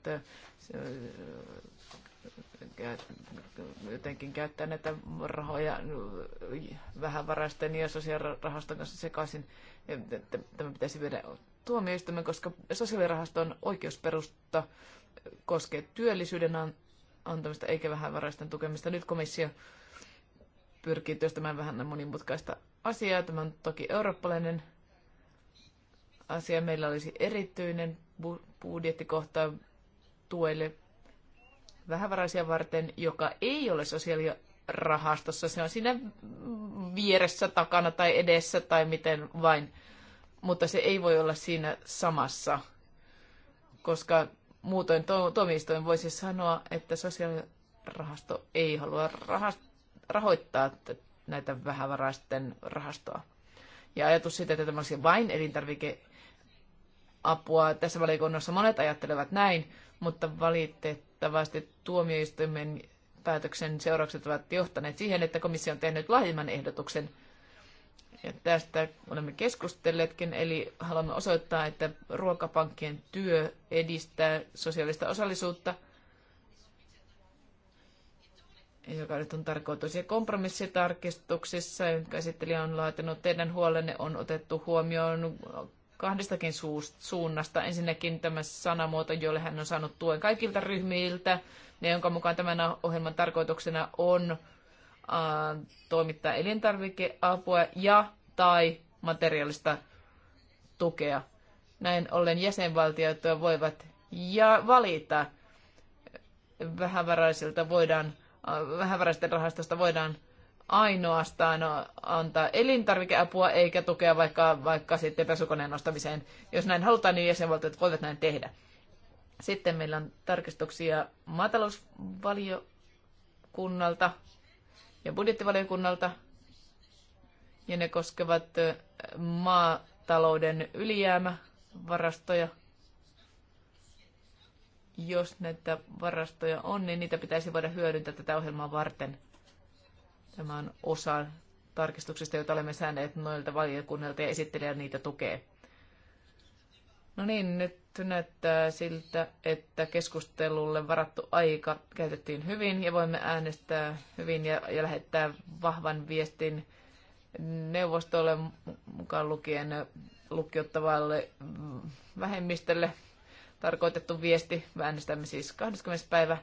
S1: jotenkin käyttää näitä rahoja vähävaraisten ja sosiaalirahaston kanssa sekaisin. Tämä pitäisi viedä tuomioistuimen, koska sosiaalirahaston oikeusperusta koskee työllisyyden antamista eikä vähävaraisten tukemista. Nyt komissio pyrkii työstämään vähän monimutkaista asiaa. Tämä on toki eurooppalainen asia. Meillä olisi erityinen budjettikohta tuelle vähävaraisia varten, joka ei ole sosiaalirahastossa. Se on siinä vieressä, takana tai edessä tai miten vain. Mutta se ei voi olla siinä samassa, koska muutoin to- toimistoin voisi sanoa, että sosiaalirahasto ei halua rahoittaa näitä vähävaraisten rahastoa. Ja ajatus siitä, että tämä olisi vain elintarvike apua tässä valiokunnassa. Monet ajattelevat näin, mutta valitettavasti tuomioistuimen päätöksen seuraukset ovat johtaneet siihen, että komissio on tehnyt laajemman ehdotuksen. Ja tästä olemme keskustelleetkin, eli haluamme osoittaa, että ruokapankkien työ edistää sosiaalista osallisuutta, joka nyt on tarkoitus. Ja kompromissitarkistuksissa, jonka esittelijä on laatinut, teidän huolenne on otettu huomioon kahdestakin suunnasta. Ensinnäkin tämä sanamuoto, jolle hän on saanut tuen kaikilta ryhmiltä, ne, jonka mukaan tämän ohjelman tarkoituksena on toimittaa elintarvikeapua ja tai materiaalista tukea. Näin ollen jäsenvaltiot voivat ja valita vähävaraisilta voidaan, vähävaraisten rahastosta voidaan ainoastaan antaa elintarvikeapua eikä tukea vaikka, vaikka sitten pesukoneen nostamiseen. Jos näin halutaan, niin jäsenvaltiot voivat näin tehdä. Sitten meillä on tarkistuksia maatalousvaliokunnalta ja budjettivaliokunnalta. Ja ne koskevat maatalouden ylijäämävarastoja. Jos näitä varastoja on, niin niitä pitäisi voida hyödyntää tätä ohjelmaa varten – Tämä on osa tarkistuksista, joita olemme saaneet noilta valiokunnilta ja esittelijä niitä tukee. No niin, nyt näyttää siltä, että keskustelulle varattu aika käytettiin hyvin ja voimme äänestää hyvin ja, ja lähettää vahvan viestin neuvostolle mukaan lukien lukiottavalle vähemmistölle tarkoitettu viesti. Äänestämme siis 20. päivä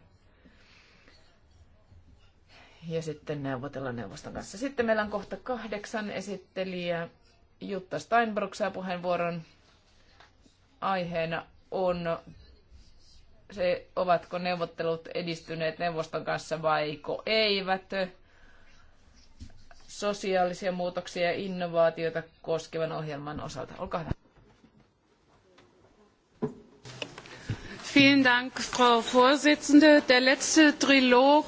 S1: ja sitten neuvotella neuvoston kanssa. Sitten meillä on kohta kahdeksan esittelijä Jutta Steinbrück saa puheenvuoron. Aiheena on se, ovatko neuvottelut edistyneet neuvoston kanssa vaiko eivät. Sosiaalisia muutoksia ja innovaatioita koskevan ohjelman osalta. Olkaa hyvä. Vielen
S4: Dank, Frau Vorsitzende. Der letzte Trilog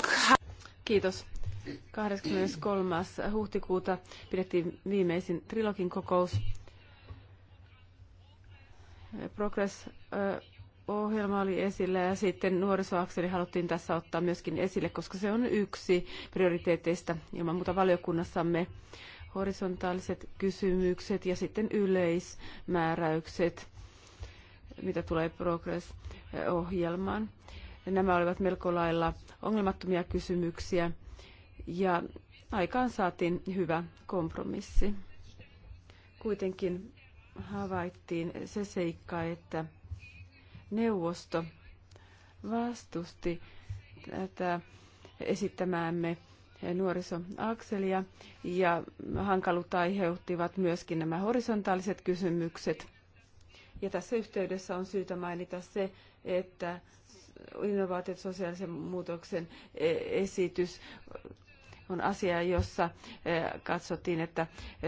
S4: Kiitos. 23. huhtikuuta pidettiin viimeisin trilogin kokous. Progress-ohjelma oli esillä ja sitten nuorisoakseli haluttiin tässä ottaa myöskin esille, koska se on yksi prioriteeteista ilman muuta valiokunnassamme. Horisontaaliset kysymykset ja sitten yleismääräykset, mitä tulee Progress-ohjelmaan. Nämä olivat melko lailla ongelmattomia kysymyksiä ja aikaan saatiin hyvä kompromissi. Kuitenkin havaittiin se seikka, että neuvosto vastusti tätä esittämäämme nuorisoakselia ja hankaluutta aiheuttivat myöskin nämä horisontaaliset kysymykset. Ja tässä yhteydessä on syytä mainita se, että innovaatiot, sosiaalisen muutoksen e, esitys on asia, jossa e, katsottiin, että e,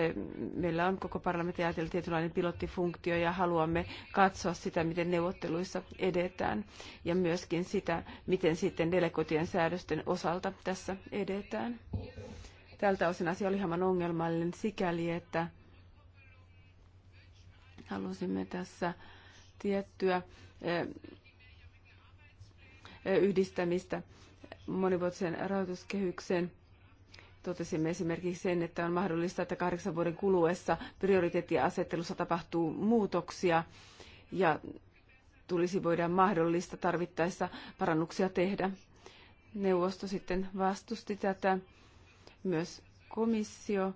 S4: meillä on koko parlamentin ajatella tietynlainen pilottifunktio ja haluamme katsoa sitä, miten neuvotteluissa edetään ja myöskin sitä, miten sitten delegoitujen säädösten osalta tässä edetään. Tältä osin asia oli hieman ongelmallinen sikäli, että halusimme tässä tiettyä yhdistämistä monivuotisen rahoituskehykseen. Totesimme esimerkiksi sen, että on mahdollista, että kahdeksan vuoden kuluessa prioriteettiasettelussa tapahtuu muutoksia ja tulisi voida mahdollista tarvittaessa parannuksia tehdä. Neuvosto sitten vastusti tätä, myös komissio.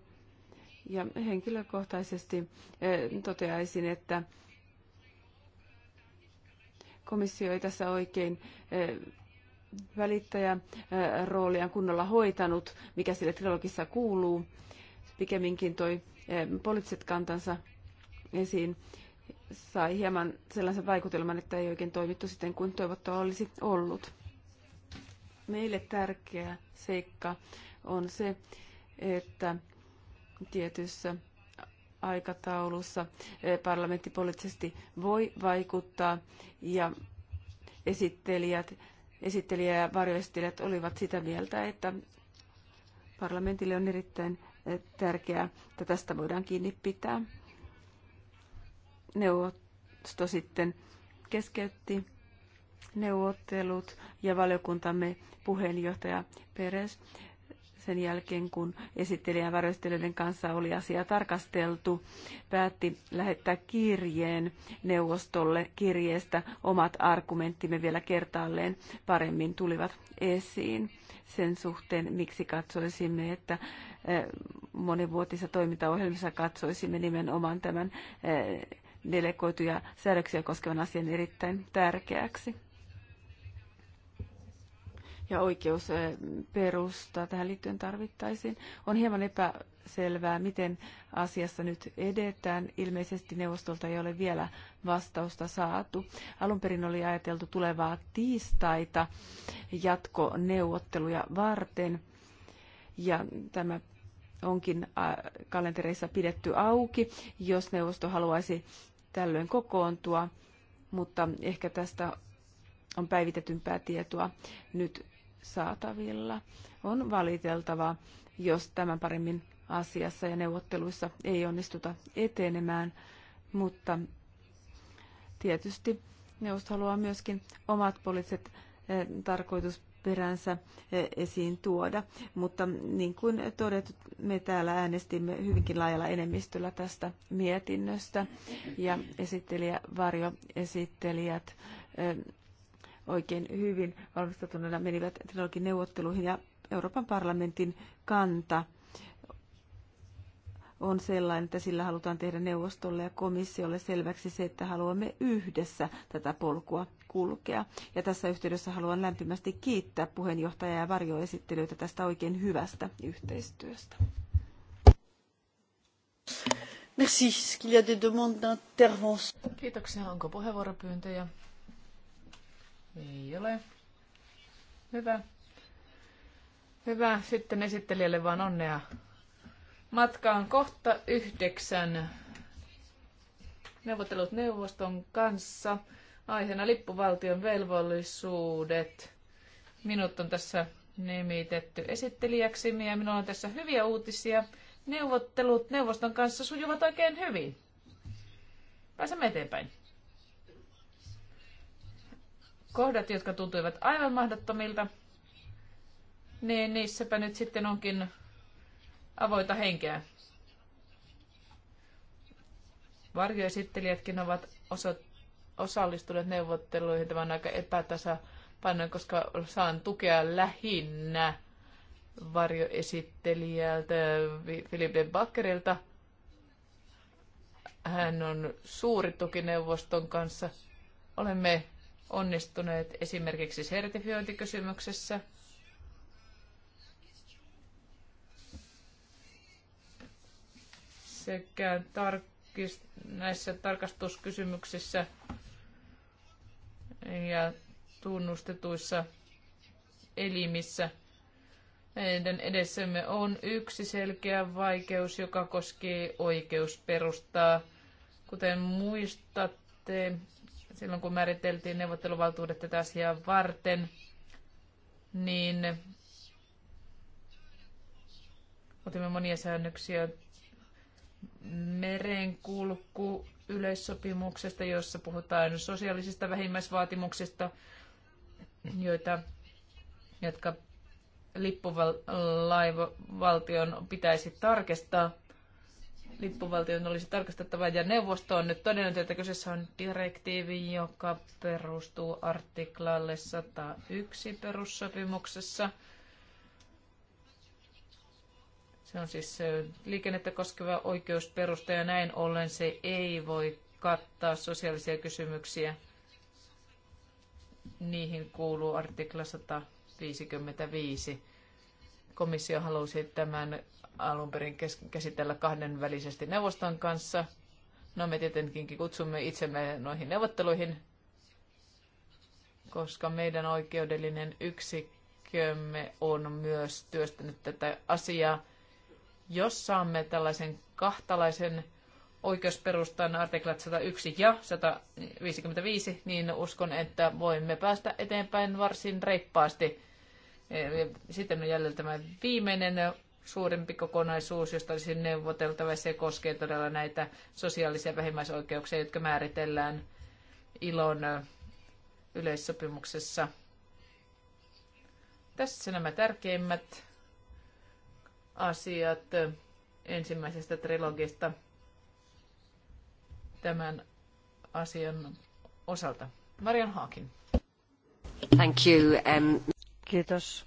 S4: Ja henkilökohtaisesti eh, toteaisin, että komissio ei tässä oikein eh, eh, roolia kunnolla hoitanut, mikä sille trilogissa kuuluu. Pikemminkin toi eh, poliittiset kantansa esiin sai hieman sellaisen vaikutelman, että ei oikein toimittu siten kuin toivottavaa olisi ollut. Meille tärkeä seikka on se, että tietyssä aikataulussa eh, parlamentti poliittisesti voi vaikuttaa ja esittelijät, esittelijä ja varjoesittelijät olivat sitä mieltä, että parlamentille on erittäin eh, tärkeää, että tästä voidaan kiinni pitää. Neuvosto sitten keskeytti neuvottelut ja valiokuntamme puheenjohtaja Peres sen jälkeen, kun esittelijän varoistelijoiden kanssa oli asia tarkasteltu, päätti lähettää kirjeen neuvostolle kirjeestä. Omat argumenttimme vielä kertaalleen paremmin tulivat esiin sen suhteen, miksi katsoisimme, että eh, monivuotisissa toimintaohjelmissa katsoisimme nimenomaan tämän eh, delegoituja säädöksiä koskevan asian erittäin tärkeäksi ja oikeusperusta tähän liittyen tarvittaisiin. On hieman epäselvää, miten asiassa nyt edetään. Ilmeisesti neuvostolta ei ole vielä vastausta saatu. Alun perin oli ajateltu tulevaa tiistaita jatkoneuvotteluja varten. Ja tämä onkin kalentereissa pidetty auki, jos neuvosto haluaisi tällöin kokoontua, mutta ehkä tästä on päivitetympää tietoa nyt saatavilla. On valiteltavaa, jos tämän paremmin asiassa ja neuvotteluissa ei onnistuta etenemään, mutta tietysti neuvosto haluaa myöskin omat poliittiset eh, tarkoitusperänsä eh, esiin tuoda. Mutta niin kuin todettu, me täällä äänestimme hyvinkin laajalla enemmistöllä tästä mietinnöstä ja esittelijä, varjoesittelijät eh, oikein hyvin valmistautuneena menivät trilogin neuvotteluihin ja Euroopan parlamentin kanta on sellainen, että sillä halutaan tehdä neuvostolle ja komissiolle selväksi se, että haluamme yhdessä tätä polkua kulkea. Ja tässä yhteydessä haluan lämpimästi kiittää puheenjohtajaa ja varjoesittelyitä tästä oikein hyvästä yhteistyöstä. Merci.
S1: d'intervention. Kiitoksia. Onko puheenvuoropyyntöjä? Ei ole. Hyvä. Hyvä. Sitten esittelijälle vaan onnea matkaan kohta yhdeksän. Neuvottelut neuvoston kanssa. Aiheena lippuvaltion velvollisuudet. Minut on tässä nimitetty esittelijäksi ja minulla on tässä hyviä uutisia. Neuvottelut neuvoston kanssa sujuvat oikein hyvin. Pääsemme eteenpäin kohdat, jotka tuntuivat aivan mahdottomilta, niin niissäpä nyt sitten onkin avoita henkeä. Varjoesittelijätkin ovat osallistuneet neuvotteluihin. Tämä on aika epätasapainoinen, koska saan tukea lähinnä varjoesittelijältä Filipe Bakkerilta. Hän on suuri tuki neuvoston kanssa. Olemme onnistuneet esimerkiksi sertifiointikysymyksessä. Sekä tarkist, näissä tarkastuskysymyksissä ja tunnustetuissa elimissä meidän edessämme on yksi selkeä vaikeus, joka koskee oikeusperustaa. Kuten muistatte, silloin kun määriteltiin neuvotteluvaltuudet tätä asiaa varten, niin otimme monia säännöksiä merenkulku yleissopimuksesta, jossa puhutaan sosiaalisista vähimmäisvaatimuksista, joita, jotka lippulaivavaltion pitäisi tarkistaa lippuvaltion olisi tarkastettava ja neuvosto on nyt todennut, että kyseessä on direktiivi, joka perustuu artiklalle 101 perussopimuksessa. Se on siis liikennettä koskeva oikeusperusta ja näin ollen se ei voi kattaa sosiaalisia kysymyksiä. Niihin kuuluu artikla 155. Komissio halusi tämän alun perin käsitellä kahdenvälisesti neuvoston kanssa. No me tietenkin kutsumme itsemme noihin neuvotteluihin, koska meidän oikeudellinen yksikkömme on myös työstänyt tätä asiaa. Jos saamme tällaisen kahtalaisen oikeusperustan artiklat 101 ja 155, niin uskon, että voimme päästä eteenpäin varsin reippaasti. Sitten on jäljellä tämä viimeinen suurempi kokonaisuus, josta olisi neuvoteltava. Se koskee todella näitä sosiaalisia vähimmäisoikeuksia, jotka määritellään ilon yleissopimuksessa. Tässä nämä tärkeimmät asiat ensimmäisestä trilogista tämän asian osalta. Marian Haakin.
S3: Thank you. Um... Kiitos.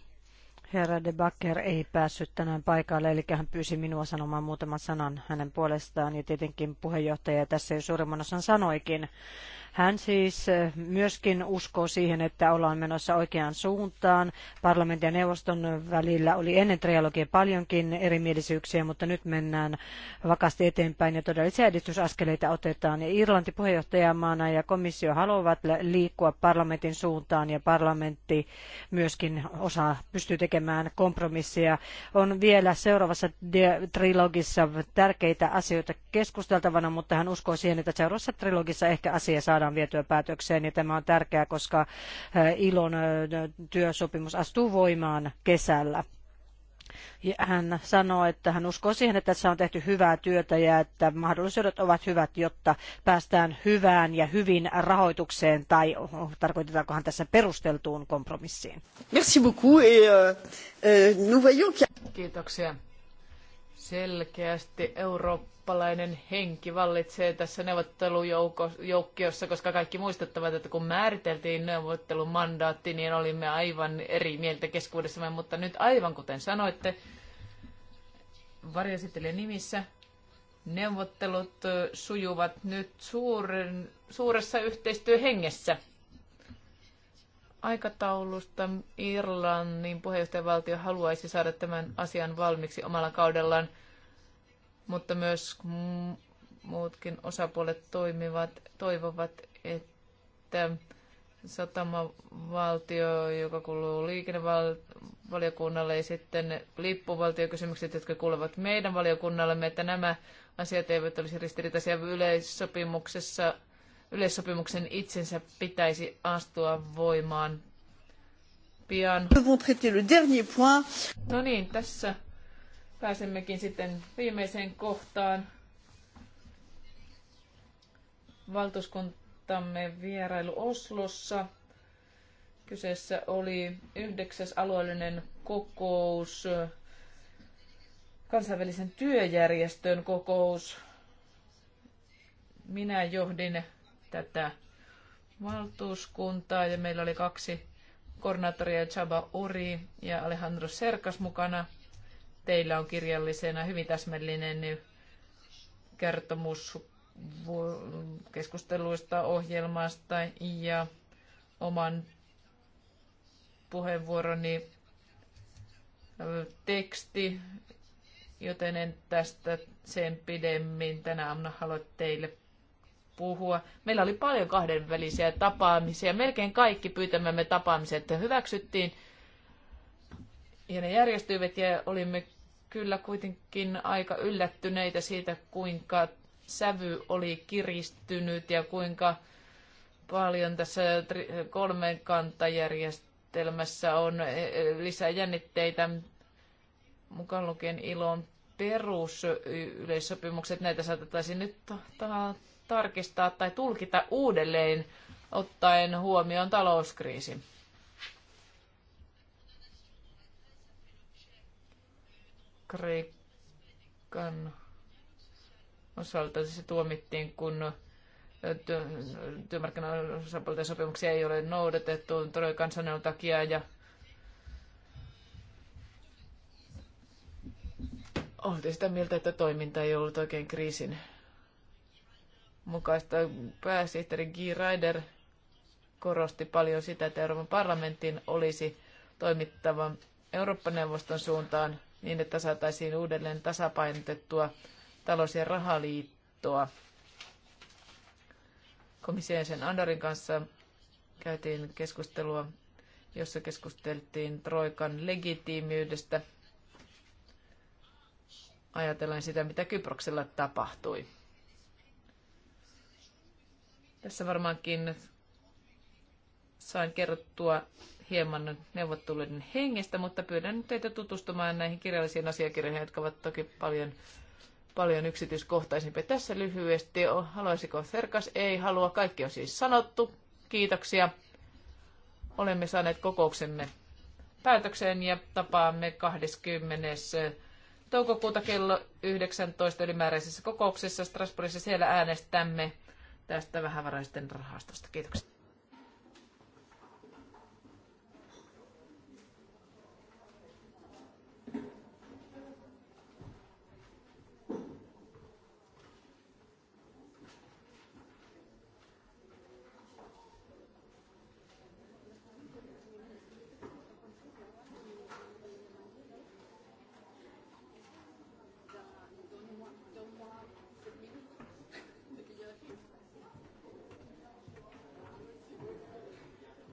S3: Herra de Bakker ei päässyt tänään paikalle, eli hän pyysi minua sanomaan muutaman sanan hänen puolestaan, ja tietenkin puheenjohtaja tässä jo suurimman osan sanoikin. Hän siis eh, myöskin uskoo siihen, että ollaan menossa oikeaan suuntaan. Parlamentin ja neuvoston välillä oli ennen trialogia paljonkin erimielisyyksiä, mutta nyt mennään vakaasti eteenpäin ja todellisia edistysaskeleita otetaan. Irlanti puheenjohtajamaana ja komissio haluavat liikkua parlamentin suuntaan ja parlamentti myöskin osaa pystyy tekemään kompromisseja. On vielä seuraavassa trilogissa tärkeitä asioita keskusteltavana, mutta hän uskoo siihen, että seuraavassa trilogissa ehkä asia saa saadaan vietyä päätökseen. Ja tämä on tärkeää, koska eh, ilon eh, työsopimus astuu voimaan kesällä. Ja hän sanoi, että hän uskoo siihen, että tässä on tehty hyvää työtä ja että mahdollisuudet ovat hyvät, jotta päästään hyvään ja hyvin rahoitukseen tai oh, tarkoitetaankohan tässä perusteltuun kompromissiin.
S1: Merci
S2: beaucoup et, eh, nous voyons... Kiitoksia.
S1: Selkeästi Eurooppa eurooppalainen henki vallitsee tässä neuvottelujoukkiossa, koska kaikki muistuttavat, että kun määriteltiin neuvottelun mandaatti, niin olimme aivan eri mieltä keskuudessamme, mutta nyt aivan kuten sanoitte, varjoesittelijän nimissä neuvottelut sujuvat nyt suuren, suuressa yhteistyöhengessä. Aikataulusta Irlannin puheenjohtajavaltio haluaisi saada tämän asian valmiiksi omalla kaudellaan – mutta myös muutkin osapuolet toimivat, toivovat, että satamavaltio, joka kuuluu liikennevaliokunnalle ja sitten lippuvaltiokysymykset, jotka kuuluvat meidän valiokunnallemme, että nämä asiat eivät olisi ristiriitaisia yleissopimuksessa. Yleissopimuksen itsensä pitäisi astua voimaan pian. No niin, tässä pääsemmekin sitten viimeiseen kohtaan. Valtuuskuntamme vierailu Oslossa. Kyseessä oli yhdeksäs alueellinen kokous, kansainvälisen työjärjestön kokous. Minä johdin tätä valtuuskuntaa ja meillä oli kaksi koordinaattoria Chaba Uri ja Alejandro Serkas mukana – teillä on kirjallisena hyvin täsmällinen kertomus keskusteluista, ohjelmasta ja oman puheenvuoroni teksti, joten en tästä sen pidemmin tänä aamuna halua teille puhua. Meillä oli paljon kahdenvälisiä tapaamisia. Melkein kaikki pyytämämme tapaamiset hyväksyttiin ja ne järjestyivät ja olimme kyllä kuitenkin aika yllättyneitä siitä, kuinka sävy oli kiristynyt ja kuinka paljon tässä kolmen kantajärjestelmässä on e, e, lisää jännitteitä mukaan lukien ilon perusyleissopimukset, näitä saatettaisiin nyt ta- tarkistaa tai tulkita uudelleen ottaen huomioon talouskriisi. Kreikan osalta se tuomittiin, kun työmarkkinaosapuolten sopimuksia ei ole noudatettu todella kansanelun takia ja oltiin sitä mieltä, että toiminta ei ollut oikein kriisin mukaista. Pääsihteeri G. Ryder korosti paljon sitä, että Euroopan parlamentin olisi toimittava Eurooppa-neuvoston suuntaan niin, että saataisiin uudelleen tasapainotettua talous- ja rahaliittoa. Komission sen Andorin kanssa käytiin keskustelua, jossa keskusteltiin Troikan legitiimiydestä ajatellen sitä, mitä Kyproksella tapahtui. Tässä varmaankin sain kerrottua hieman neuvotteluiden hengestä, mutta pyydän teitä tutustumaan näihin kirjallisiin asiakirjoihin, jotka ovat toki paljon, paljon yksityiskohtaisempia. Tässä lyhyesti, haluaisiko Serkas? Ei halua, kaikki on siis sanottu. Kiitoksia. Olemme saaneet kokouksemme päätökseen ja tapaamme 20 toukokuuta kello 19 ylimääräisessä kokouksessa Strasbourgissa. Siellä äänestämme tästä vähävaraisten rahastosta. Kiitoksia.